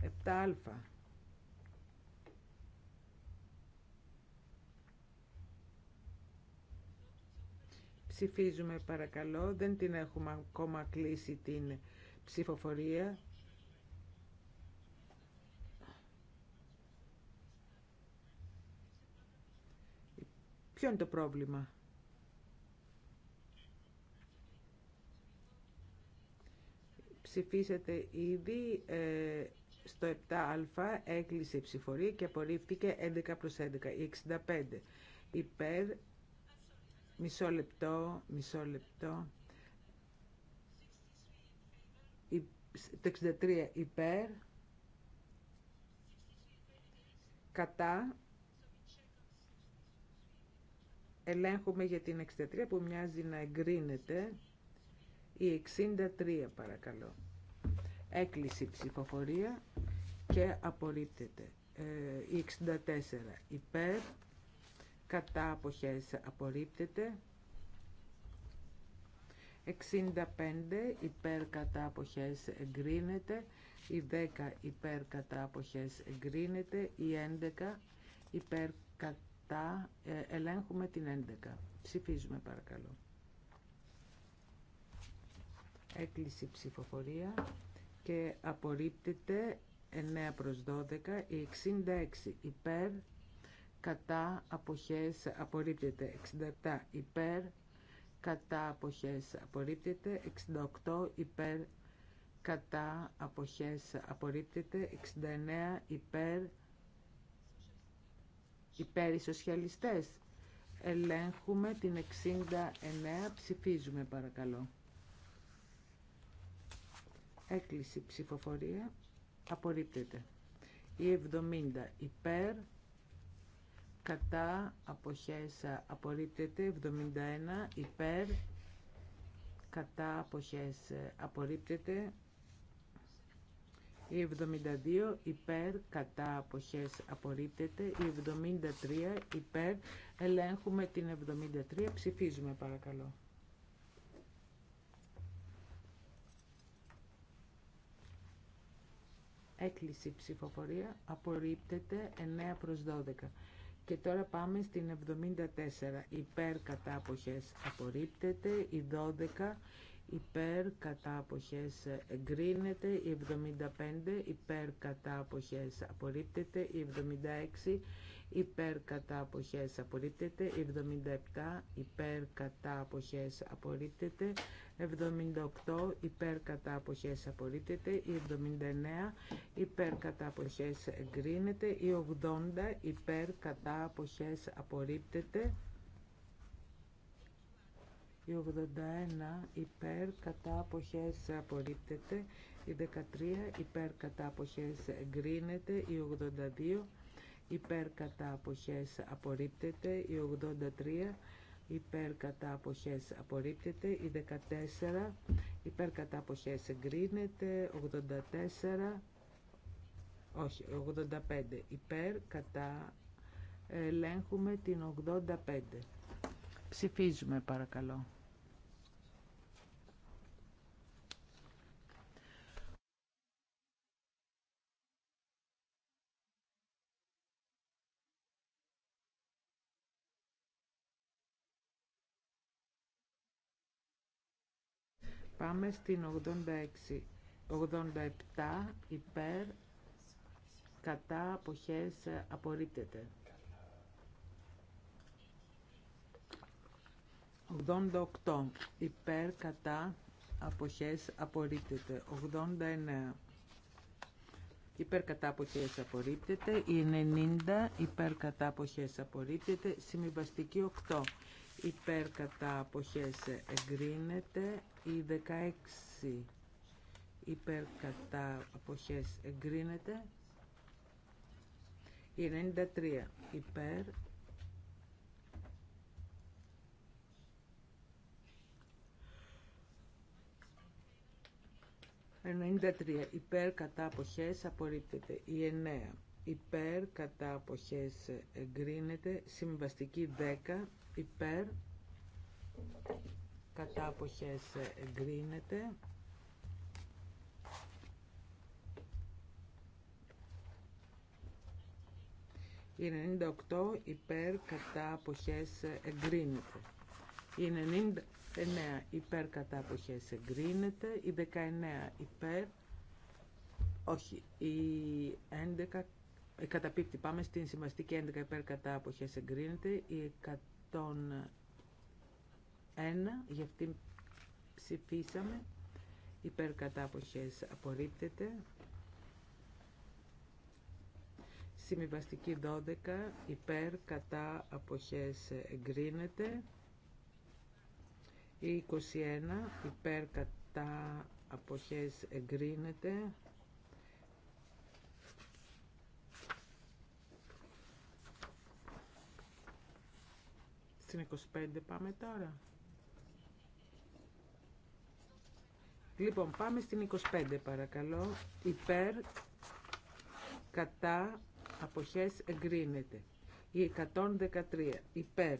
Επτά αλφα. Ψηφίζουμε παρακαλώ. Δεν την έχουμε ακόμα κλείσει την ψηφοφορία. Ποιο είναι το πρόβλημα. Ψηφίσατε ήδη ε, στο 7α, έκλεισε η ψηφορία και απορρίφθηκε 11 προς 11, 65. Υπέρ Μισό λεπτό, μισό λεπτό. Το 63 υπέρ. Κατά. Ελέγχουμε για την 63 που μοιάζει να εγκρίνεται. Η 63 παρακαλώ. Έκλεισε η ψηφοφορία και απορρίπτεται. Ε, η 64 υπέρ κατά αποχές απορρίπτεται 65 υπέρ κατά αποχές εγκρίνεται η 10 υπέρ κατά αποχές εγκρίνεται η 11 υπέρ κατά ε, ελέγχουμε την 11 ψηφίζουμε παρακαλώ έκλεισε ψηφοφορία και απορρίπτεται 9 προς 12 η 66 υπέρ κατά αποχές απορρίπτεται 67 υπέρ κατά αποχές απορρίπτεται 68 υπέρ κατά αποχές απορρίπτεται 69 υπέρ υπέρ οι σοσιαλιστές ελέγχουμε την 69 ψηφίζουμε παρακαλώ έκλειση ψηφοφορία απορρίπτεται η 70 υπέρ κατά αποχές ε, απορρίπτεται 71 ε, υπέρ κατά αποχές απορρίπτεται 72 υπέρ κατά αποχές απορρίπτεται 73 υπέρ ελέγχουμε την 73 ψηφίζουμε παρακαλώ Έκλειση ψηφοφορία απορρίπτεται 9 προς 12. Και τώρα πάμε στην 74. Υπέρ κατά απορρίπτεται. Η 12 υπέρ κατά εγκρίνεται. Η 75 υπέρ κατά απορρίπτεται. Η 76 υπέρ κατά αποχές απορρίπτεται. Η 77 υπέρ κατά απορρίπτεται. 78 υπέρ κατά αποχές απορρίπτεται, η 79 υπέρ κατά αποχές εγκρίνεται, η 80 υπέρ κατά αποχές απορρίπτεται, η 81 υπέρ κατά αποχές απορρίπτεται, η 13 υπέρ κατά αποχές εγκρίνεται, η 82 υπέρ κατά αποχές απορρίπτεται, η 83 υπέρ κατά αποχές απορρίπτεται, η 14 υπέρ κατά αποχές εγκρίνεται, 84 όχι, 85 υπέρ κατά ελέγχουμε την 85. Ψηφίζουμε παρακαλώ. Πάμε στην 86. 87 υπέρ κατά αποχές απορρίπτεται. 88 υπέρ κατά αποχές απορρίπτεται. 89 υπέρ κατά αποχές απορρίπτεται. Η 90 υπέρ κατά αποχές απορρίπτεται. Συμβιβαστική 8 υπέρ κατά αποχές εγκρίνεται η 16 υπέρ κατά αποχές εγκρίνεται η 93 υπέρ Η 93 υπέρ κατά αποχές απορρίπτεται. Η 9 υπέρ κατά αποχές εγκρίνεται συμβαστική 10 υπέρ κατά αποχές εγκρίνεται Η 98 υπέρ κατά αποχές εγκρίνεται. Η 99 υπέρ κατά αποχές εγκρίνεται. Η 19 υπέρ, όχι, η 11 καταπίπτει. Πάμε στην συμβαστική 11 υπέρ κατά αποχές εγκρίνεται. Η 101 για αυτήν ψηφίσαμε. Υπέρ κατά αποχές απορρίπτεται. Συμβιβαστική 12 υπέρ κατά αποχές εγκρίνεται. Η 21 υπέρ κατά αποχές εγκρίνεται. στην 25 πάμε τώρα. Λοιπόν, πάμε στην 25 παρακαλώ. Υπέρ, κατά, αποχές εγκρίνεται. Η 113. Υπέρ,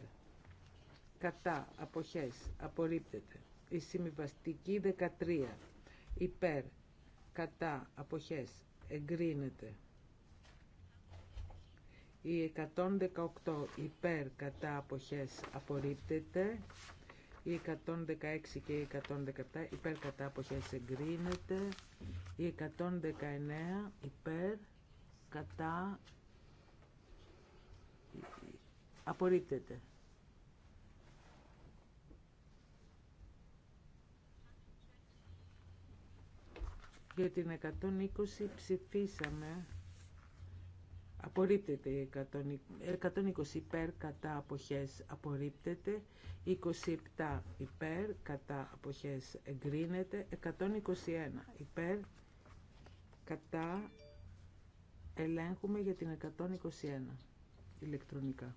κατά, αποχές, απορρίπτεται. Η συμβιβαστική 13. Υπέρ, κατά, αποχές, εγκρίνεται. Η 118 υπέρ κατά αποχές απορρίπτεται. Η 116 και η 117 υπέρ κατά αποχές εγκρίνεται. Η 119 υπέρ κατά απορρίπτεται. Για την 120 ψηφίσαμε απορρίπτεται 120 υπέρ κατά αποχές απορρίπτεται 27 υπέρ κατά αποχές εγκρίνεται 121 υπέρ κατά ελέγχουμε για την 121 ηλεκτρονικά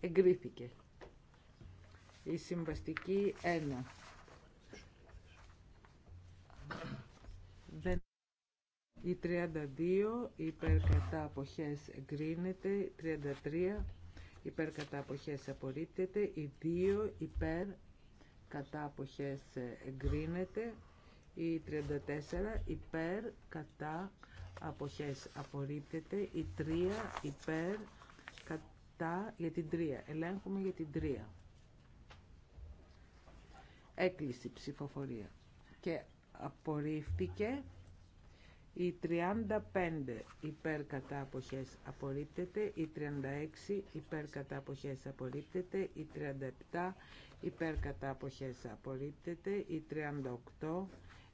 εγκρίθηκε η συμβαστική 1 Η 32 υπέρ κατά αποχές εγκρίνεται, 33 υπέρ κατά αποχές απορρίπτεται, η 2 υπέρ κατά αποχές εγκρίνεται, η 34 υπέρ κατά αποχές απορρίπτεται, η 3 υπέρ κατά για την 3. Ελέγχουμε για την 3. Έκλεισε ψηφοφορία και απορρίφθηκε η 35 υπέρ κατά αποχές απορρίπτεται, η 36 υπέρ κατά αποχές απορρίπτεται, η 37 υπέρ κατά αποχές απορρίπτεται, η 38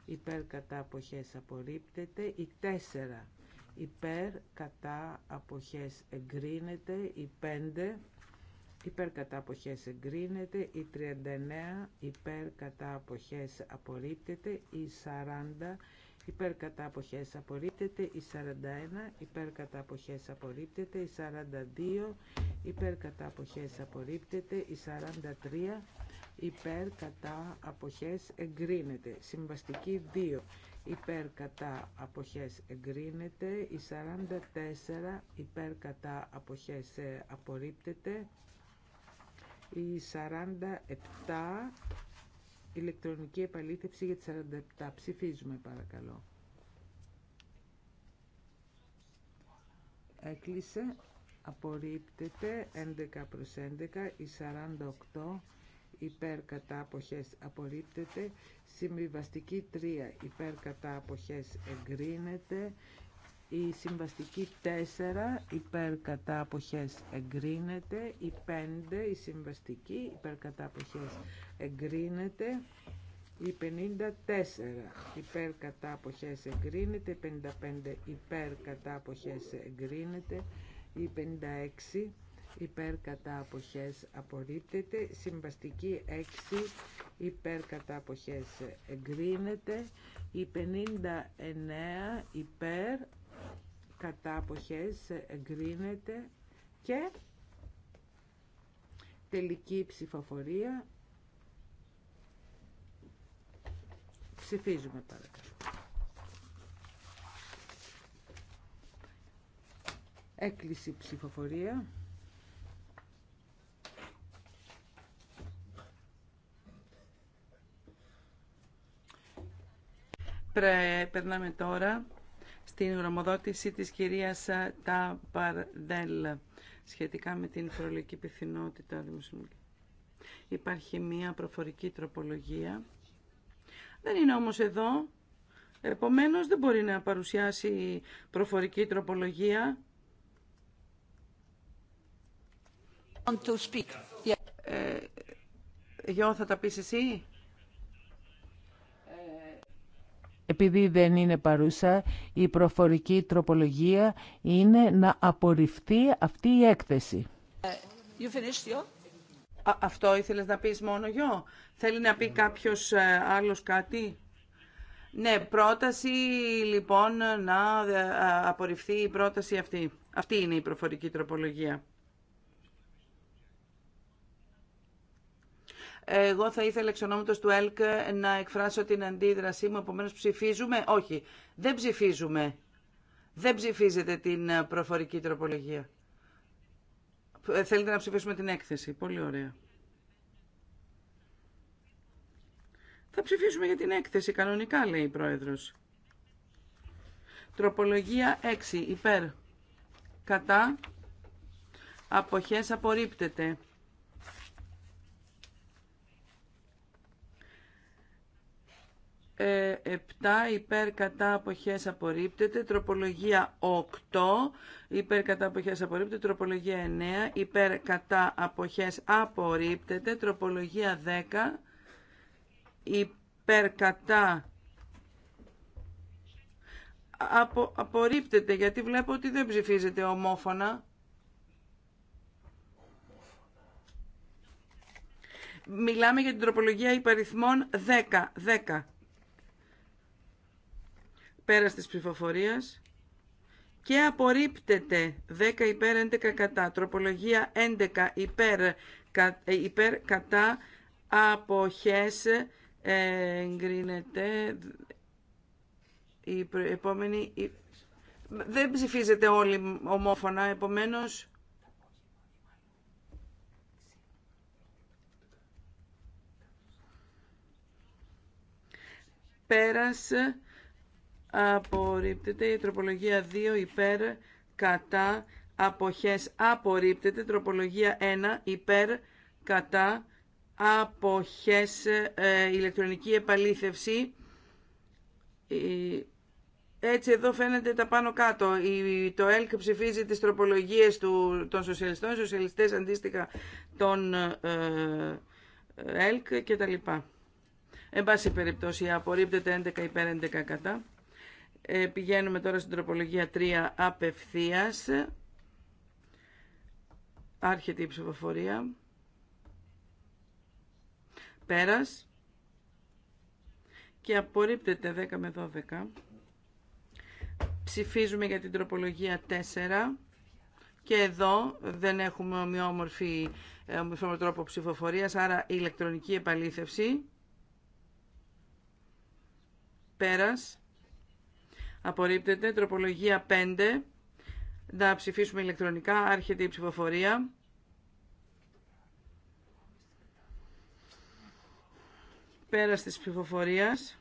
υπέρ κατά αποχές απορρίπτεται, η 4 υπέρ κατά αποχές εγκρίνεται, η 5 υπέρ κατά αποχές εγκρίνεται, η 39 υπέρ κατά αποχές απορρίπτεται, η 40 υπέρκατα αποχές απορρίπτεται, η 41 υπέρκατα αποχές απορρίπτεται, η 42 υπέρκατα αποχές απορρίπτεται, η 43 υπέρκατα αποχές εγκρίνεται, συμβαστική 2 υπέρκατα αποχές εγκρίνεται, η 44 υπέρκατα αποχές ε, απορρίπτεται, η 47 ηλεκτρονική επαλήθευση για τις 47. Ψηφίζουμε παρακαλώ. Έκλεισε. Απορρίπτεται 11 προς 11 η 48 υπέρ κατά αποχές απορρίπτεται, συμβιβαστική 3 υπέρ κατά αποχές εγκρίνεται, η συμβαστική 4 υπέρ κατά εγκρίνεται. Η 5 η συμβαστική υπέρ κατά εγκρίνεται. Η 54 υπέρ κατά εγκρίνεται. Η 55 υπέρ κατά εγκρίνεται. Η 56 υπέρ κατά αποχές απορρίπτεται. Συμβαστική 6 υπέρ κατά εγκρίνεται. Η 59 υπέρ κατά αποχές εγκρίνεται και τελική ψηφοφορία ψηφίζουμε παρακαλώ έκλειση ψηφοφορία Περνάμε τώρα την γνωμοδότηση της κυρίας Ταπαρδέλ σχετικά με την φορολογική πιθανότητα Υπάρχει μία προφορική τροπολογία. Δεν είναι όμως εδώ. Επομένως δεν μπορεί να παρουσιάσει προφορική τροπολογία. To ε, θα τα πεις εσύ. επειδή δεν είναι παρούσα η προφορική τροπολογία είναι να απορριφθεί αυτή η έκθεση. Ε, you finished, αυτό ήθελες να πεις μόνο γιο. Θέλει να πει κάποιος ε, άλλος κάτι. Ναι, πρόταση λοιπόν να ε, απορριφθεί η πρόταση αυτή. Αυτή είναι η προφορική τροπολογία. Εγώ θα ήθελα εξ του ΕΛΚ να εκφράσω την αντίδρασή μου. επομένω ψηφίζουμε. Όχι, δεν ψηφίζουμε. Δεν ψηφίζετε την προφορική τροπολογία. Θέλετε να ψηφίσουμε την έκθεση. Πολύ ωραία. Θα ψηφίσουμε για την έκθεση κανονικά, λέει η Πρόεδρος. Τροπολογία 6. Υπέρ. Κατά. Αποχές απορρίπτεται. 7 ε, υπέρ κατά αποχές απορρίπτεται, τροπολογία 8 υπέρ κατά αποχές απορρίπτεται, τροπολογία 9 υπέρ κατά αποχές απορρίπτεται, τροπολογία 10 υπέρ κατά απο, απορρίπτεται γιατί βλέπω ότι δεν ψηφίζεται ομόφωνα. Μιλάμε για την τροπολογία υπαριθμών 10. 10 πέρας της ψηφοφορίας και απορρίπτεται 10 υπέρ 11 κατά. Τροπολογία 11 υπέρ, κα, ε, υπέρ κατά αποχές ε, εγκρίνεται η επόμενη... Δεν ψηφίζεται όλοι ομόφωνα, επομένως... Πέρασε απορρίπτεται. Η τροπολογία 2 υπέρ κατά αποχές απορρίπτεται. Τροπολογία 1 υπέρ κατά αποχές ε, ηλεκτρονική επαλήθευση. Έτσι εδώ φαίνεται τα πάνω κάτω. Η, το ΕΛΚ ψηφίζει τις τροπολογίες του, των σοσιαλιστών, οι σοσιαλιστές αντίστοιχα των ε, ε ΕΛΚ και τα λοιπά. Εν πάση περιπτώσει απορρίπτεται 11 υπέρ 11 κατά. Ε, πηγαίνουμε τώρα στην τροπολογία 3 απευθείας. Άρχεται η ψηφοφορία. Πέρας. Και απορρίπτεται 10 με 12. Ψηφίζουμε για την τροπολογία 4. Και εδώ δεν έχουμε ομοιόμορφη, ε, ομοιόμορφη τρόπο ψηφοφορίας, άρα ηλεκτρονική επαλήθευση. Πέρας απορρίπτεται. Τροπολογία 5, να ψηφίσουμε ηλεκτρονικά, άρχεται η ψηφοφορία. Πέρας της ψηφοφορίας,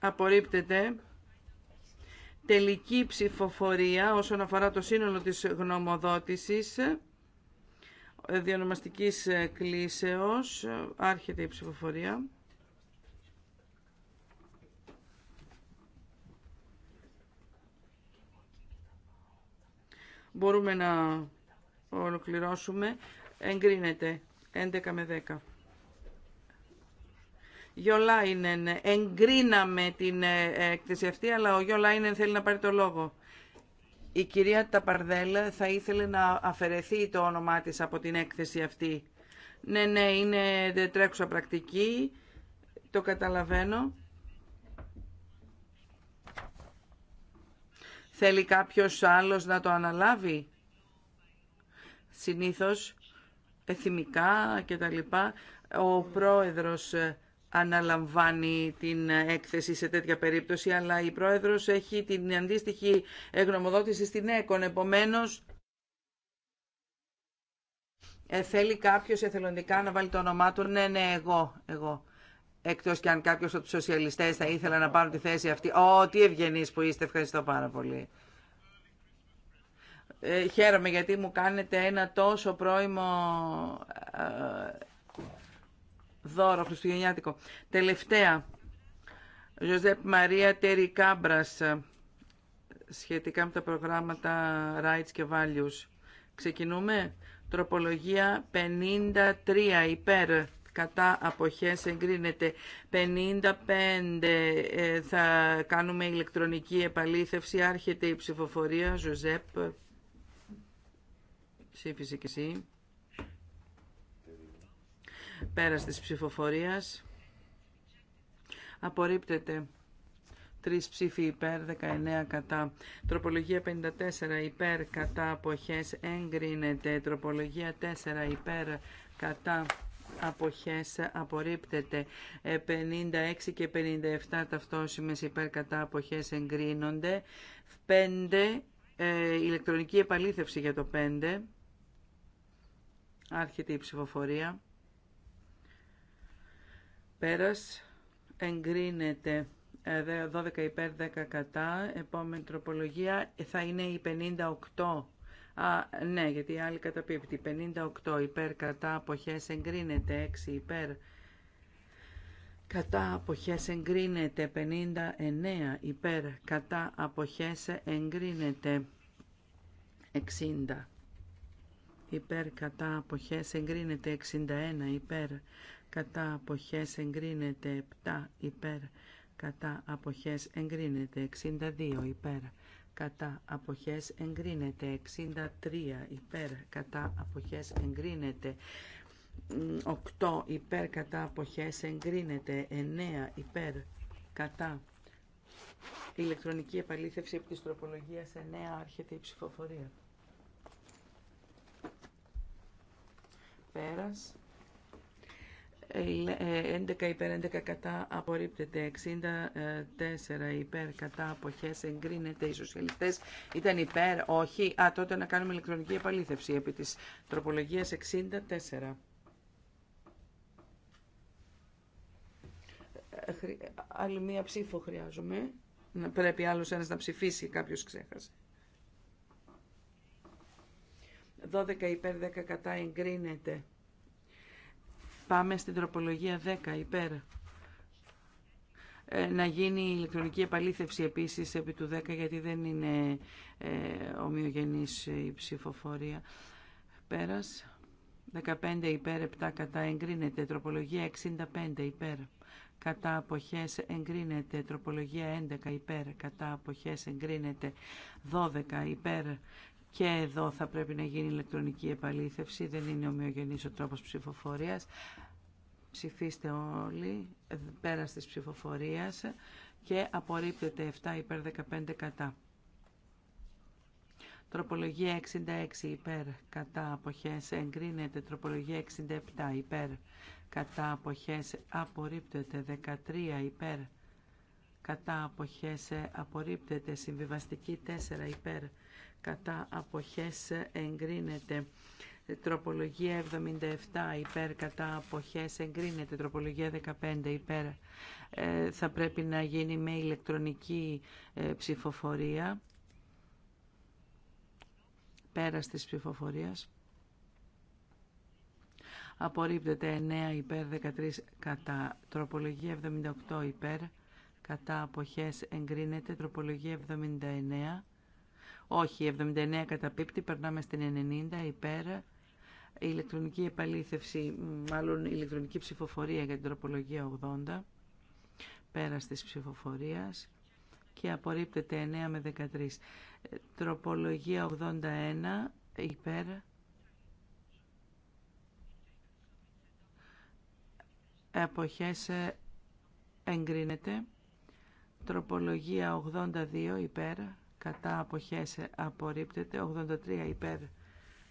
απορρίπτεται τελική ψηφοφορία όσον αφορά το σύνολο της γνωμοδότησης ε, διονομαστικής ε, κλίσεως. Άρχεται η ψηφοφορία. Μπορούμε να ολοκληρώσουμε. Εγκρίνεται. 11 με 10. Γιολάινεν. Εγκρίναμε την ε, έκθεση αυτή, αλλά ο Γιολάινεν θέλει να πάρει το λόγο. Η κυρία Ταπαρδέλα θα ήθελε να αφαιρεθεί το όνομά της από την έκθεση αυτή. Ναι, ναι, είναι τρέχουσα πρακτική. Το καταλαβαίνω. Θέλει κάποιος άλλος να το αναλάβει. Συνήθως, εθιμικά και τα λοιπά, ο πρόεδρος ε, αναλαμβάνει την έκθεση σε τέτοια περίπτωση, αλλά η πρόεδρος έχει την αντίστοιχη εγνωμοδότηση στην ΕΚΟΝ. Επομένως, ε, θέλει κάποιος εθελοντικά να βάλει το όνομά του. Ναι, ναι, εγώ, εγώ. Εκτός και αν κάποιος από του σοσιαλιστές θα ήθελε να πάρουν τη θέση αυτή. Ω, τι ευγενεί που είστε. Ευχαριστώ πάρα πολύ. Ε, χαίρομαι γιατί μου κάνετε ένα τόσο πρώιμο ε, δώρο χριστουγεννιάτικο. Τελευταία. Ζωζέπ Μαρία Τέρι Κάμπρας ε, σχετικά με τα προγράμματα Rights και Values. Ξεκινούμε. Τροπολογία 53 υπέρ κατά αποχές εγκρίνεται 55 ε, θα κάνουμε ηλεκτρονική επαλήθευση άρχεται η ψηφοφορία Ζωζέπ ψήφισε και εσύ πέρας της ψηφοφορίας απορρίπτεται 3 ψήφοι υπέρ, 19 κατά. Τροπολογία 54 υπέρ, κατά αποχές εγκρίνεται. Τροπολογία 4 υπέρ, κατά αποχές απορρίπτεται 56 ε, και 57 ταυτόσημες υπέρ κατά αποχές εγκρίνονται 5 ε, ηλεκτρονική επαλήθευση για το 5 άρχεται η ψηφοφορία πέρας εγκρίνεται 12 ε, υπέρ 10 κατά επόμενη τροπολογία θα είναι η 58 Α, ναι, γιατί η άλλη καταπίπτει. 58 υπέρ κατά αποχές εγκρίνεται. 6 υπέρ κατά αποχές εγκρίνεται. 59 υπέρ κατά αποχές εγκρίνεται. 60 υπέρ κατά αποχές εγκρίνεται 61 υπέρ κατά αποχές εγκρίνεται 7 υπέρ κατά αποχές εγκρίνεται 62 υπέρ κατά αποχές εγκρίνεται 63 υπέρ κατά αποχές εγκρίνεται 8 υπέρ κατά αποχές εγκρίνεται 9 υπέρ κατά ηλεκτρονική επαλήθευση επί της τροπολογίας 9 άρχεται η ψηφοφορία πέρας 11 ε, υπέρ 11 κατά απορρίπτεται 64 ε, υπέρ κατά αποχές εγκρίνεται οι σοσιαλιστές ήταν υπέρ όχι α τότε να κάνουμε ηλεκτρονική επαλήθευση επί της τροπολογίας 64 ε, άλλη μία ψήφο χρειάζομαι πρέπει άλλος ένας να ψηφίσει κάποιος ξέχασε 12 υπέρ 10 κατά εγκρίνεται Πάμε στην τροπολογία 10 υπέρ. Ε, να γίνει η ηλεκτρονική επαλήθευση επίσης επί του 10 γιατί δεν είναι ε, ομοιογενής η ψηφοφορία. Πέρας. 15 υπέρ, 7 κατά εγκρίνεται. Τροπολογία 65 υπέρ. Κατά αποχές εγκρίνεται. Τροπολογία 11 υπέρ. Κατά αποχές εγκρίνεται. 12 υπέρ. Και εδώ θα πρέπει να γίνει ηλεκτρονική επαλήθευση. Δεν είναι ομοιογενής ο τρόπος ψηφοφορίας. Ψηφίστε όλοι ε, πέρα της ψηφοφορίας και απορρίπτεται 7 υπέρ 15 κατά. Τροπολογία 66 υπέρ κατά αποχές εγκρίνεται. Τροπολογία 67 υπέρ κατά αποχές απορρίπτεται. 13 υπέρ κατά αποχές απορρίπτεται. Συμβιβαστική 4 υπέρ κατά αποχές εγκρίνεται. Τροπολογία 77 υπέρ κατά αποχές εγκρίνεται. Τροπολογία 15 υπέρ ε, θα πρέπει να γίνει με ηλεκτρονική ε, ψηφοφορία. Πέρας της ψηφοφορίας. Απορρίπτεται 9 υπέρ 13 κατά. Τροπολογία 78 υπέρ κατά αποχές εγκρίνεται. Τροπολογία 79 όχι, 79 καταπίπτει, περνάμε στην 90 υπέρ. Η ηλεκτρονική επαλήθευση, μάλλον η ηλεκτρονική ψηφοφορία για την τροπολογία 80, πέρα της ψηφοφορίας και απορρίπτεται 9 με 13. Τροπολογία 81 υπέρ. Εποχές ε, εγκρίνεται. Τροπολογία 82 υπέρ κατά αποχές απορρίπτεται 83 υπέρ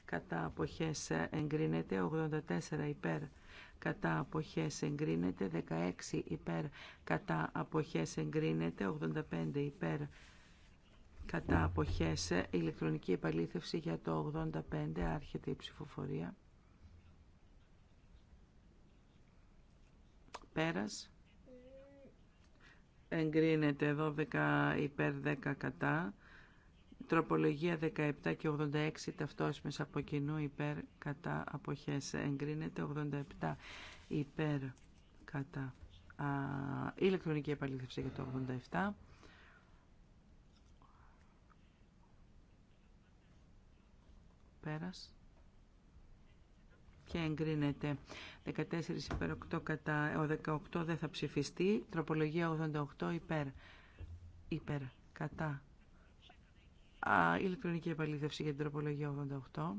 κατά αποχές εγκρίνεται 84 υπέρ κατά αποχές εγκρίνεται 16 υπέρ κατά αποχές εγκρίνεται 85 υπέρ κατά αποχές ηλεκτρονική επαλήθευση για το 85 άρχεται η ψηφοφορία πέρας εγκρίνεται 12 υπέρ 10 κατά. Τροπολογία 17 και 86 ταυτόσιμες από κοινού υπέρ κατά αποχές. Εγκρίνεται 87 υπέρ κατά. ηλεκτρονική επαλήθευση για το 87. Πέρας και εγκρίνεται. 14 υπέρ 8 κατά. Ο 18 δεν θα ψηφιστεί. Τροπολογία 88 υπέρ. Υπέρ. Κατά. Α, ηλεκτρονική επαλήθευση για την τροπολογία 88.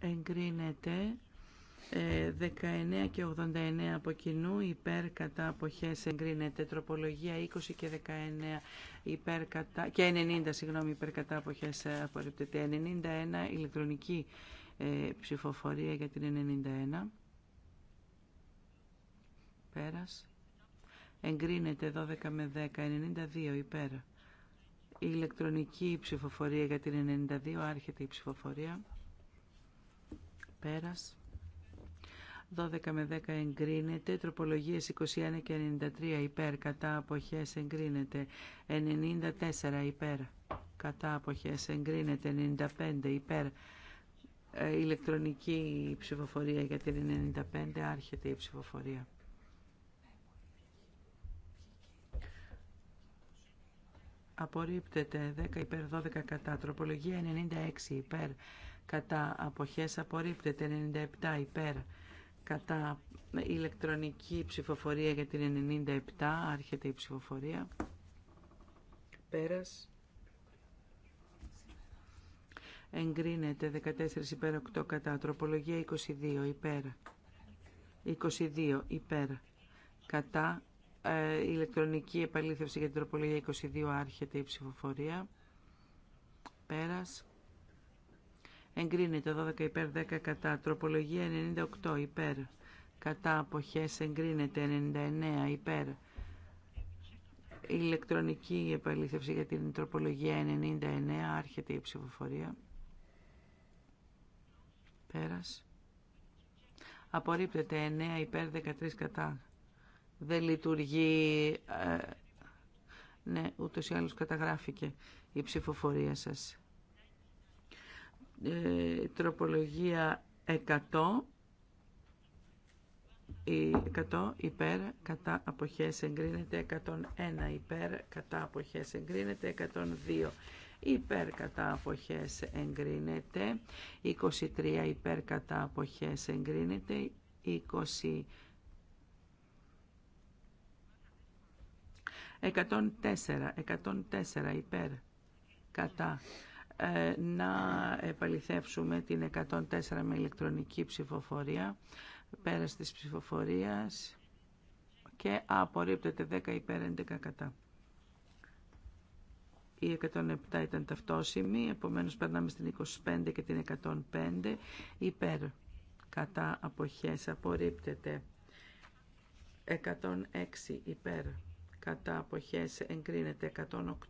Εγκρίνεται 19 και 89 από κοινού υπέρ κατά αποχές εγκρίνεται τροπολογία 20 και 19 υπέρ κατά, και 90 συγγνώμη υπέρ κατά αποχές ε, απορρίπτεται 91 ε, ηλεκτρονική ψηφοφορία για την 91 πέρας εγκρίνεται 12 με 10 92 υπέρ η ηλεκτρονική ψηφοφορία για την 92 άρχεται η ψηφοφορία πέρας 12 με 10 εγκρίνεται, τροπολογίες 21 και 93 υπέρ, κατά αποχές εγκρίνεται, 94 υπέρ, κατά αποχές εγκρίνεται, 95 υπέρ, ε, ηλεκτρονική ψηφοφορία για την 95 άρχεται η ψηφοφορία. Απορρίπτεται 10 υπέρ 12 κατά. Τροπολογία 96 υπέρ κατά. Αποχές απορρίπτεται 97 υπέρ κατά ηλεκτρονική ψηφοφορία για την 97 άρχεται η ψηφοφορία πέρας εγκρίνεται 14 υπέρ 8 κατά τροπολογία 22 υπέρ 22 υπέρ κατά ε, ηλεκτρονική επαλήθευση για την τροπολογία 22 άρχεται η ψηφοφορία πέρας εγκρίνεται 12 υπέρ 10 κατά τροπολογία 98 υπέρ κατά αποχές εγκρίνεται 99 υπέρ ηλεκτρονική επαλήθευση για την τροπολογία 99 άρχεται η ψηφοφορία πέρας απορρίπτεται 9 υπέρ 13 κατά δεν λειτουργεί ε, ναι ούτως ή άλλως καταγράφηκε η ψηφοφορία σας ε, τροπολογία 100, 100 ε, υπέρ κατά αποχές εγκρίνεται 101 υπέρ κατά αποχές εγκρίνεται 102 υπέρ κατά αποχές εγκρίνεται 23 υπέρ κατά αποχές εγκρίνεται 20 104, 104 υπέρ κατά ε, να επαληθεύσουμε την 104 με ηλεκτρονική ψηφοφορία, πέρας της ψηφοφορίας και απορρίπτεται 10 υπέρ 11 κατά. Η 107 ήταν ταυτόσημη, επομένως περνάμε στην 25 και την 105 υπέρ κατά αποχές απορρίπτεται 106 υπέρ κατά αποχές εγκρίνεται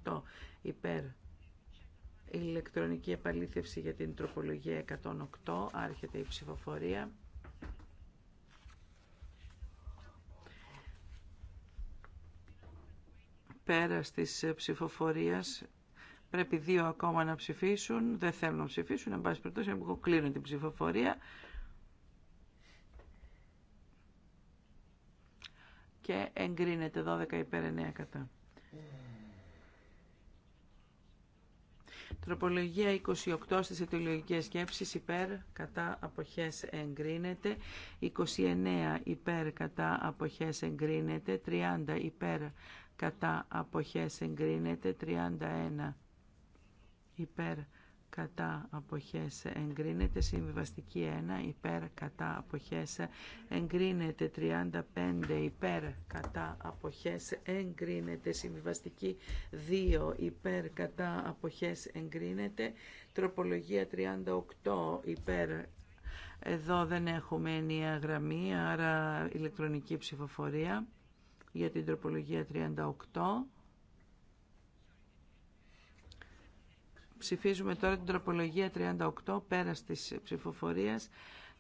108 υπέρ η ηλεκτρονική επαλήθευση για την τροπολογία 108, άρχεται η ψηφοφορία. Πέρας της ψηφοφορίας πρέπει δύο ακόμα να ψηφίσουν, δεν θέλουν να ψηφίσουν, εν πάση περιπτώσει εγώ κλείνω την ψηφοφορία. Και εγκρίνεται 12 υπέρ 9 κατά. Τροπολογία 28 στις αιτιολογικές σκέψεις υπέρ κατά αποχές εγκρίνεται. 29 υπέρ κατά αποχές εγκρίνεται. 30 υπέρ κατά αποχές εγκρίνεται. 31 υπέρ κατά αποχές εγκρίνεται, συμβιβαστική 1 υπέρ κατά αποχές εγκρίνεται, 35 υπέρ κατά αποχές εγκρίνεται, συμβιβαστική 2 υπέρ κατά αποχές εγκρίνεται, τροπολογία 38 υπέρ εδώ δεν έχουμε ενιαία γραμμή, άρα ηλεκτρονική ψηφοφορία για την τροπολογία 38. Ψηφίζουμε τώρα την τροπολογία 38 πέρα της ψηφοφορίας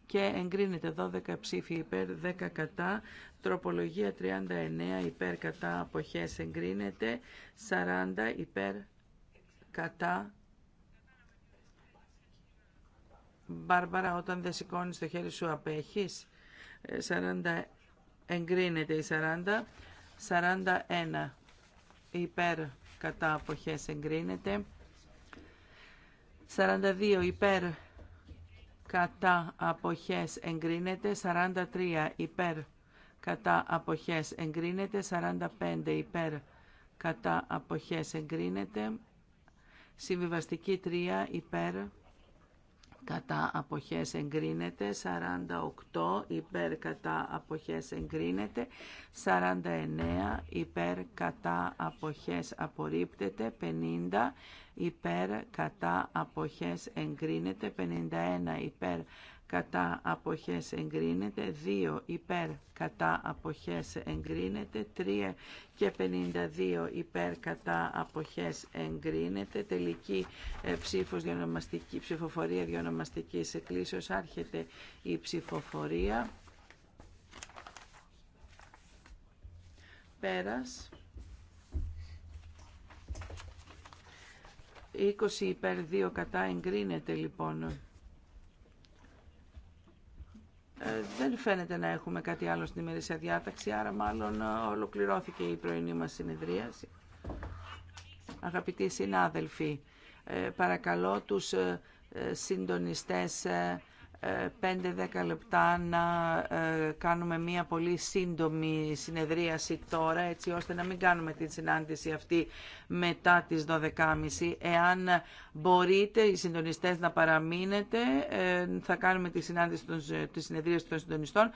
και εγκρίνεται 12 ψήφοι υπέρ, 10 κατά. Τροπολογία 39 υπέρ κατά αποχές εγκρίνεται, 40 υπέρ κατά. Μπάρμπαρα, όταν δεν σηκώνει το χέρι σου απέχεις. 40 ε, εγκρίνεται η 40. 41 υπέρ κατά αποχές εγκρίνεται. 42 υπέρ κατά αποχές εγκρίνεται 43 υπέρ κατά αποχές εγκρίνεται 45 υπέρ κατά αποχές εγκρίνεται συμβιβαστική 3 υπέρ κατά αποχές εγκρίνεται, 48 υπέρ κατά αποχές εγκρίνεται, 49 υπέρ κατά αποχές απορρίπτεται, 50 υπέρ κατά αποχές εγκρίνεται, 51 υπέρ κατά αποχές εγκρίνεται, 2 υπέρ κατά αποχές εγκρίνεται, 3 και 52 υπέρ κατά αποχές εγκρίνεται, τελική ε, ψήφος διονομαστική, ψηφοφορία διονομαστικής εκκλήσεως, άρχεται η ψηφοφορία. Πέρας. 20 υπέρ 2 κατά εγκρίνεται λοιπόν. Ε, δεν φαίνεται να έχουμε κάτι άλλο στην ημερήσια διάταξη, άρα μάλλον ε, ολοκληρώθηκε η πρωινή μας συνεδρίαση. Αγαπητοί συνάδελφοι, ε, παρακαλώ τους συντονιστές 5-10 λεπτά να ε, κάνουμε μία πολύ σύντομη συνεδρίαση τώρα, έτσι ώστε να μην κάνουμε την συνάντηση αυτή μετά τις 12.30. Εάν μπορείτε οι συντονιστές να παραμείνετε, ε, θα κάνουμε τη, συνάντηση, τη συνεδρίας των συντονιστών.